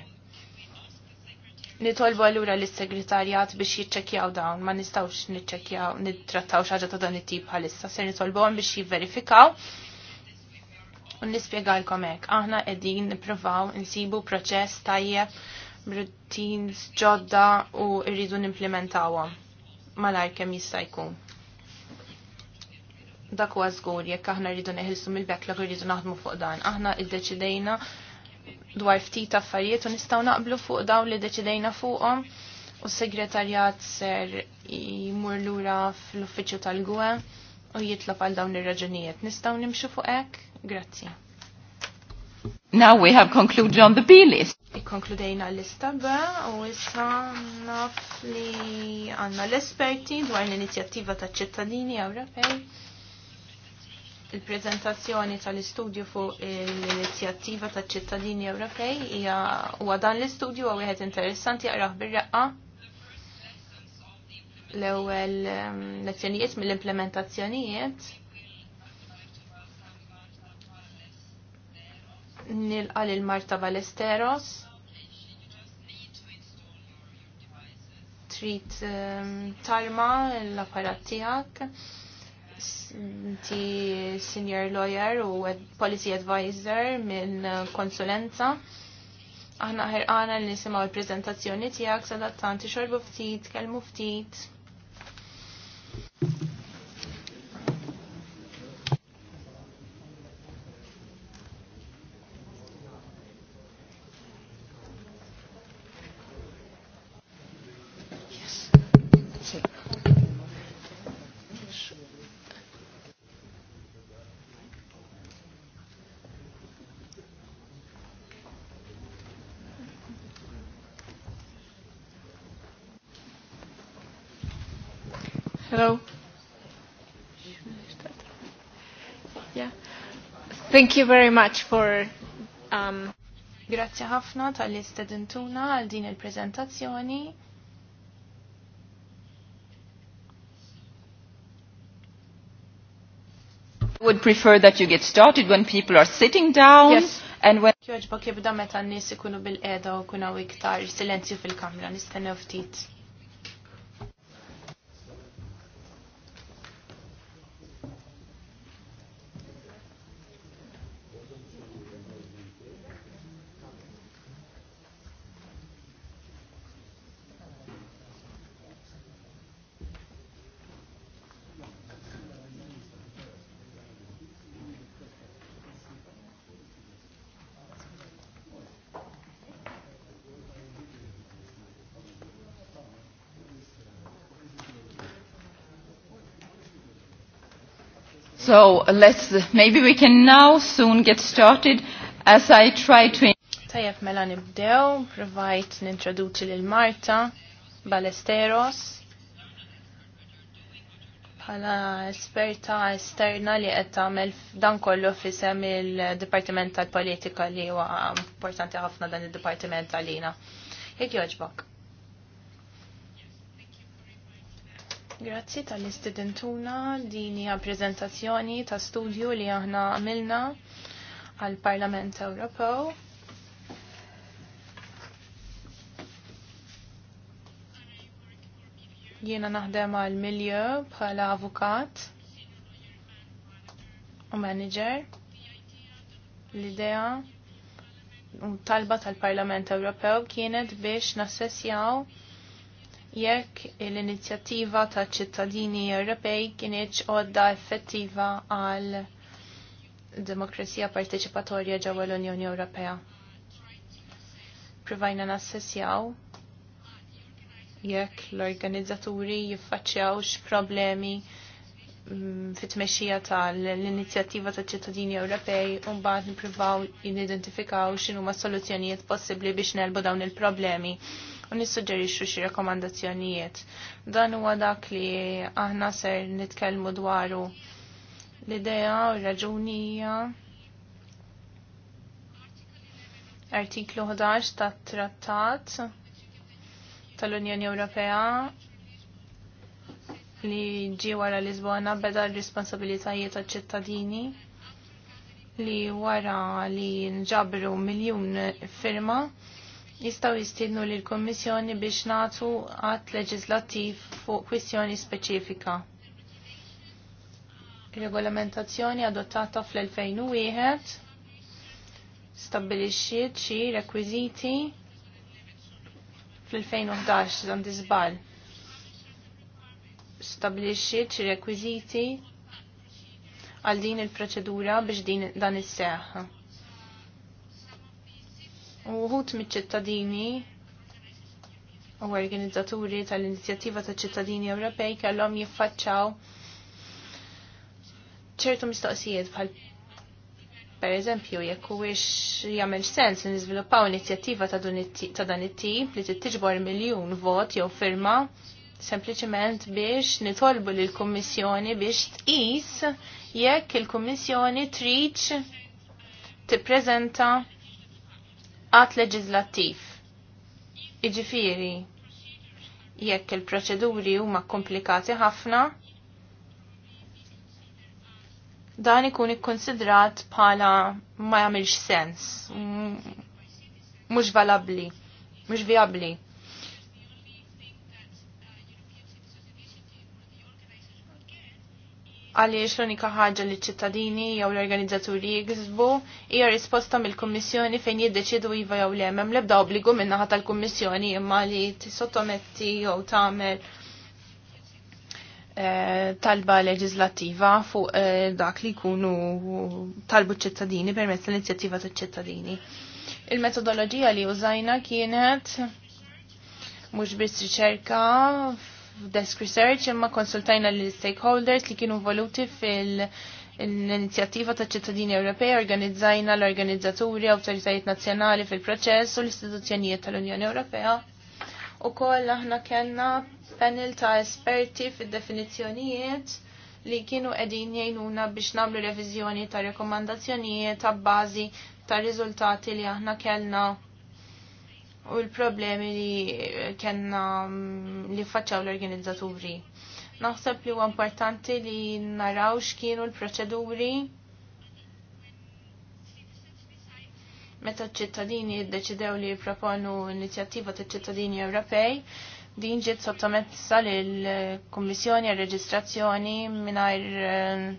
Nitolbu allura l-segretarjat biex jiċċekjaw dawn, ma nistawx niċċekjaw, nittrattaw xaġa ta' dan it-tip bħalissa, se nitolbu għan biex jivverifikaw. Un nispiegalkom hekk, aħna qegħdin nippruvaw insibu proċess tajjeb routines ġodda u rridu nimplementawa malajr kemm jista' jkun. Dak huwa żgur jekk aħna rridu neħilsu mill-backlog rridu naħdmu fuq dan. Aħna iddeċidejna dwar ftit affarijiet u nistgħu naqblu fuq dawn li deċidejna fuqhom u s-segretarjat ser jmur lura fl-uffiċċju tal-gwe u jitlob għal dawn ir-raġunijiet. Nistgħu nimxu fuq hekk? Grazzi. Now we have concluded on the B list. Ikkonkludejna l-lista B u issa naf li għanna l-esperti dwar l-inizjattiva ta' ċittadini Ewropej il-prezentazzjoni tal-istudju fuq l-inizjattiva ta' ċittadini Ewropej hija huwa dan l-istudju huwa wieħed interessanti jaqrah bir-raqqa l-ewwel ehm, lezzjonijiet mill-implementazzjonijiet nilqa lil Marta Valesteros. Trit ehm, tarma l-apparat tiegħek. Ti senior lawyer u policy advisor minn konsulenza. Aħna ħerqana li nisimgħu l-preżentazzjoni tiegħek sadattanti xorbu ftit, kelmu ftit. Thank you very much for... Um... Grazie ħafna tal-istedentuna għal din il-prezentazzjoni. would prefer that you get started when people are sitting down yes. and when Kjoġbok jibda meta n-nis ikunu bil-qeda u kunaw iktar silenzju fil-kamra, nistennew ftit. So let's, maybe we can now soon get started as I try to... Tajab mela nibdew, provajt nintroduċi lil Marta Balesteros bħala esperta esterna li qed tagħmel dan kollu fisem il-Dipartiment tal-Politika li huwa importanti ħafna dan id-dipartiment għalina. Jekk jogħġbok. Grazzi tal-istudentuna din hija preżentazzjoni ta' studju li aħna għamilna għal Parlament Ewropew. Jiena naħdem għal milju bħala avukat u manager. L-idea u talba tal-Parlament Ewropew kienet biex nassessjaw jekk l-inizjattiva ta' ċittadini Ewropej kienieċ għodda effettiva għal demokrazija parteċipatorja ġewwa l-Unjoni Ewropea. Provajna nassessjaw jekk l-organizzaturi jiffaċċjawx problemi mm, fit-tmexxija tal-inizjattiva ta' ċittadini Ewropej u mbagħad nippruvaw nidentifikaw x'inhuma soluzzjonijiet possibbli biex nelbu dawn il-problemi u nissuġġerixxu xi rekomandazzjonijiet. Dan huwa dak li aħna ser nitkellmu dwaru l-idea u raġunija artiklu 11 tat-trattat tal-Unjoni Ewropea li ġi wara Lisbona beda l-responsabilitajiet tal-ċittadini li wara li nġabru miljun firma jistaw jistidnu li l-Kommissjoni biex natu għat leġislattiv fuq kwistjoni speċifika. Regolamentazzjoni adottata fl-2001 stabilixxiet xi rekwiziti fl-2011 dan disbal. Stabilixiet xi rekwiziti għal din il-proċedura biex din dan is-seħħa uħut mit-ċittadini u organizzaturi tal-inizjattiva ta' ċittadini Ewropej kellhom jiffaċċaw ċertu mistoqsijiet bħal per eżempju jekk huwiex jagħmel sens li niżviluppaw inizjattiva ta' dan it-tip li tittiġbor miljun vot jew firma sempliċement biex nitolbu lil kummissjoni biex tqis jekk il-kummissjoni triċ tippreżenta għat leġizlattiv. Iġifiri, jekk il-proċeduri huma komplikati ħafna, dan ikun ikkonsidrat bħala ma jagħmilx sens, mhux valabbli, mhux viabbli. għaliex l-unika ħaġa li ċittadini jew l-organizzaturi jgżbu hija risposta mill-Kummissjoni fejn jiddeċidu iva jew le hemm l-ebda obbligu min-naħa tal-Kummissjoni imma li tisottometti jew tagħmel eh, talba leġislattiva fuq eh, dak li jkunu talbu ċittadini permezz l-inizjattiva tal-ċittadini. Il-metodoloġija li użajna kienet mhux biss riċerka f'desk research imma konsultajna l-stakeholders li kienu voluti fil- l-inizjattiva ta' ċittadini Ewropej organizzajna l-organizzaturi, awtoritajiet nazzjonali fil-proċess u l-istituzzjonijiet tal-Unjoni Ewropea. U koll aħna kellna panel ta' esperti fil-definizjonijiet li kienu edin jgħinuna biex namlu revizjoni ta' rekomandazzjonijiet ta' bazi ta' riżultati li aħna kellna u l-problemi li kena mm, li faċċaw l-organizzaturi. Naħseb li huwa importanti li naraw x'kienu l-proċeduri meta ċ-ċittadini ddeċidew li proponu inizjattiva ta' ċittadini Ewropej din ġiet sottomessa lill-Kummissjoni għal-Reġistrazzjoni mingħajr eh,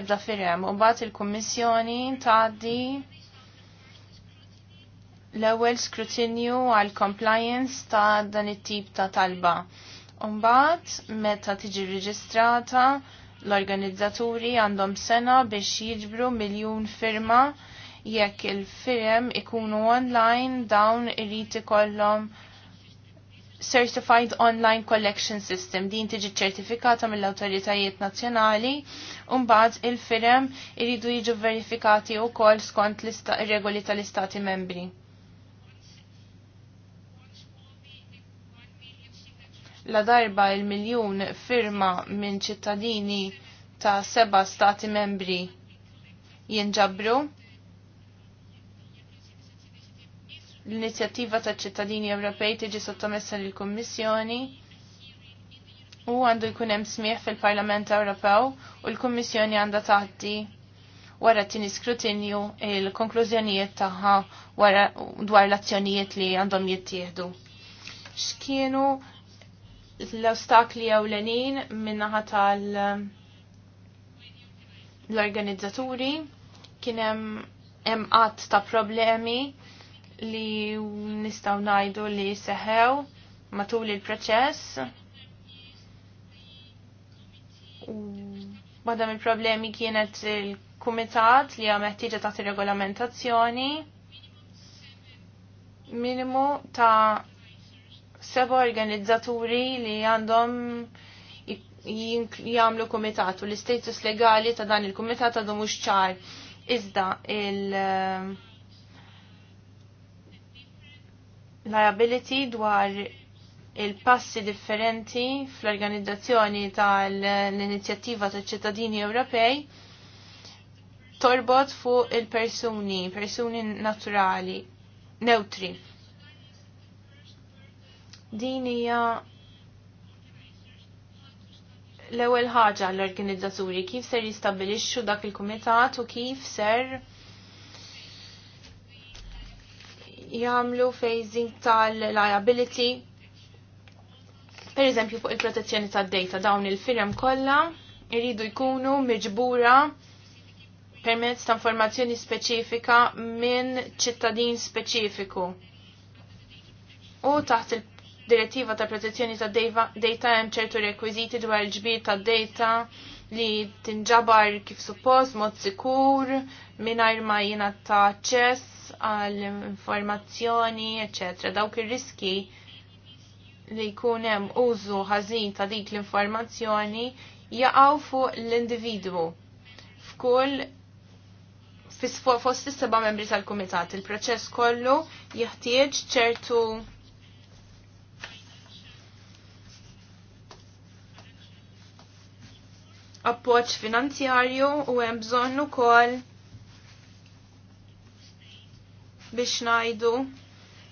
ebda firem u mbagħad il-Kummissjoni tgħaddi l-ewwel skrutinju għal compliance ta' dan it-tip ta' talba. Umbagħad meta tiġi rreġistrata l-organizzaturi għandhom sena biex jiġbru miljun firma jekk il-firem ikunu online dawn irid ikollhom Certified Online Collection System din tiġi ċertifikata mill-awtoritajiet nazzjonali u mbagħad il-firem iridu jiġu verifikati wkoll skont regoli tal-istati membri. la darba il-miljun firma minn ċittadini ta' seba stati membri jinġabru. L-inizjattiva ta' ċittadini Ewropej tiġi sottomessa lill kummissjoni u għandu jkun hemm smieħ fil-Parlament Ewropew u l-Kummissjoni għandha tgħaddi wara t-tini skrutinju il-konklużjonijiet tagħha dwar l-azzjonijiet li għandhom jittieħdu. X'kienu l-ostakli ewlenin minnaħa tal eh, l-organizzaturi kienem hemm qatt ta' problemi li nistgħu ngħidu li seħew matul il-proċess. u Madam il-problemi kienet il-kumitat li għam ħtieġa ta' regolamentazzjoni minimu ta' seba organizzaturi li għandhom jagħmlu kumitatu. L-istatus legali ta' dan il-kumitat għadhom mhux ċar. Iżda il- liability dwar il-passi differenti fl-organizzazzjoni tal-inizjattiva tal-ċittadini Ewropej torbot fuq il-persuni, persuni naturali, neutri. Din hija l-ewwel ħaġa l-organizzaturi kif ser jistabbilixxu dak il-kumitat u kif ser jagħmlu phasing tal-liability per eżempju fuq il-protezzjoni tad-data dawn il-firem kollha jridu jkunu miġbura permezz ta' informazzjoni speċifika minn ċittadin speċifiku. U taħt il direttiva ta' protezzjoni ta' data hemm ċertu rekwiżiti dwar il-ġbir ta' data li tinġabar kif suppost mod sikur mingħajr ma ta' aċċess għall informazzjoni eċetera. Dawk ir-riski li jkun hemm użu ħażin ta' dik l-informazzjoni jaqgħu fuq l-individwu f'kull fost is-seba' membri tal-kumitat. Il-proċess kollu jeħtieġ ċertu appoġġ finanzjarju u hemm bżonn ukoll biex ngħidu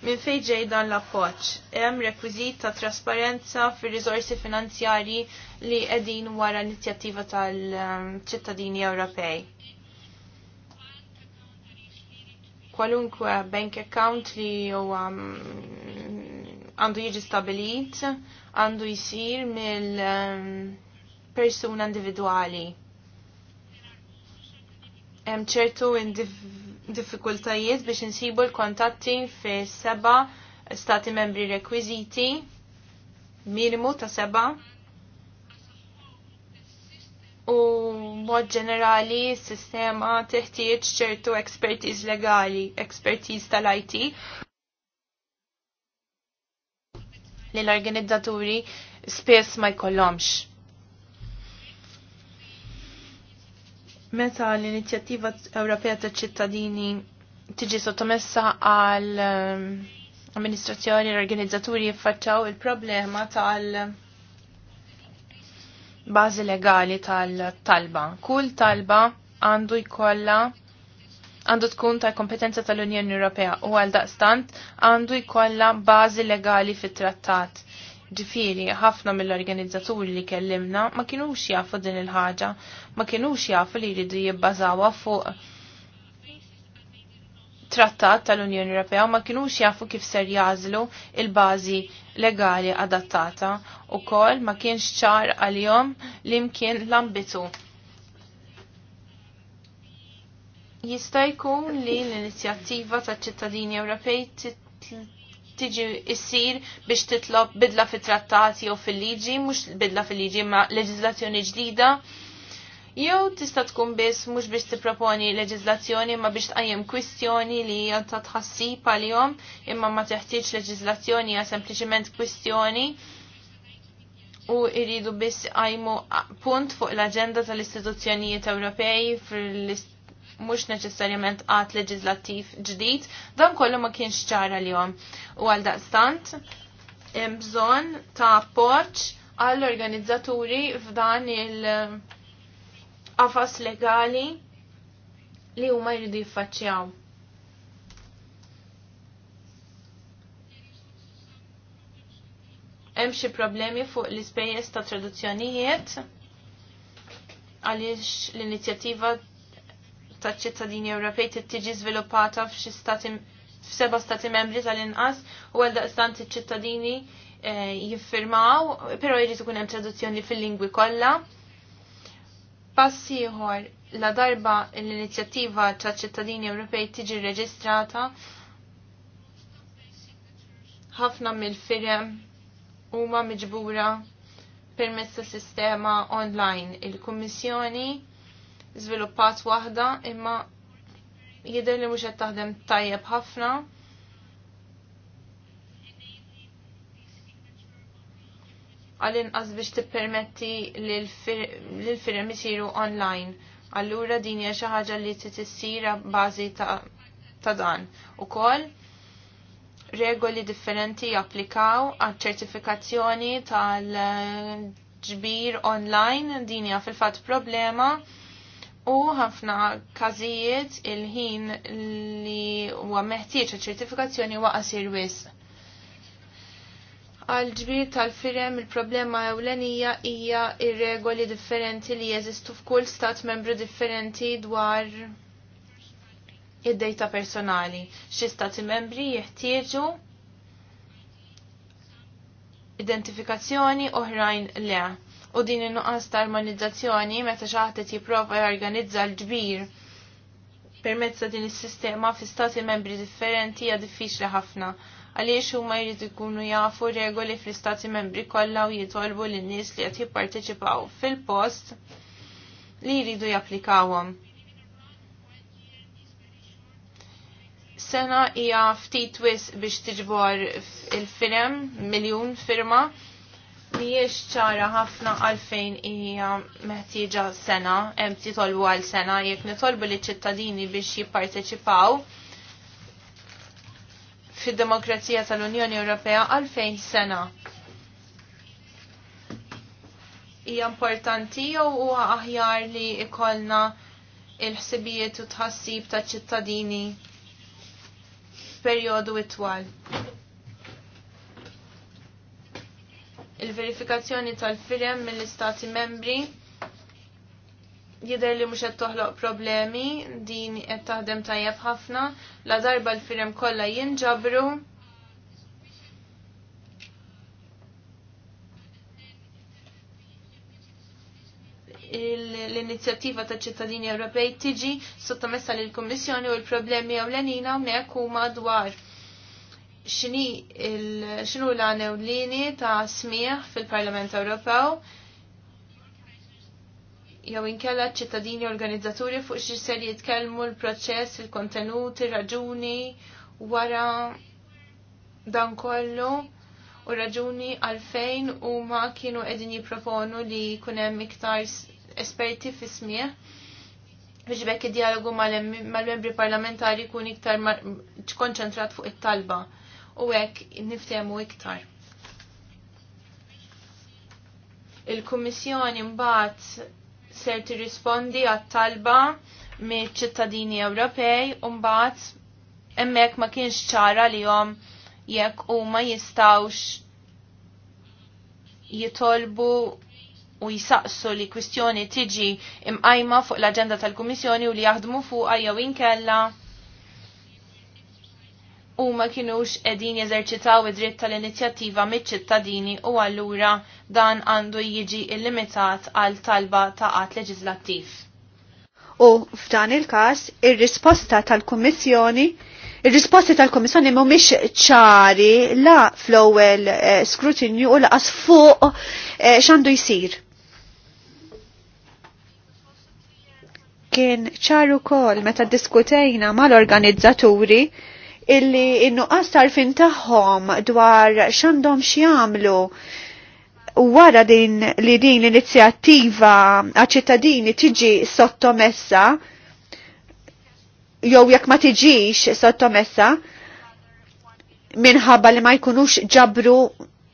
minn fejn ġej dan l-appoġġ. Hemm rekwiżit ta' trasparenza fir-riżorsi finanzjarji li qegħdin wara l-inizjattiva tal-ċittadini Ewropej. Kwalunkwe bank account li huwa mm, għandu jiġi stabilit, għandu jisir mill mm, persuna individwali. Hemm ċertu diffikultajiet biex insibu l-kontatti fi seba stati membri rekwiziti minimu ta' seba u mod ġenerali s-sistema teħtieġ ċertu ekspertiż legali, ekspertiż tal-IT li l-organizzaturi spess ma jkollhomx. Meta l-Inizjattiva Ewropea taċ ċittadini tiġi sottomessa għal ehm, amministrazzjoni l organizzaturi jiffaċċaw il-problema tal bażi legali tal-talba. Kull talba għandu jkollha għandu tkun tal kompetenza tal-Unjoni Ewropea u għal daqstant għandu jkollha bażi legali fit-trattat. Ġifiri, ħafna mill-organizzaturi li kellimna ma kienux jafu din il-ħaġa, ma kienux jafu li jridu jibbażawa fuq trattat tal-Unjoni Ewropea ma kienux jafu kif ser jażlu il-bażi legali adattata u kol ma kienx ċar għal-jom li mkien l-ambitu. Jista' jkun li l-inizjattiva taċ ċittadini Ewropej tiġi issir biex titlob bidla fit-trattati jew fil-liġi, mhux bidla fil-liġi ma' leġiżlazzjoni ġdida. Jew tista' tkun biss mhux biex tipproponi leġizlazzjoni ma biex tqajjem kwistjoni li hija ta' tħassib għalihom imma ma teħtieġ leġiżlazzjoni hija sempliċiment kwistjoni u jridu biss għajmu punt fuq l aġenda tal-istituzzjonijiet Ewropej fil-list mux neċessarjament għat leġizlattiv ġdid, dan kollu ma kienx ċara li għom. U għal daqstant, bżon ta' porċ għall-organizzaturi f'dan il-qafas legali li huma jridu jiffaċċjaw. Hemm xi problemi fuq l-ispejjeż ta' traduzzjonijiet għaliex l-inizjattiva taċ-ċittadini Ewropej tiġi żviluppata f'xi stati f'seba' stati membri tal-inqas u għal daqstant iċ-ċittadini eh, jiffirmaw, però jrid ikun hemm traduzzjoni fil-lingwi kollha. Passiħor ieħor la darba l-inizjattiva taċ-ċittadini Ewropej tiġi rreġistrata ħafna mill-firem huma miġbura permezz sistema online. Il-Kummissjoni żviluppat waħda imma jidher li mhux qed taħdem tajjeb ħafna. għal-inqas biex tippermetti l-firm isiru online. Allura din hija xi ħaġa li trid issir bażi ta' dan. Ukoll regoli differenti japplikaw għaċ ċertifikazzjoni tal-ġbir online din hija fil-fatt problema U ħafna każijiet il-ħin li huwa meħtieġ ċertifikazzjoni huwa qasir wisq għal ġbir tal-firem il-problema ewlenija hija ir-regoli differenti li jeżistu f'kull stat membru differenti dwar id-dejta personali. Xi stati membri jeħtieġu identifikazzjoni oħrajn le u din in-nuqqas ta' armonizzazzjoni meta xaħtet jipprova jorganizza l-ġbir permezz ta' din is-sistema fi stati membri differenti hija diffiċli ħafna għaliex huma jrid ikunu jafu regoli fl-istati membri kollha u jitolbu lin-nies li qed jipparteċipaw fil-post li jridu japplikawhom. sena hija ftit wis biex tiġbor il-firem, miljun firma, miex ċara ħafna għalfejn hija meħtieġa sena, hemm titolbu għal sena, jekk nitolbu li ċittadini biex jipparteċipaw fid-demokrazija tal-Unjoni Ewropea għalfejn sena. Hija importanti jew huwa aħjar li ikollna il-ħsibijiet u tħassib ta' ċittadini perjodu itwal. il-verifikazzjoni tal-firem mill-istati membri jider li mhux qed toħloq problemi, din qed taħdem tajjeb ħafna, la darba l-firem kollha jinġabru. l-inizjattiva ta' ċittadini Ewropej tiġi sottomessa lill kummissjoni u l-problemi ewlenina hawnhekk huma dwar xini xinu la newlini ta' smiħ fil-Parlament Ewropew jew inkella ċittadini organizzaturi fuq xi ser jitkellmu l-proċess, il-kontenuti, raġuni wara dan kollu u raġuni għalfejn u ma kienu edin jiproponu li kunem iktar esperti fi smieħ biex bekk id-dialogu mal-membri parlamentari kun iktar konċentrat fuq it-talba u hekk niftemu iktar. Il-Kummissjoni mbagħad ser tirrispondi għat-talba mill-ċittadini Ewropej u mbagħad hemmhekk ma kienx ċara li jom jekk huma jistawx jitolbu u jisaqsu li kwistjoni tiġi imqajma fuq l-aġenda tal-Kummissjoni u li jaħdmu fuqha jew inkella u ma kienux edin jeżerċitaw id-dritt tal-inizjattiva mit-ċittadini u allura dan għandu jiġi illimitat għal talba ta' għat leġislattiv. U f'dan il-kas, ir-risposta il kas ir risposta Il-risposti tal-Komissjoni mhumiex ċari la fl-ewwel eh, skrutinju u laqas fuq eh, x'għandu jsir. Kien ċaru kol meta diskutejna mal-organizzaturi illi qastar fin tagħhom dwar x'għandhom x'jagħmlu wara din li din l-inizjattiva għaċ-ċittadini tiġi sottomessa jew jekk ma tiġix sottomessa minħabba li ma jkunux ġabru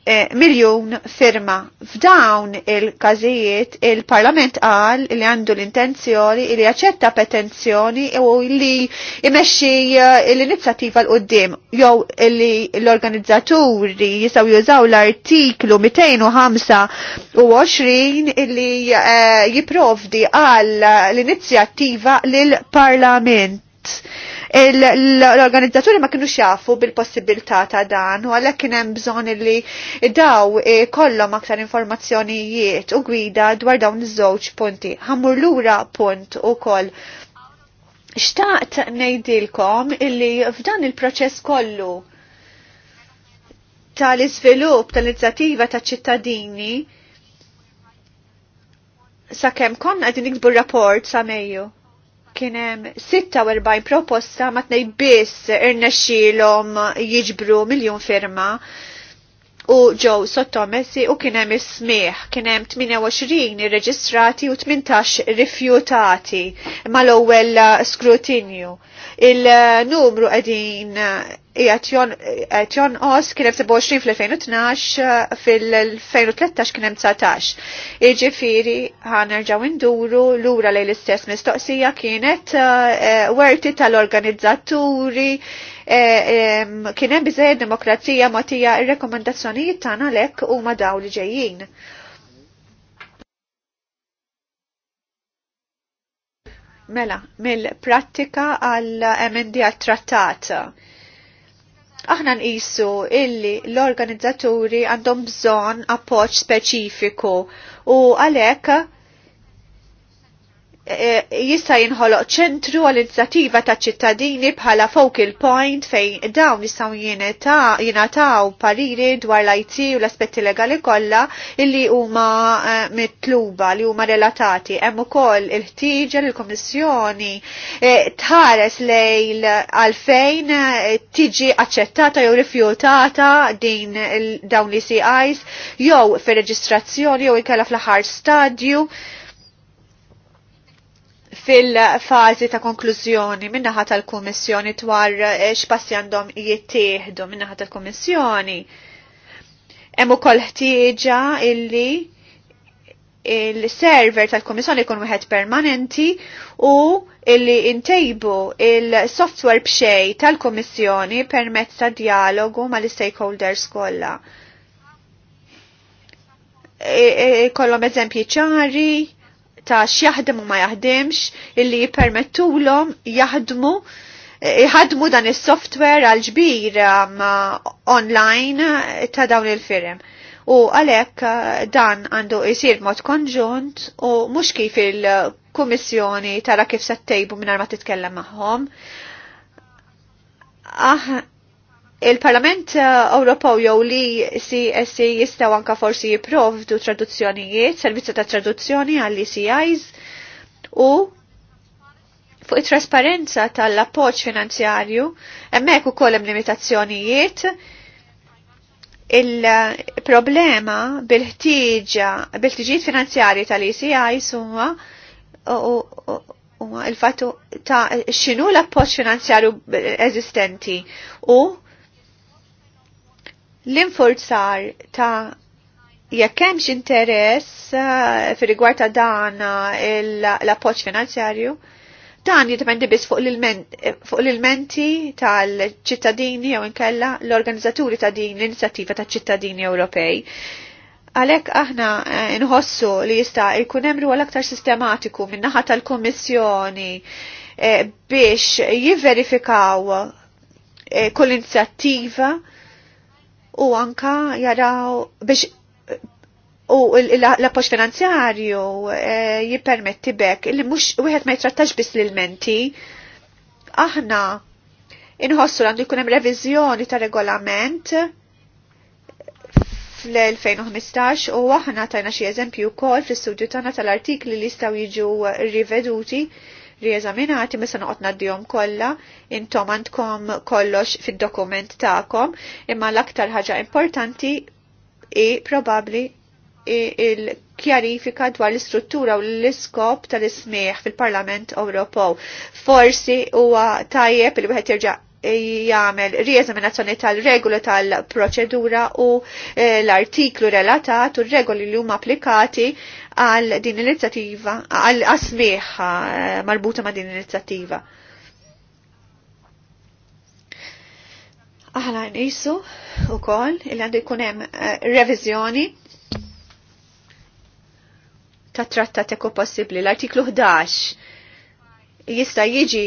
Eh, miljon firma. F'dawn il-każijiet il-Parlament qal li għandu l-intenzjoni li jaċċetta petenzjoni u li jmexxi eh, l-inizjattiva l qudiem jew li l-organizzaturi jisaw jużaw l-artiklu 225 li eh, jiprovdi għal l-inizjattiva lill-Parlament l-organizzaturi ma kienu jafu bil-possibilità ta' dan u għalhekk kien hemm bżonn li daw eh, kollhom aktar informazzjonijiet u gwida dwar dawn iż-żewġ punti. Ħammur lura punt ukoll. Xtaqt ngħidilkom illi f'dan il-proċess kollu tal-iżvilupp tal-inizjattiva ta' ċittadini sakemm konna qegħdin ikbu rapport sa' Mejju kienem 46 proposta ma tnej biss irnexxilhom jiġbru miljon firma u ġew sottomessi u kien hemm ismieħ kien hemm 28 irreġistrati u 18 rifjutati mal-ewwel uh, skrutinju. Il-numru qegħdin uh, qiegħed jonqos kien hemm 27 fl-2012 uh, fil-2013 kien hemm 19. Jiġifieri nerġgħu induru lura lejn l-istess mistoqsija kienet werti tal-organizzaturi Eh, kien hemm biżejjed demokrazija mogħtija ir-rekomendazzjonijiet tagħna lek huma daw li ġejjin. Mela, mill-prattika għal emendi għal trattat aħna nqisu illi l-organizzaturi għandhom bżonn appoġġ speċifiku u għalhekk Eh, jista' jinħoloq ċentru għall-inizjattiva ta' ċittadini bħala focal point fejn dawn jistgħu jingħataw pariri dwar l-IT u l-aspetti legali kollha illi huma eh, mitluba li huma relatati. Hemm ukoll il-ħtieġa l kummissjoni eh, tħares lejl għalfejn tiġi aċċettata jew rifjutata din dawn l-CIs jew fir-reġistrazzjoni jew ikella fl-aħħar stadju fil-fazi ta' konklużjoni minnaħa tal-Kummissjoni dwar eh, x'passi għandhom jittieħdu minnaħa tal-Kummissjoni. Hemm ukoll ħtieġa illi il-server tal-Kummissjoni jkun wieħed permanenti u illi intejbu il-software b'xej tal-Kummissjoni permezz ta' dialogu mal-stakeholders kollha. E, e, kollom eżempji ċari ta' x'jaħdem u ma jaħdimx illi jippermettulhom jaħdmu jħadmu dan is-software għal ġbir um, online ta' dawn il-firem. U għalhekk uh, dan għandu jisir mod konġunt u mhux kif il-Kummissjoni tara kif settejbu minn ma titkellem magħhom. Aħ, Il-Parlament eh, Ewropew jew li CSC jistgħu anka forsi jipprovdu traduzzjonijiet, servizzi ta' traduzzjoni għall ECIs u fuq it-trasparenza tal-appoġġ finanzjarju, hemmhekk ukoll hemm limitazzjonijiet il-problema bil-ħtieġa bil-ħtiġijiet finanzjarji tal-ECI huma il-fattu ta' xinu l-appoġġ finanzjarju eżistenti u l-infurzar ta' jekk hemmx interess eh, fi rigward ta' dan eh, l-appoġġ finanzjarju, dan jiddependi biss fuq l-ilmenti tal-ċittadini jew inkella l-organizzaturi ta' din l-inizjattiva ta' ċittadini Ewropej. Għalek aħna eh, nħossu li jista' jkun hemm rwol aktar sistematiku min-naħa tal-Kummissjoni biex jivverifikaw kull inizjattiva u anka jaraw biex u l-appoġġ finanzjarju eh, jippermetti bekk li mhux wieħed ma jtrattax biss l-menti. Aħna inħossu għandu jkun hemm reviżjoni ta' regolament fl-2015 u aħna tajna xi eżempju wkoll fl-istudju tagħna tal-artikli li jistgħu jiġu riveduti rieżaminati se noqgħod ngħaddihom kollha intom għandkom kollox fid-dokument tagħkom, imma l-aktar ħaġa importanti i probabbli il-kjarifika dwar l-istruttura u l-iskop tal-ismieħ fil-Parlament Ewropew. Forsi huwa tajjeb li wieħed jerġa' jagħmel rieżaminazzjoni tal-regoli tal-proċedura u eh, l-artiklu relatat u r-regoli li huma applikati għal din l-inizjattiva, għal asmiħ eh, marbuta ma' din l-inizjattiva. Aħna nisu u koll il-għandu jkunem eh, revizjoni ta' trattat eko possibli. L-artiklu 11 jista' jiġi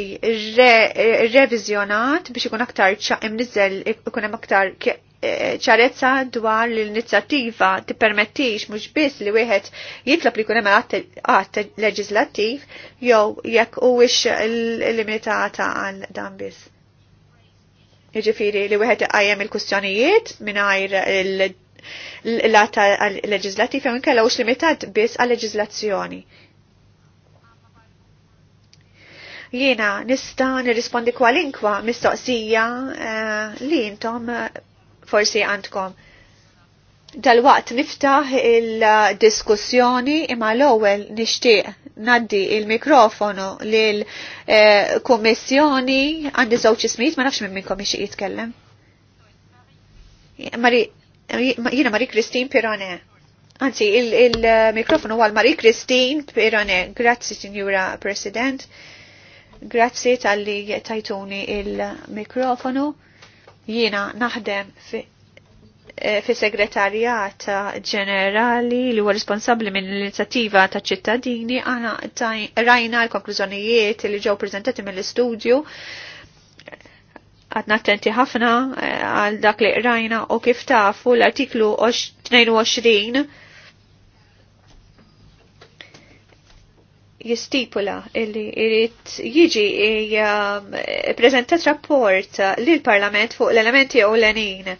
revizjonat biex ikun aktar ċaqim nizzel ikun hemm aktar Eh, ċarezza dwar l-inizjattiva tippermettix mhux biss li wieħed jitlob li jkun hemm att leġislattiv jew jekk huwiex limitata għal dan biss. Jiġifieri li wieħed iqajjem il-kustjonijiet mingħajr l-lata leġislattiv jew inkella hux limitat biss għal leġislazzjoni jiena nista nirrispondi kwalinkwa mistoqsija eh, li intom forsi għandkom. Dal-waqt niftaħ il-diskussjoni imma l-ewwel nixtieq naddi il-mikrofonu lil eh, kummissjoni għandi żewġ ismijiet ma nafx minn minnkom ixtieq jitkellem. Jiena Marie Christine Pirone. Anzi, il-mikrofonu għal Marie Christine Pirone. Grazzi, Signora President. Grazzi tal-li tajtuni il-mikrofonu. Jiena naħdem fi eh, fi segretarjat ġenerali li huwa responsabbli minn l-inizjattiva ta' ċittadini għana rajna l-konklużjonijiet li ġew preżentati mill-istudju għadna attenti ħafna eh, għal dak li rajna u kif tafu l-artiklu 22 jistipula illi irrit jiġi um, prezentat rapport l parlament fuq l-elementi u l-enin.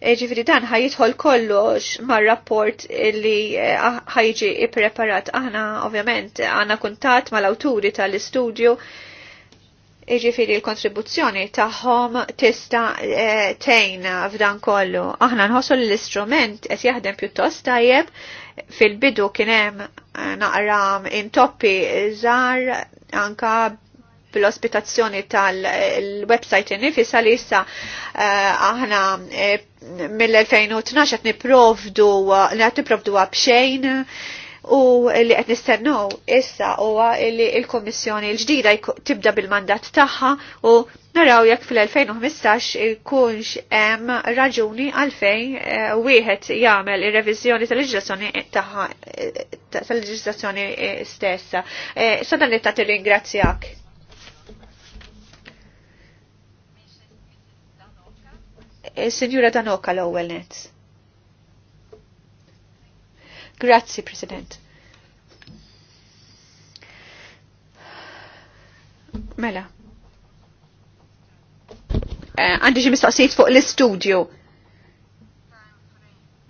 E, Ġifri dan ħajitħol kollox mar rapport illi e, ah, ħajġi ippreparat aħna ovvjament għanna kuntat mal-awturi tal-istudju iġifiri e, l-kontribuzzjoni taħħom tista tejna f'dan kollu. Aħna nħossu l-istrument qed jaħdem pjuttost tajjeb fil-bidu kienem eh, naqra intoppi zar anka bl ospitazzjoni tal-website nifisa li issa eh, aħna eh, mill-2012 għat niprovdu għat niprovdu għabxejn u li qed nistennew issa huwa li l-Kummissjoni l-ġdida tibda bil-mandat tagħha u naraw jekk fil-2015 ikunx hemm raġuni għalfejn eh, wieħed jagħmel ir-reviżjoni tal-leġiżlazzjoni tagħha eh, tal-leġiżlazzjoni eh, stessa. Sadan li ta' tirringrazzjak. Signora Danoka l-ewwel nett. Grazzi, President. Mela. Eh, għandi ġi mistoqsijiet fuq l-istudju.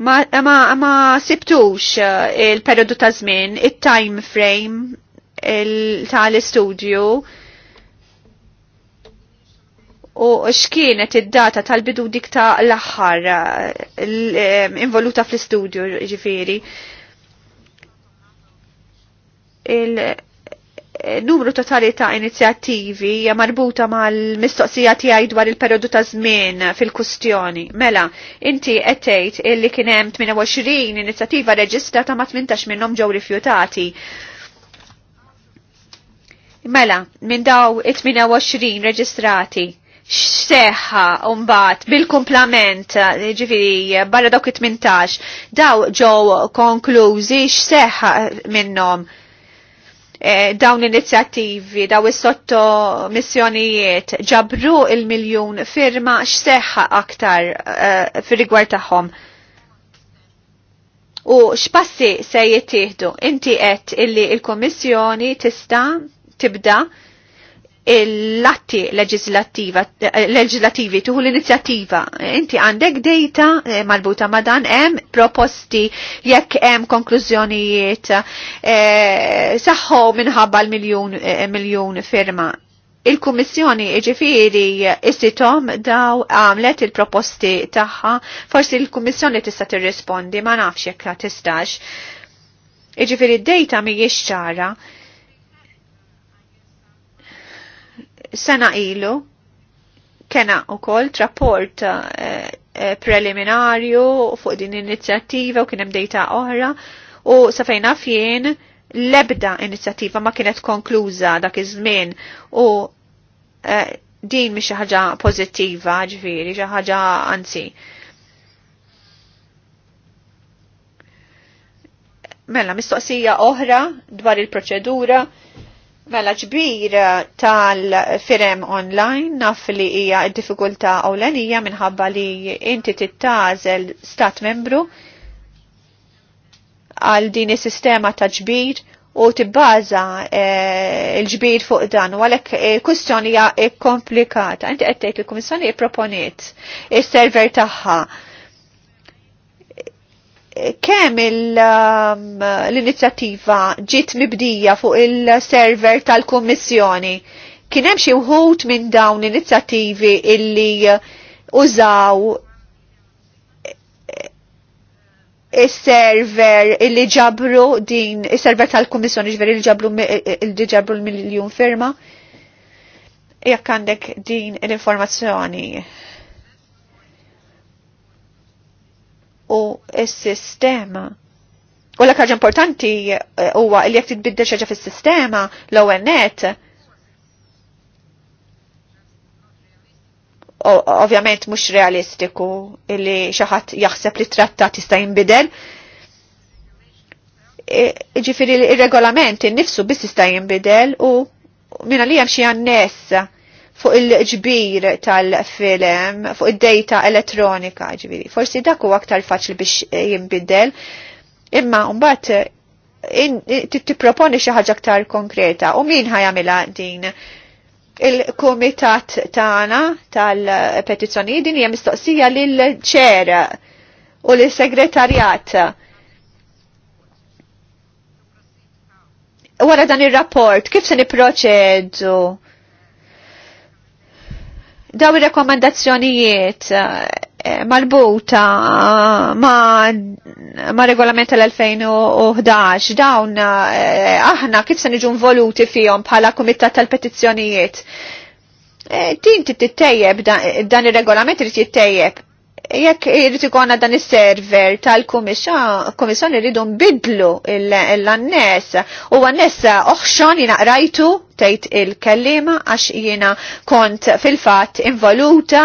Ma, ma, ma sibtux eh, il-periodu ta' żmien, it-time frame tal-istudju u x'kienet id-data tal-bidu dik ta' l-aħħar eh, involuta fl-istudju ġifieri il numru totali ta' inizjattivi hija marbuta mal-mistoqsija tiegħi dwar il-perjodu ta' żmien fil-kustjoni. Mela, inti qed tgħid illi kien hemm 28 inizjattiva reġistrata ma' 18 minnhom ġew rifjutati. Mela, minn daw it-28 reġistrati, xseħħa umbat bil-komplament, ġifiri, barra dawk it-18, daw ġew konklużi xseħħa minnhom Eh, dawn inizjattivi, daw is-sotto missjonijiet ġabru il-miljun firma x'seħħa aktar eh, fir-rigward tagħhom. U x'passi se jittieħdu? Inti qed illi il kummissjoni tista' tibda' l-atti leġislattivi eh, tuħu l-inizjattiva. Inti għandek data eh, marbuta ma' dan hemm proposti jekk hemm konklużjonijiet eh, saħħu minħabba l-miljun firma. Il-Kummissjoni ġifiri istitom daw għamlet il-proposti taħħa, forsi il-Kummissjoni tista' tirrispondi ma nafx jekk tistax. Ġifiri d-dejta mhijiex ċara sena ilu kena u kol rapport eh, eh, preliminarju fuq din inizjattiva u kienem dejta oħra u safejna fjen lebda inizjattiva ma kienet konkluża dak iż-żmien u eh, din mhix xi ħaġa pożittiva ġifieri xi ħaġa anzi. Mela mistoqsija oħra dwar il-proċedura Mela ġbir eh, tal-firem online naf li hija d-diffikultà ewlenija minħabba li inti tittażel stat membru għal din is-sistema ta' ġbir u tibbaża eh, l-ġbir fuq dan u għalhekk eh, kwistjoni hija komplikata. Inti qed tgħid il-Kummissjoni proponiet is-server tagħha kemm um, l-inizjattiva ġiet mibdija fuq il-server tal-Kummissjoni? Kien hemm xi wħud minn dawn l-inizjattivi illi użaw is-server illi ġabru din is-server tal-Kummissjoni ġveri li ġabru illi ġabru l-miljun firma? Jekk għandek din l-informazzjoni u s-sistema. U l ħaġa importanti eh, huwa li jekk titbiddel xi ħaġa fis-sistema l-ewwel net ovvjament mhux realistiku li xi ħadd jaħseb li trattat jista' jinbidel. Ġifieri il regolament innifsu biss jista' jinbidel u minha li hemm xi għannessa fuq il-ġbir tal-film, fuq id-data elettronika ġbiri. Forsi dak huwa aktar faċli biex eh, jinbidel, imma mbagħad tipproponi xi ħaġa aktar konkreta u min ħajamila din il-kumitat tagħna tal-petizzjoni din hija mistoqsija lill ċer u lis segretarjat Wara dan ir rapport kif se niproċedu? Daw ir-rekomandazzjonijiet eh, eh, marbuta eh, ma, ma regolament tal-2011 dawn aħna kif se niġu involuti fihom bħala kumitat tal-petizzjonijiet. Din tittejjeb dan ir-regolament irid jittejjeb jekk irrid ikun dan is-server tal-Kummissjoni ah, rridu nbidlu l-annes u għannes oħxon jina qrajtu tgħid il-kellima għax jiena kont fil-fatt involuta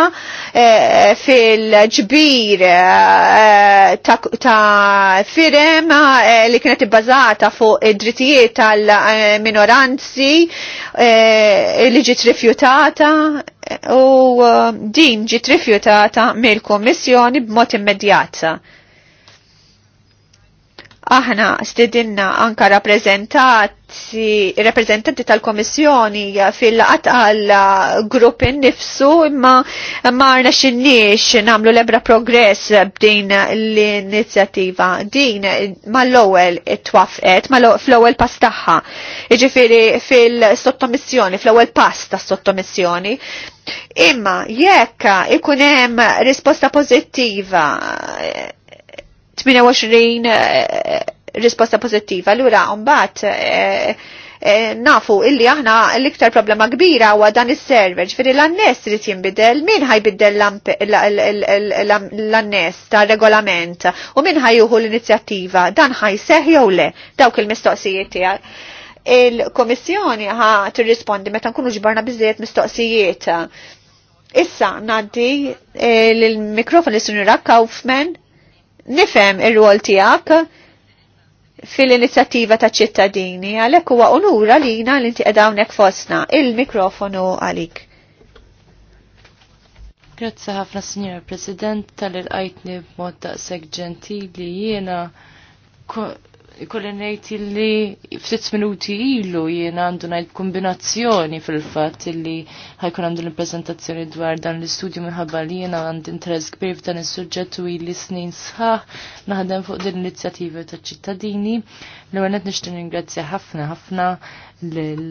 eh, fil-ġbir eh, ta' firem eh, li kienet ibbażata fuq id-drittijiet tal-minoranzi li ġiet rifjutata u uh, din ġiet rifjutata mill-Kummissjoni b'mod immedjat. Aħna stedinna anka rappresentanti rappresentanti tal-Komissjoni fil-laqat għal grupp nifsu imma marna xinniex namlu lebra progress b'din l-inizjattiva. Din mal-ewwel twafqet, fl-ewwel pass tagħha. Jiġifieri fil-sottomissjoni, fl-ewwel pass ta' sottomissjoni. Imma jekk ikun hemm risposta pożittiva 28 eh, risposta pozittiva. Allura, mbagħad eh, eh, nafu illi aħna l-iktar problema kbira huwa dan is-server, ġifieri l-annes trid jinbidel, min ħajbiddel l-annes ta' regolament u min ħajjuħu l-inizjattiva, dan ħajseħ jew le dawk il-mistoqsijiet tiegħek. Il-Komissjoni ħa tirrispondi meta nkunu ġbarna biżejjed mistoqsijiet. Issa ngħaddi l-mikrofon is-Sinjura Kaufman nifem ir-rol tiegħek fil-inizjattiva ta' ċittadini għalhekk huwa onura jina li inti għedawnek hawnhekk Il-mikrofonu għalik. Grazzi ħafna Signor President tal-ilqajtni b'mod daqshekk ġentili jiena kolli nejt illi ftit minuti ilu jiena għandu ngħid kombinazzjoni fil-fatt illi ħajkun għandu l-prezentazzjoni dwar dan l-istudju minħabba li jiena għandi interess kbir f'dan is-suġġett u ili snin sħaħ naħdem fuq din l inizjativi ta' ċittadini. l għanet qed nixtieq ħafna ħafna lil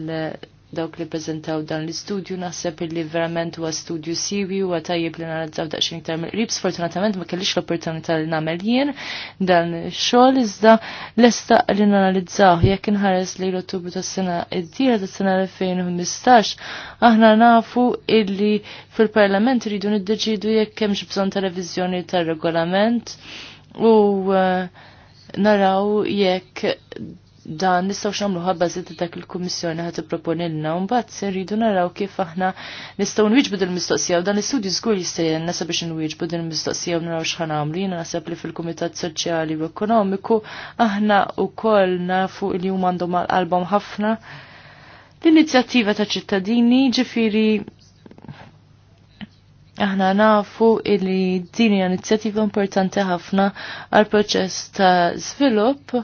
dawk li prezentaw dan l-istudju, naħseb li verament huwa studju siwi huwa tajjeb li narazzaw daqsxejn iktar mill-qrib. Sfortunatament ma kellix l-opportunità li nagħmel jien dan xogħol iżda lesta li nanalizzaw jekk inħares li l-Ottubru tas-sena id-dira tas-sena 2015 aħna nafu illi fil-Parlament iridu niddeċidu jekk xi bżonn ta' reviżjoni tar-regolament u eh, naraw jekk dan nistaw xamlu ħabba zidda dak il-Kummissjoni ħad tipproponilna u mbagħad se rridu naraw kif aħna nistgħu nwieġbu din mistoqsija u dan l-istudju żgur jistgħu nasa biex nwieġbu din mistoqsija u naraw x'ħan għamlu. Jiena naħseb li fil-Kumitat Soċjali u Ekonomiku aħna wkoll nafu li huma għandhom għal-qalbhom ħafna l-inizjattiva ta' ċittadini ġifiri aħna nafu illi din hija inizjattiva importanti ħafna għal proċess ta' żvilupp.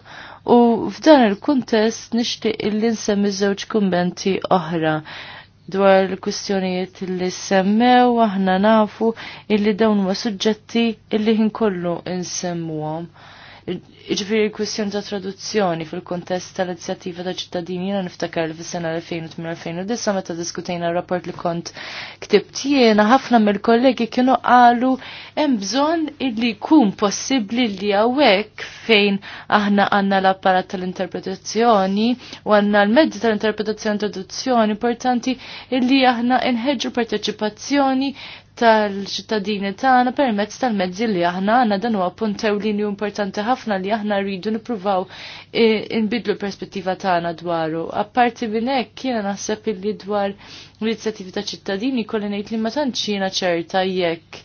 U f'dan il-kuntest nixtieq illi nsemmi żewġ kumbenti oħra dwar l-kwistjonijiet li semmew aħna nafu illi dawn huma suġġetti illi ħin insemmuhom. nsemmuhom. Iġifiri kwestjon ta' traduzzjoni fil-kontest tal-inizjattiva ta' ċittadini jena niftakar li fis-sena 2008-2009 meta diskutejna rapport li kont ktibt jiena ħafna mill-kollegi kienu qalu hemm bżonn illi jkun possibbli li hawnhekk fejn aħna għandna l-apparat tal-interpretazzjoni u għandna l-mezzi tal-interpretazzjoni traduzzjoni importanti illi aħna nħeġġu parteċipazzjoni tal-ċittadini tagħna permezz tal-mezzi li aħna għandna dan huwa punt ewlieni importanti ħafna li aħna rridu nippruvaw e, inbidlu l-perspettiva tagħna dwaru. Apparti minn hekk jiena naħseb illi dwar l-inizjattivi ta' ċittadini kolli ngħid li ma tantx jiena ċerta jekk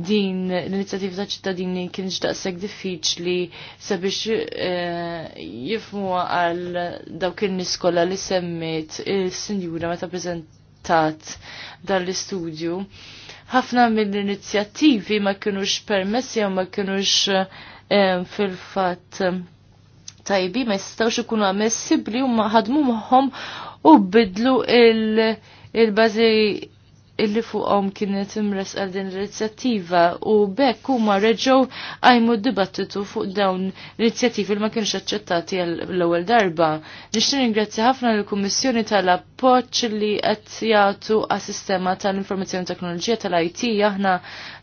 din l inizjattivi ta' ċittadini kien xdaqshekk diffiċli sabiex e, jifmuha għal dawk in-nies kollha li semmit is-sinjura meta preżentat dan l-istudju ħafna mill-inizjattivi ma kienux permessi u ma kienux eh, fil-fat eh, tajbi ma jistawx ikunu ammessibli u ma ħadmu maħħom u bidlu il-bazi il illi fuqhom kienet imres għal din l-inizjattiva u bekk huma reġgħu għajmu dibattitu fuq dawn l-inizjattivi li ma kienx aċċettati l-ewwel darba. Nixtieq ringrazzja ħafna l kummissjoni tal-appoġġ li qed jagħtu għas-sistema tal-informazzjoni teknoloġija tal-IT aħna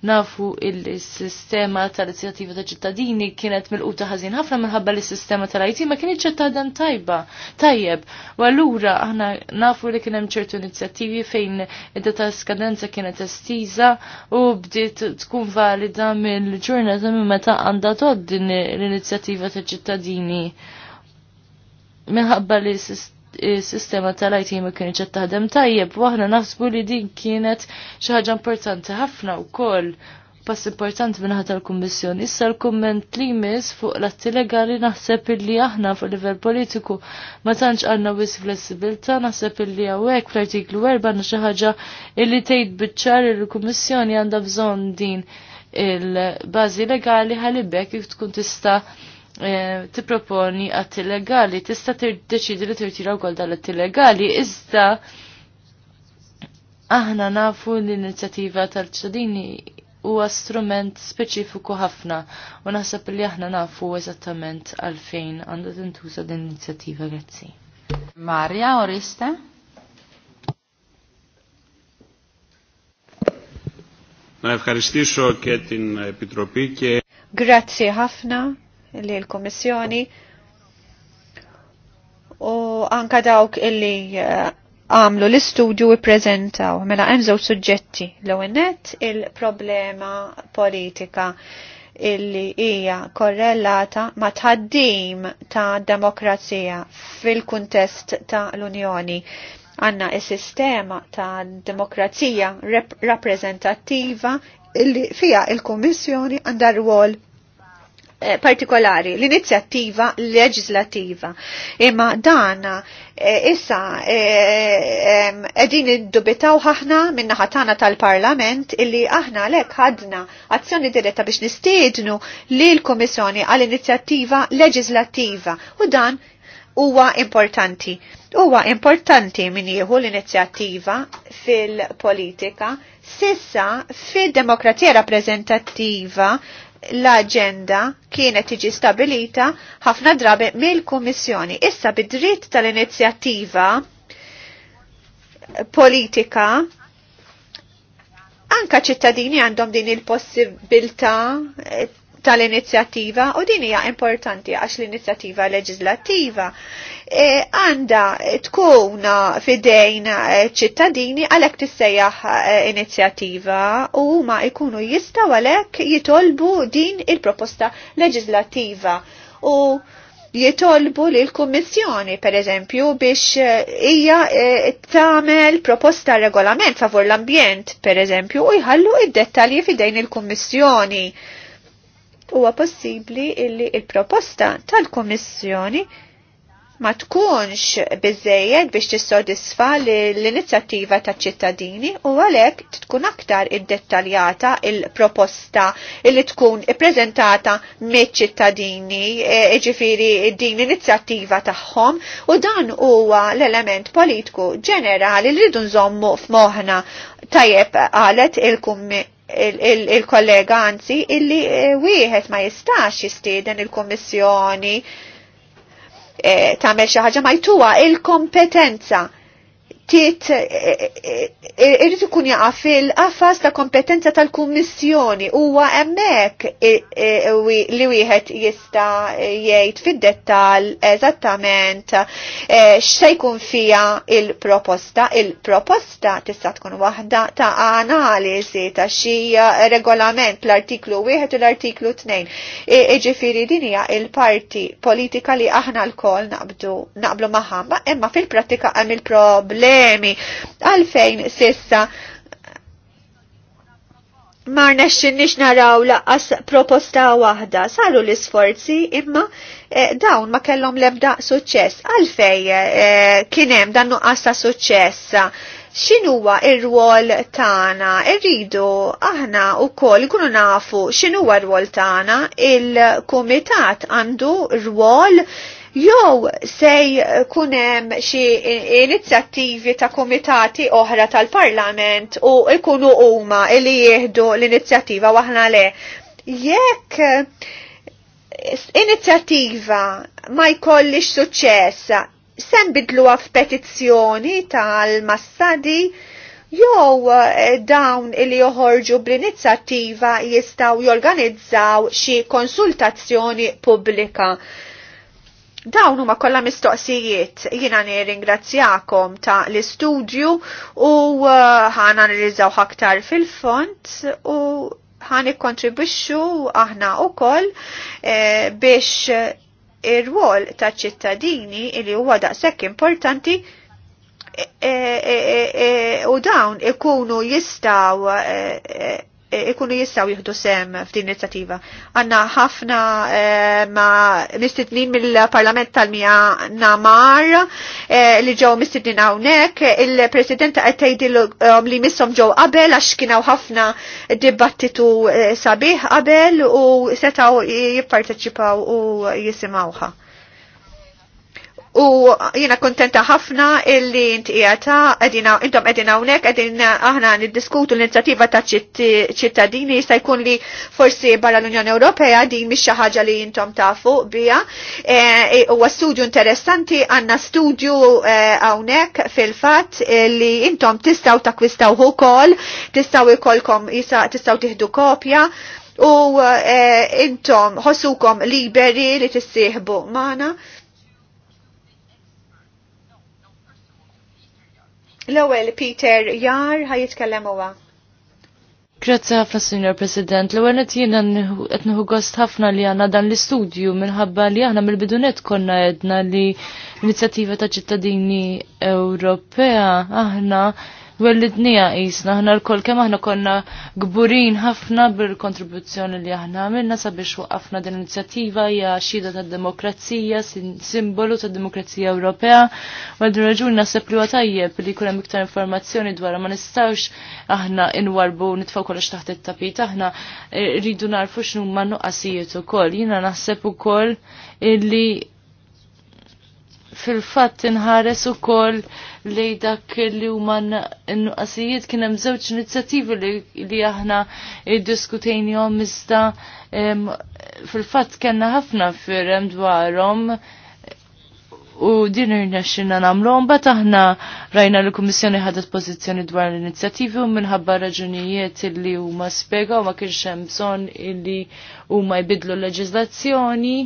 nafu il-sistema tal-inizjattiva ta' ċittadini kienet mill-quta ħażin ħafna minħabba li sistema tal-IT ma kienx ċittadan tajba. Tajjeb, u allura aħna nafu li kien hemm ċertu inizjattivi fejn id-data skadenza kienet estiża u bdiet tkun valida mill-ġurnata minn meta għandha tgħoddi l-inizjattiva ta' ċittadini. Minħabba li s sistema tal-IT ma kienx qed taħdem tajjeb, waħna naħsbu li din kienet xi ħaġa importanti ħafna wkoll pass importanti ħata tal-Kummissjoni. Issa l-komment li jmiss fuq l-atti legali naħseb illi aħna fuq livell politiku ma tantx għandna wis flessibilta, naħseb illi hawnhekk fl-artiklu 4 għandna xi ħaġa illi tgħid biċċar il-Kummissjoni għandha bżonn din il-bażi legali ħalibek kif tkun tista' eh, tipproponi għatti legali, tista' tiddeċidi li tirtira wkoll dal-atti legali, iżda aħna nafu l-inizjattiva tal-ċadini huwa strument speċifiku ħafna u naħseb li aħna nafu eżattament għalfejn għandha tintuża din l-inizjattiva grazzi. Marja Orista? Na ευχαριστήσω και την Επιτροπή Grazie ħafna li l-Komissjoni u anka dawk illi eh, għamlu l-istudju u prezentaw. Mela hemm suġġetti l net il-problema politika illi hija korrelata ma' tħaddim ta' demokrazija fil-kuntest ta' l-Unjoni għanna il-sistema ta' demokrazija rappresentativa illi fija il-Kommissjoni għandha rwol Eh, partikolari, l-inizjattiva leġislativa. Imma dana eh, issa eh, edin id-dubitaw ħahna minna ħatana tal-parlament illi aħna lek ħadna azzjoni diretta biex nistiednu li l-Komissjoni għal-inizjattiva leġislativa u dan huwa importanti. Huwa importanti min jieħu l-inizjattiva fil-politika sissa fil-demokrazija rappresentativa l-agenda kienet tiġi stabilita ħafna drabi mill-Kummissjoni. Issa bid-dritt tal-inizjattiva politika anka ċittadini għandhom din il-possibilità eh, tal-inizjattiva u din hija importanti għax l-inizjattiva leġislattiva E, għanda tkun fidejn ċittadini għalek tissejjaħ e, inizjattiva u ma ikunu jistaw għalek jitolbu din il-proposta leġislativa u jitolbu li l-Kummissjoni, per eżempju, biex e, hija tagħmel proposta regolament favur l-ambjent, per eżempju, u jħallu id-dettalji fidejn il-Kummissjoni. Huwa possibbli illi il-proposta tal-Kummissjoni il ma tkunx bizzejed biex tissodisfa l-inizjattiva ta' ċittadini u għalek tkun aktar id-dettaljata il-proposta li tkun ippreżentata me ċittadini e, ġifiri din l-inizjattiva tagħhom u dan huwa l-element politiku ġenerali li rridu nżommu f'moħħna tajjeb għalet il-kummi il-kollega il il anzi illi e, wieħed ma jistax jistieden il-Kummissjoni il kummissjoni Eh, tagħmel xi ħaġa ma jtuha il-kompetenza trid e, e, e, irrid ikun jaqa' fil-qafas ta' kompetenza tal-Kummissjoni huwa hemmhekk li wieħed jista' jgħid fid-dettall eżattament x'se jkun fija il-proposta. Il-proposta tista' tkun waħda ta' analiżi ta' xi regolament l-artiklu wieħed u l-artiklu tnejn. Iġifieri din hija il-parti politika li aħna l-kol naqblu maħamba, imma fil-prattika hemm il problem problemi. Għalfejn sissa mar nexxinniex naraw laqas proposta waħda, saru l-isforzi imma eh, dawn ma kellhom lebda suċċess. Għalfej eh, kien hemm dan nuqqas ta' suċċess. X'inhuwa r-rwol tagħna? Irridu aħna wkoll kunu nafu x'inhuwa r-rwol tagħna. Il-kumitat għandu rwol jew se kunem xi inizjattivi ta' komitati oħra tal-Parlament u jkunu huma li jieħdu l-inizjattiva waħna le. Jekk inizjattiva ma jkollix suċċess, sem bidlu f'petizzjoni tal-massadi jew eh, dawn li joħorġu bl-inizjattiva jistaw jorganizzaw xi konsultazzjoni pubblika Dawn huma kollha mistoqsijiet jiena nirringrazzjakom ta' l-istudju u uh, ħana nirriżaw aktar fil-font u ħan ikkontribwixxu aħna wkoll eh, biex ir-rwol ta' ċittadini li huwa daqshekk importanti eh, eh, u dawn ikunu jistaw E, ikunu jistaw jihdu sem f'din inizjattiva. Għanna ħafna e, ma mistidnin mill-Parlament tal-Mija Namar e, li ġew mistidnin hawnhekk, il-President qed tgħidilhom li missom ġew qabel għax kienaw ħafna dibattitu sabiħ qabel u setgħu jipparteċipaw u jisimgħuha. U jina kontenta ħafna illi inti jgħata, intom qegħdin unek, qegħdin aħna niddiskutu l inizjativa ta' ċittadini jista' jkun li forsi barra l-Unjoni Ewropea din mhix xi ħaġa li intom tafu biha. E, e, huwa studju interessanti għandna studju e, hawnhekk fil-fatt li intom tistgħu takkwistaw ukoll, tistgħu ikolkom tistgħu tieħdu kopja u intom ħossukom liberi li tissieħbu magħna. L-ewwel Peter Jar jitkellem huwa. Grazzi ħafna, Signor President. L-ewwel qed jiena qed nieħu gost ħafna li għandna dan l-istudju minħabba li aħna mill-bidunet konna għedna li l-inizjattiva ta' ċittadini Ewropea aħna wellidnija jisna, ħna l-kol kem aħna konna gburin ħafna bil-kontribuzzjoni li aħna għamilna sabiex waqqafna din inizjattiva hija xida tad-demokrazija, simbolu tad-demokrazija Ewropea. Għaddu raġun naħseb li huwa tajjeb li jkun hemm iktar informazzjoni dwar ma nistawx aħna inwarbu nitfaw kollox taħt it tapita aħna eh, rridu narfu x'nu ma kol. ukoll. Jiena u kol illi fil-fatt inħares ukoll li dak li huma n-nuqqasijiet kien hemm żewġ inizjattivi li aħna iddiskutejnihom iżda fil-fatt kellna ħafna firem dwarhom u din irnexxinna nagħmluhom bat aħna rajna li kummissjoni ħadet pożizzjoni dwar l-inizjattivi u minħabba raġunijiet li huma spjegaw ma kienx hemm bżonn illi huma jbidlu l-leġiżlazzjoni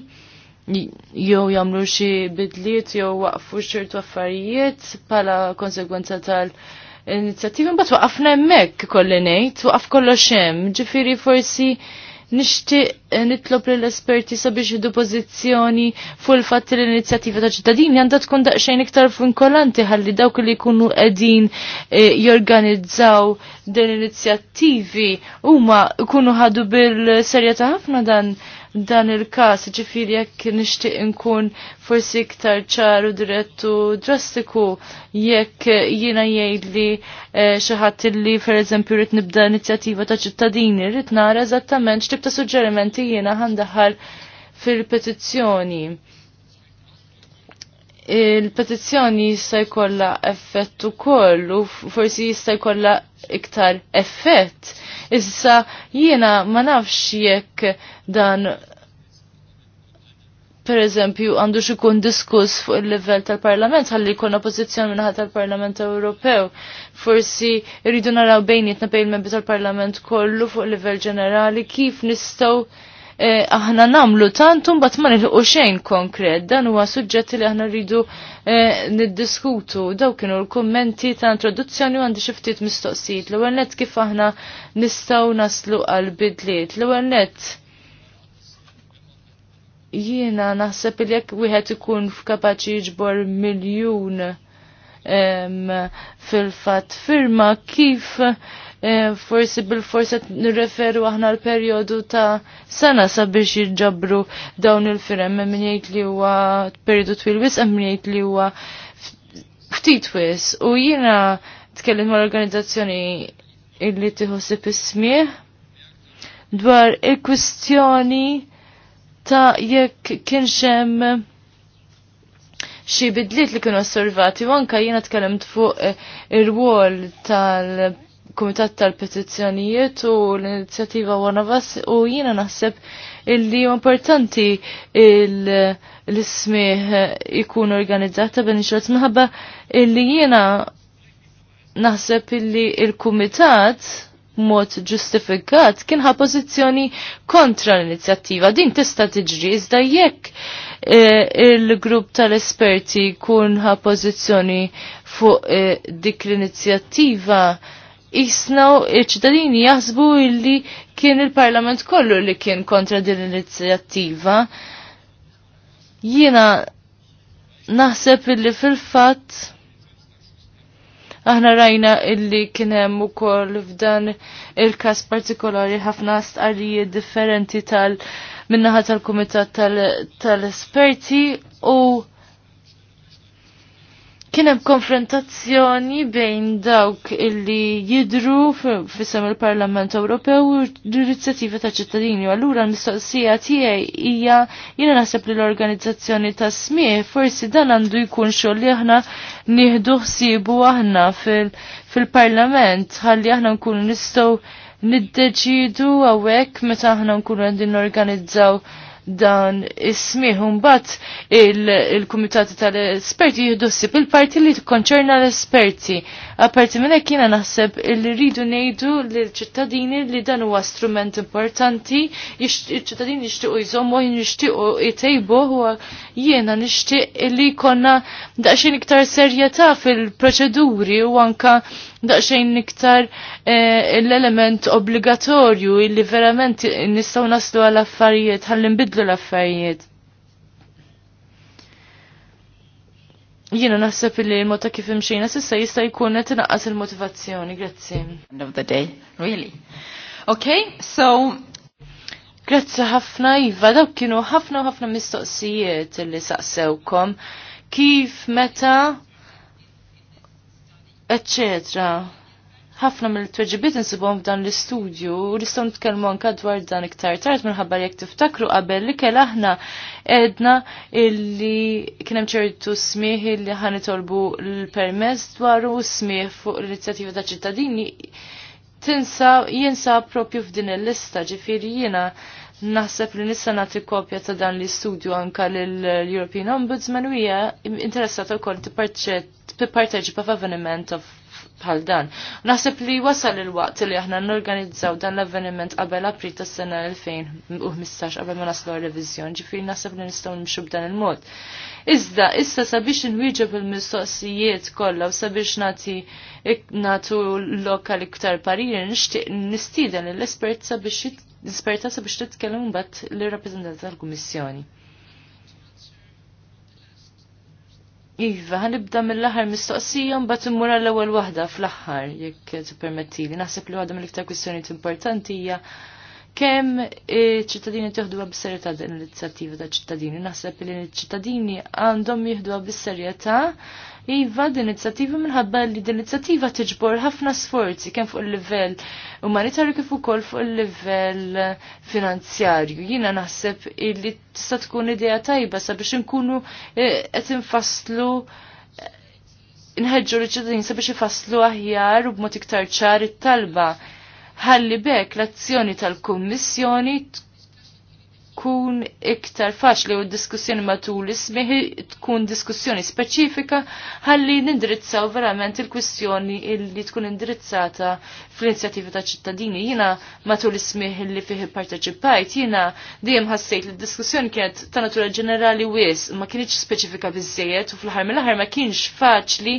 jew jagħmlu xi bidliet jew waqfu xirtu affarijiet bħala konsegwenza tal- inizjattivi mbagħad waqafna hemmhekk kolli ngħid, waqaf kollox hemm. Ġifieri forsi nixtieq nitlob lill esperti sabiex jiddu pożizzjoni fuq il-fatt li l-inizjattiva ta' ċittadini għandha tkun daqsxejn iktar funkolanti ħalli dawk li jkunu qegħdin eh, jorganizzaw din l-inizjattivi huma jkunu ħadu bil-serjetà ħafna dan dan il-kas, ġifiri jekk nishtiq nkun forsi iktar ċaru direttu drastiku jekk jina jgħid li eh, xaħat li per eżempju rrit nibda inizjattiva ta' ċittadini, rrit nara eżattament x'tib ta' suġġerimenti jiena għandaħal fil-petizzjoni il-petizzjoni jista' jkollha effett ukoll u forsi jista' jkollha iktar effett. Issa jiena ma nafx jekk dan per eżempju għandu xikun diskuss fuq il-level tal-parlament għalli jkun oppożizzjoni minnaħat tal-parlament Ewropew. Forsi rridu naraw bejnietna bejn il-membri tal-parlament kollu fuq il-level ġenerali kif nistgħu Eh, aħna namlu tantum bat ma nilħu xejn konkret, dan huwa suġġetti li aħna rridu eh, niddiskutu. Daw kienu l-kommenti ta' introduzzjoni u għandi xiftit mistoqsijiet. L-ewwel net kif aħna nistgħu naslu għal bidliet. L-ewwel net jiena naħseb li jekk wieħed ikun f'kapaċi jiġbor miljun fil-fatt firma kif Eh, forsi bil-forsi nirreferu aħna l-periodu ta' sena sabiex jirġabru dawn il-firem minn jgħid li huwa periodu twil wis hemm jgħid li huwa ftit wis u jiena tkellem mal-organizzazzjoni illi tiħossib ismieħ dwar il-kwistjoni ta' jekk kienx hemm xi bidliet li kienu osservati u anke jiena tkellimt fuq eh, ir wol tal- il-Kumitat tal-Petizzjonijiet u l-Inizjattiva One of Us u jiena naħseb illi importanti l ismi ikun organizzata ben xorz minħabba illi jina naħseb illi il-Kumitat mod ġustifikat kien ħa pożizzjoni kontra l-inizjattiva. Din tista' tiġri iżda jekk eh, il-grupp tal-esperti kunħa ħa pożizzjoni fuq eh, dik l-inizjattiva jisnaw il-ċittadini jasbu illi kien il-parlament kollu li kien kontra din l-inizjattiva. Jiena naħseb illi fil-fatt aħna rajna illi kien hemm ukoll f'dan il-każ partikolari ħafna stqarrijiet differenti tal minnaħa tal-kumitat tal-esperti u Kien hemm konfrontazzjoni bejn dawk illi jidru fissem il-Parlament Ewropew u l inizjativa ta' ċittadini. Allura l-mistoqsija tiegħi hija jiena naħseb li l-organizzazzjoni ta' smieħ forsi dan għandu jkun xogħol li aħna nieħdu ħsiebu aħna fil-Parlament ħalli aħna nkunu nistgħu niddeċidu hawnhekk meta aħna nkunu qegħdin organizzaw dan ismiħ mbagħad il-kumitati tal-esperti jihdossib il-parti li tikkonċerna l-esperti. Apparti minn hekk jiena naħseb li rridu ngħidu lill-ċittadini li dan huwa strument importanti, il ċittadini jixtiequ jżommu jixtiequ jtejbu huwa jiena nixtieq li konna daċin iktar serjetà fil-proċeduri u anka daqsxejn iktar eh, l-element obbligatorju illi verament nistgħu naslu għal affarijiet ħalli nbidlu l-affarijiet. Jiena naħseb li l-mod kif imxejna s'issa jista' jkun qed inaqqas il-motivazzjoni, grazzi. End of the day, really. Okay, so Grazzi ħafna Iva, dawk kienu ħafna ħafna mistoqsijiet li saqsewkom. Kif meta eccetera ħafna mill-tweġibiet insibhom f'dan l-istudju u nistgħu nitkellmu anke dwar dan iktar tard minħabba jekk tiftakru qabel li kell aħna edna illi kien hemm ċertu smih illi ħanitolbu l-permess dwar u smih fuq l-inizjattiva ta' ċittadini tinsa jinsa propju f'din il-lista ġifieri jiena naħseb li nista' nagħti kopja ta' dan l-istudju anke lill-European Ombudsman u hija interessata wkoll tipparċett tipparteċipa f'avveniment bħal dan. Naħseb li wasal il-waqt li aħna norganizzaw dan l-avveniment qabel april tas sena 2015 qabel ma naslu revizjon ġifiri naħseb li nistgħu nimxu b'dan il-mod. Iżda, issa sabiex nwieġeb il-mistoqsijiet kollha u sabiex nagħti nagħtu lokal iktar parir nixtieq nistieden l-esperta sabiex l-esperta sabiex titkellem mbagħad lir rappreżentanti tal-Kummissjoni. Iva, ħanibda mill-aħħar mistoqsija mbagħad immur l-ewwel waħda fl-aħħar jekk tippermettili. Naħseb li waħda mill-iktar kwistjonijiet importanti hija kemm ċittadini tieħduha b'serjetà din l-inizjattiva ta' ċittadini. Naħseb li ċittadini għandhom jieħduha bis-serjetà Iva din inizjattiva minħabba li din inizjattiva tiġbor ħafna sforzi kemm fuq il-livell umanitarju kif ukoll fuq il-livell finanzjarju. Jiena naħseb li tista' tkun idea tajba sabiex inkunu eh, qed infasslu nħeġġu l-ċittadin sabiex ifasslu aħjar u b'mod iktar ċar it-talba. Ħalli bekk l-azzjoni tal-Kummissjoni tkun iktar faċli u d-diskussjoni matul ismiħi tkun diskussjoni speċifika ħalli nindirizzaw verament il-kwistjoni li tkun indirizzata fl-inizjativi ta' ċittadini. Jina matul ismiħ li fiħi parteċipajt, jina dejjem ħassejt li d-diskussjoni kienet ta' natura ġenerali wis, ma kienieċ speċifika bizzejet u fl-ħar mill-ħar ma kienx faċli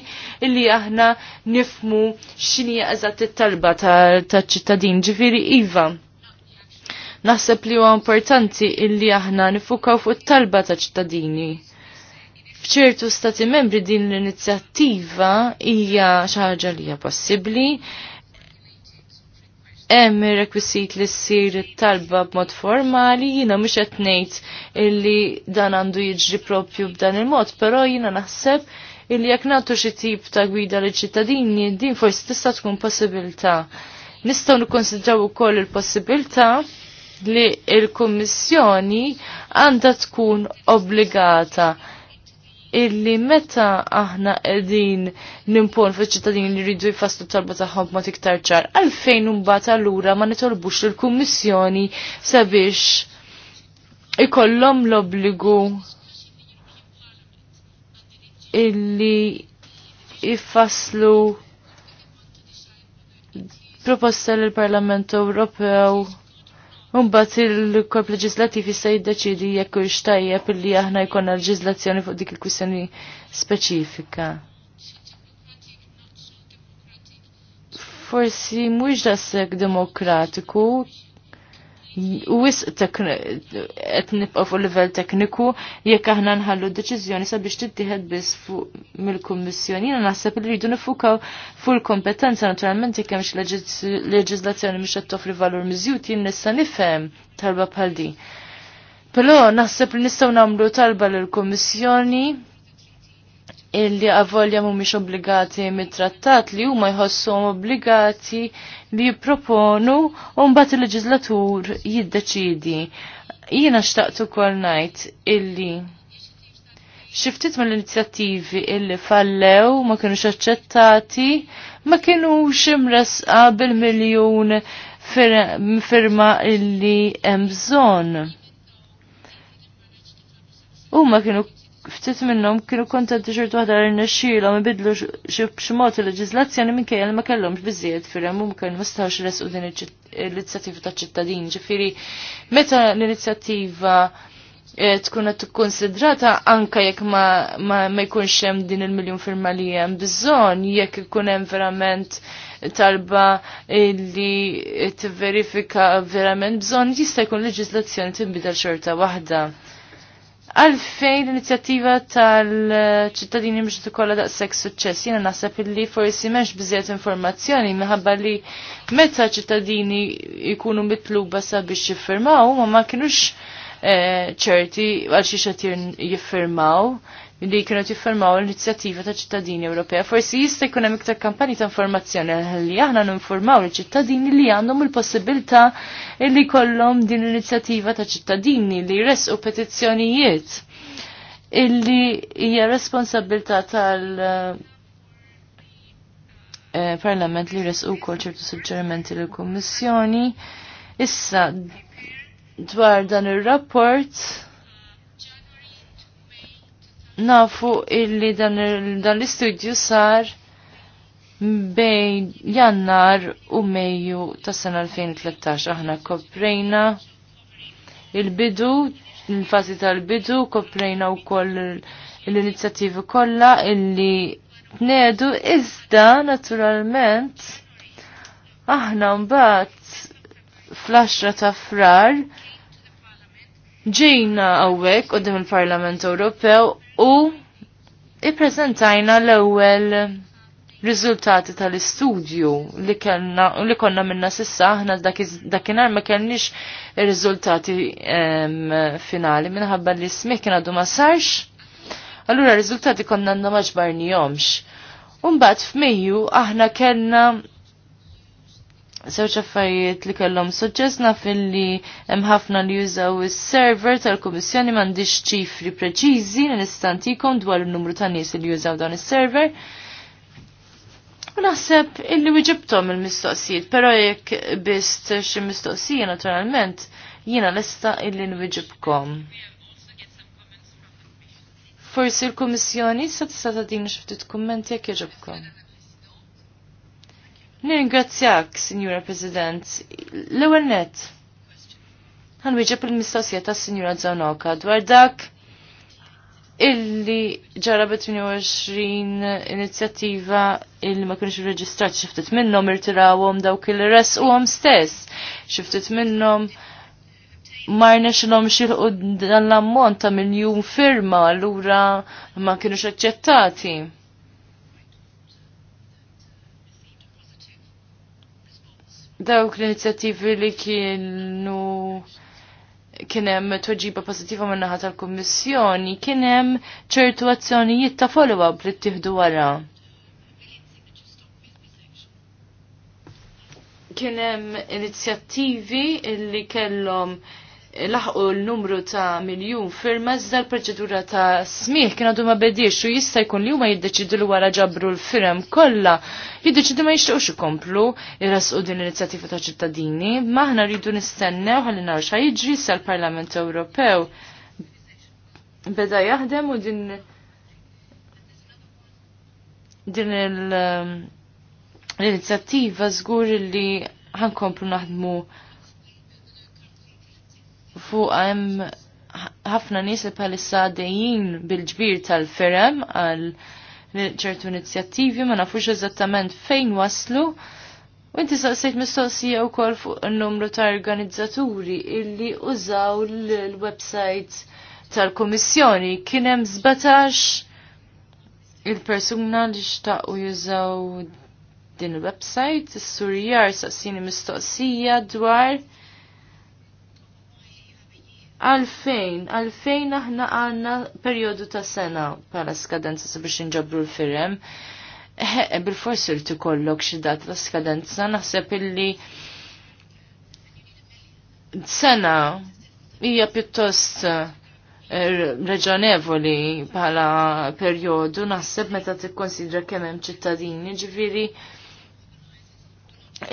illi aħna nifmu x'inhi eżatt it-talba ta' ċittadin ġifiri iva Naħseb li huwa importanti illi aħna nifukaw fuq it-talba ta' ċittadini. F'ċertu stati membri din l-inizjattiva hija xi ħaġa li hija possibbli, hemm ir-rekwisit li ssir it-talba b'mod formali, jiena mhux qed ngħid illi dan għandu jiġri propju b'dan il-mod, però jiena naħseb illi jekk nagħtu xi tip ta' gwida liċ ċittadini din forsi tista' tkun possibilità. Nistgħu nikkonsidraw ukoll il-possibilità li il-Kummissjoni għandha tkun obbligata illi meta aħna qegħdin nimpon fiċ ċittadini li jridu jfasslu talba tagħhom ma tiktar ċar, għalfejn imbagħad allura ma nitolbux lill-Kummissjoni sabiex ikollhom l-obbligu illi jfasslu proposta l-Parlament Ewropew Mbagħad il-korp leġislattiv jista' jiddeċiedi jekk hux tajjeb illi aħna jkollna leġiżlazzjoni fuq dik il-kwistjoni speċifika. Forsi mhux dasek demokratiku wis qed nibqa' fuq livell tekniku jekk aħna nħallu deċiżjoni sabiex tittieħed biss fuq mill-Kummissjoni. Jiena naħseb li rridu nifukaw fuq il-kompetenza naturalment jekk hemmx leġiżlazzjoni mhix qed toffri valur miżjud jien nista' nifhem talba bħal din. Però naħseb li nistgħu nagħmlu talba lill-Kummissjoni illi għavolja mumiex obbligati mit-trattat li huma jħossuhom obbligati li jipproponu u mbagħad il-leġislatur jiddeċidi. Jiena xtaqtu kol ngħid illi xiftit mal inizjattivi illi fallew ma kienu aċċettati ma kienux imresqa bil-miljun firma illi hemm bżonn. ma kienu ftit minnhom kienu kontenti xorta waħda li nexxielhom ibidlu xi mod il-leġiżlazzjoni minkejja li ma kellhomx biżjed firhem u ma stawx resqu din l-inizjattiva taċ-ċittadin. Ġifieri meta l-inizjattiva eh, tkun qed tikkonsidrata anke jekk ma, ma jkunx hemm din il-miljun firma li hemm bżonn, jekk ikun hemm verament talba li tivverifika verament bżonn jista' jkun leġiżlazzjoni tinbidel xorta waħda għalfejn l-inizjattiva tal-ċittadini biex tikolla daqshekk suċċess. Jiena naħseb illi forsi m'hemmx biżejjed informazzjoni minħabba li meta ċittadini jkunu mitluba sabiex jiffirmaw ma ma kinux eh, ċerti għal xi xed jiffirmaw li kienu tiffermaw l-inizjattiva ta' ċittadini Ewropea. Forsi jista' jkun hemm iktar kampanji ta' informazzjoni li aħna ninformaw l-ċittadini li għandhom il-possibilità li kollhom din l-inizjattiva ta' ċittadini li jresqu petizzjonijiet illi hija responsabilità tal- eh, parlament li resqu kol ċertu suġġerimenti l-Kommissjoni. Issa, dwar dan il-rapport, nafu illi dan, dan l-istudju sar bejn jannar u Mejju tas sena 2013 aħna koprejna il-bidu, il-fazi tal-bidu, koprejna u koll l-inizjativi kollha illi tnedu iżda naturalment aħna mbagħad fl-10 ta' frar ġejna għawek għoddim il-Parlament Ewropew u ippreżentajna l-ewwel riżultati tal-istudju li kellna li konna minna sissa aħna dakinhar ma kellniex riżultati finali minħabba li smih kien għadu ma sarx. Allura riżultati konna għandna maġbarnihomx. Umbat f'Mejju aħna kellna Sewċ affarijiet li kellhom suċċess naf hemm ħafna li jużaw is-server tal-Kummissjoni m'għandix ċifri preċiżi li nistantikom dwar in-numru ta' nies li jużaw dan is-server. U naħseb illi wiġibtom il-mistoqsijiet, però jekk bist xi mistoqsija naturalment jiena lesta illi nwiġibkom. Forsi l-Kummissjoni sa tista' tagħdini xi ftit kummenti jekk jogħġobkom. Nirringrazzjak, Signora President. L-ewwel net. Ħanwieġeb il-mistoqsija tas-Sinjura Zanoka dwar dak illi ġara 28 inizjattiva illi ma kienx xi xiftit minnhom irtirawhom dawk il-res u għom stess. Xiftit minnhom marna l xilqu dan l-ammont ta' miljun firma allura ma kienux aċċettati. dawk l-inizjattivi li kienu kienem tweġiba pozittiva minnaħa tal-Kommissjoni, kienem ċertu azzjonijiet ta' follow-up li ttieħdu wara. Kienem inizjattivi li kellhom laħqu l-numru ta' miljun firma zda l-proċedura ta' smih kien għadu ma bediex u jista' jkun li huma jiddeċidu li wara ġabru l-firem kollha jiddeċidu ma jixtiequx ikomplu irasqu din l-inizjattiva ta' ċittadini, maħna aħna rridu nistennew ħalli naraw xa jiġri sa l-Parlament Ewropew beda jaħdem u din din um, l-inizjattiva żgur li ħankomplu naħdmu fuq hemm ħafna nies li bħalissa dejjin bil-ġbir tal-ferem għal ċertu inizjattivi ma nafux eżattament fejn waslu. U inti saqsejt mistoqsija wkoll fuq in-numru ta' organizzaturi illi użaw l-website tal-Kummissjoni kien hemm żbatax il-persuna li xtaqgħu jużaw din il-website, is-surjar saqsini mistoqsija dwar Għalfejn, għalfejn aħna għanna periodu ta' sena pala skadenza sabiex nġabru l-firem. Eh, bil-forsi li tikollok xi la ta' skadenza naħseb illi sena hija pjuttost eh, reġonevoli bħala perjodu naħseb meta tikkonsidra kemm hemm ċittadini ġifieri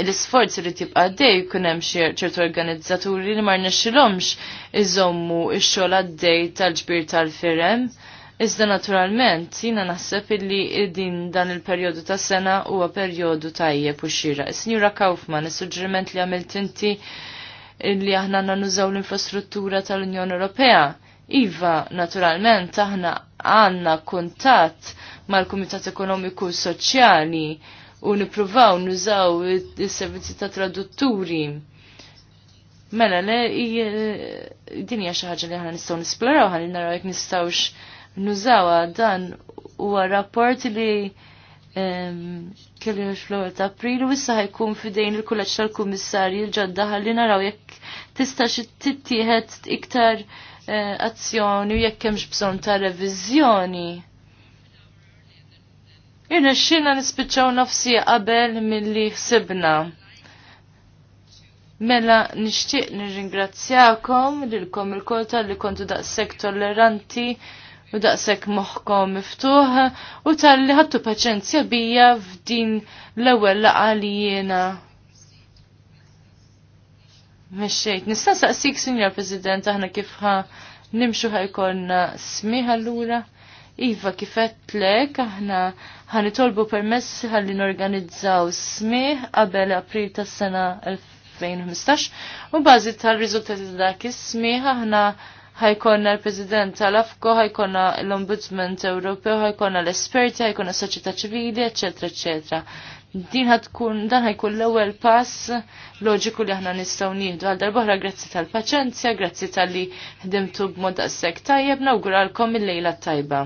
l-isforz li tibqa għaddej kun hemm xi ċertu organizzaturi li ma rnexxilhomx iżommu x-xogħol għaddej tal-ġbir tal-firem. Iżda naturalment jiena naħseb illi din dan il-perjodu ta' sena huwa perjodu tajjeb u xira. Is-Sinjura Kaufman, is-suġġeriment li għamilt inti li aħna nużaw l-infrastruttura tal-Unjoni Ewropea. Iva, naturalment, aħna għanna kuntatt mal-Kumitat Ekonomiku Soċjali u nippruvaw nużaw is-servizzi ta' tradutturi. Mela, le, din hija xi ħaġa li aħna nistgħu nisploraw, ħalli naraw jekk nistgħux nużawha dan huwa rapport li kelli fl-ewwel ta' April u issa ħajkun f'idejn il-kulaġġ tal-kummissarji l-ġodda ħalli naraw jekk tista' xi tittieħed iktar eh, azzjoni u jekk hemmx bżonn ta' reviżjoni. Irna xina nispiċaw nafsi qabel mill-li xsibna. Mela nishtiq nirringrazzjakom lilkom il-kol tal-li kontu daqsek tolleranti u daqsek moħkom miftuħ u tal-li ħattu paċenzja bija f'din l-ewwel laqa li jiena. Mexxejt, nista' saqsik, Sinjor President, aħna kif ħa nimxu ħajkonna smiħa l ura Iva kifet lek, aħna ħanitolbu permess ħalli norganizzaw smih qabel april tas sena 2015 u bażi tal-riżultati dak is-smih aħna ħajkonna l-President tal-Afko, ħajkonna l-Ombudsman Ewropew, ħajkonna l-esperti, ħajkonna s-soċjetà ċivili, eccetera, eccetera din tkun dan ħajkun l-ewwel pass loġiku li aħna nistgħu nieħdu għal darbohra grazzi tal-paċenzja, grazzi tal-li ħdimtu b'mod daqshekk tajjeb nawguralkom il-lejla tajba.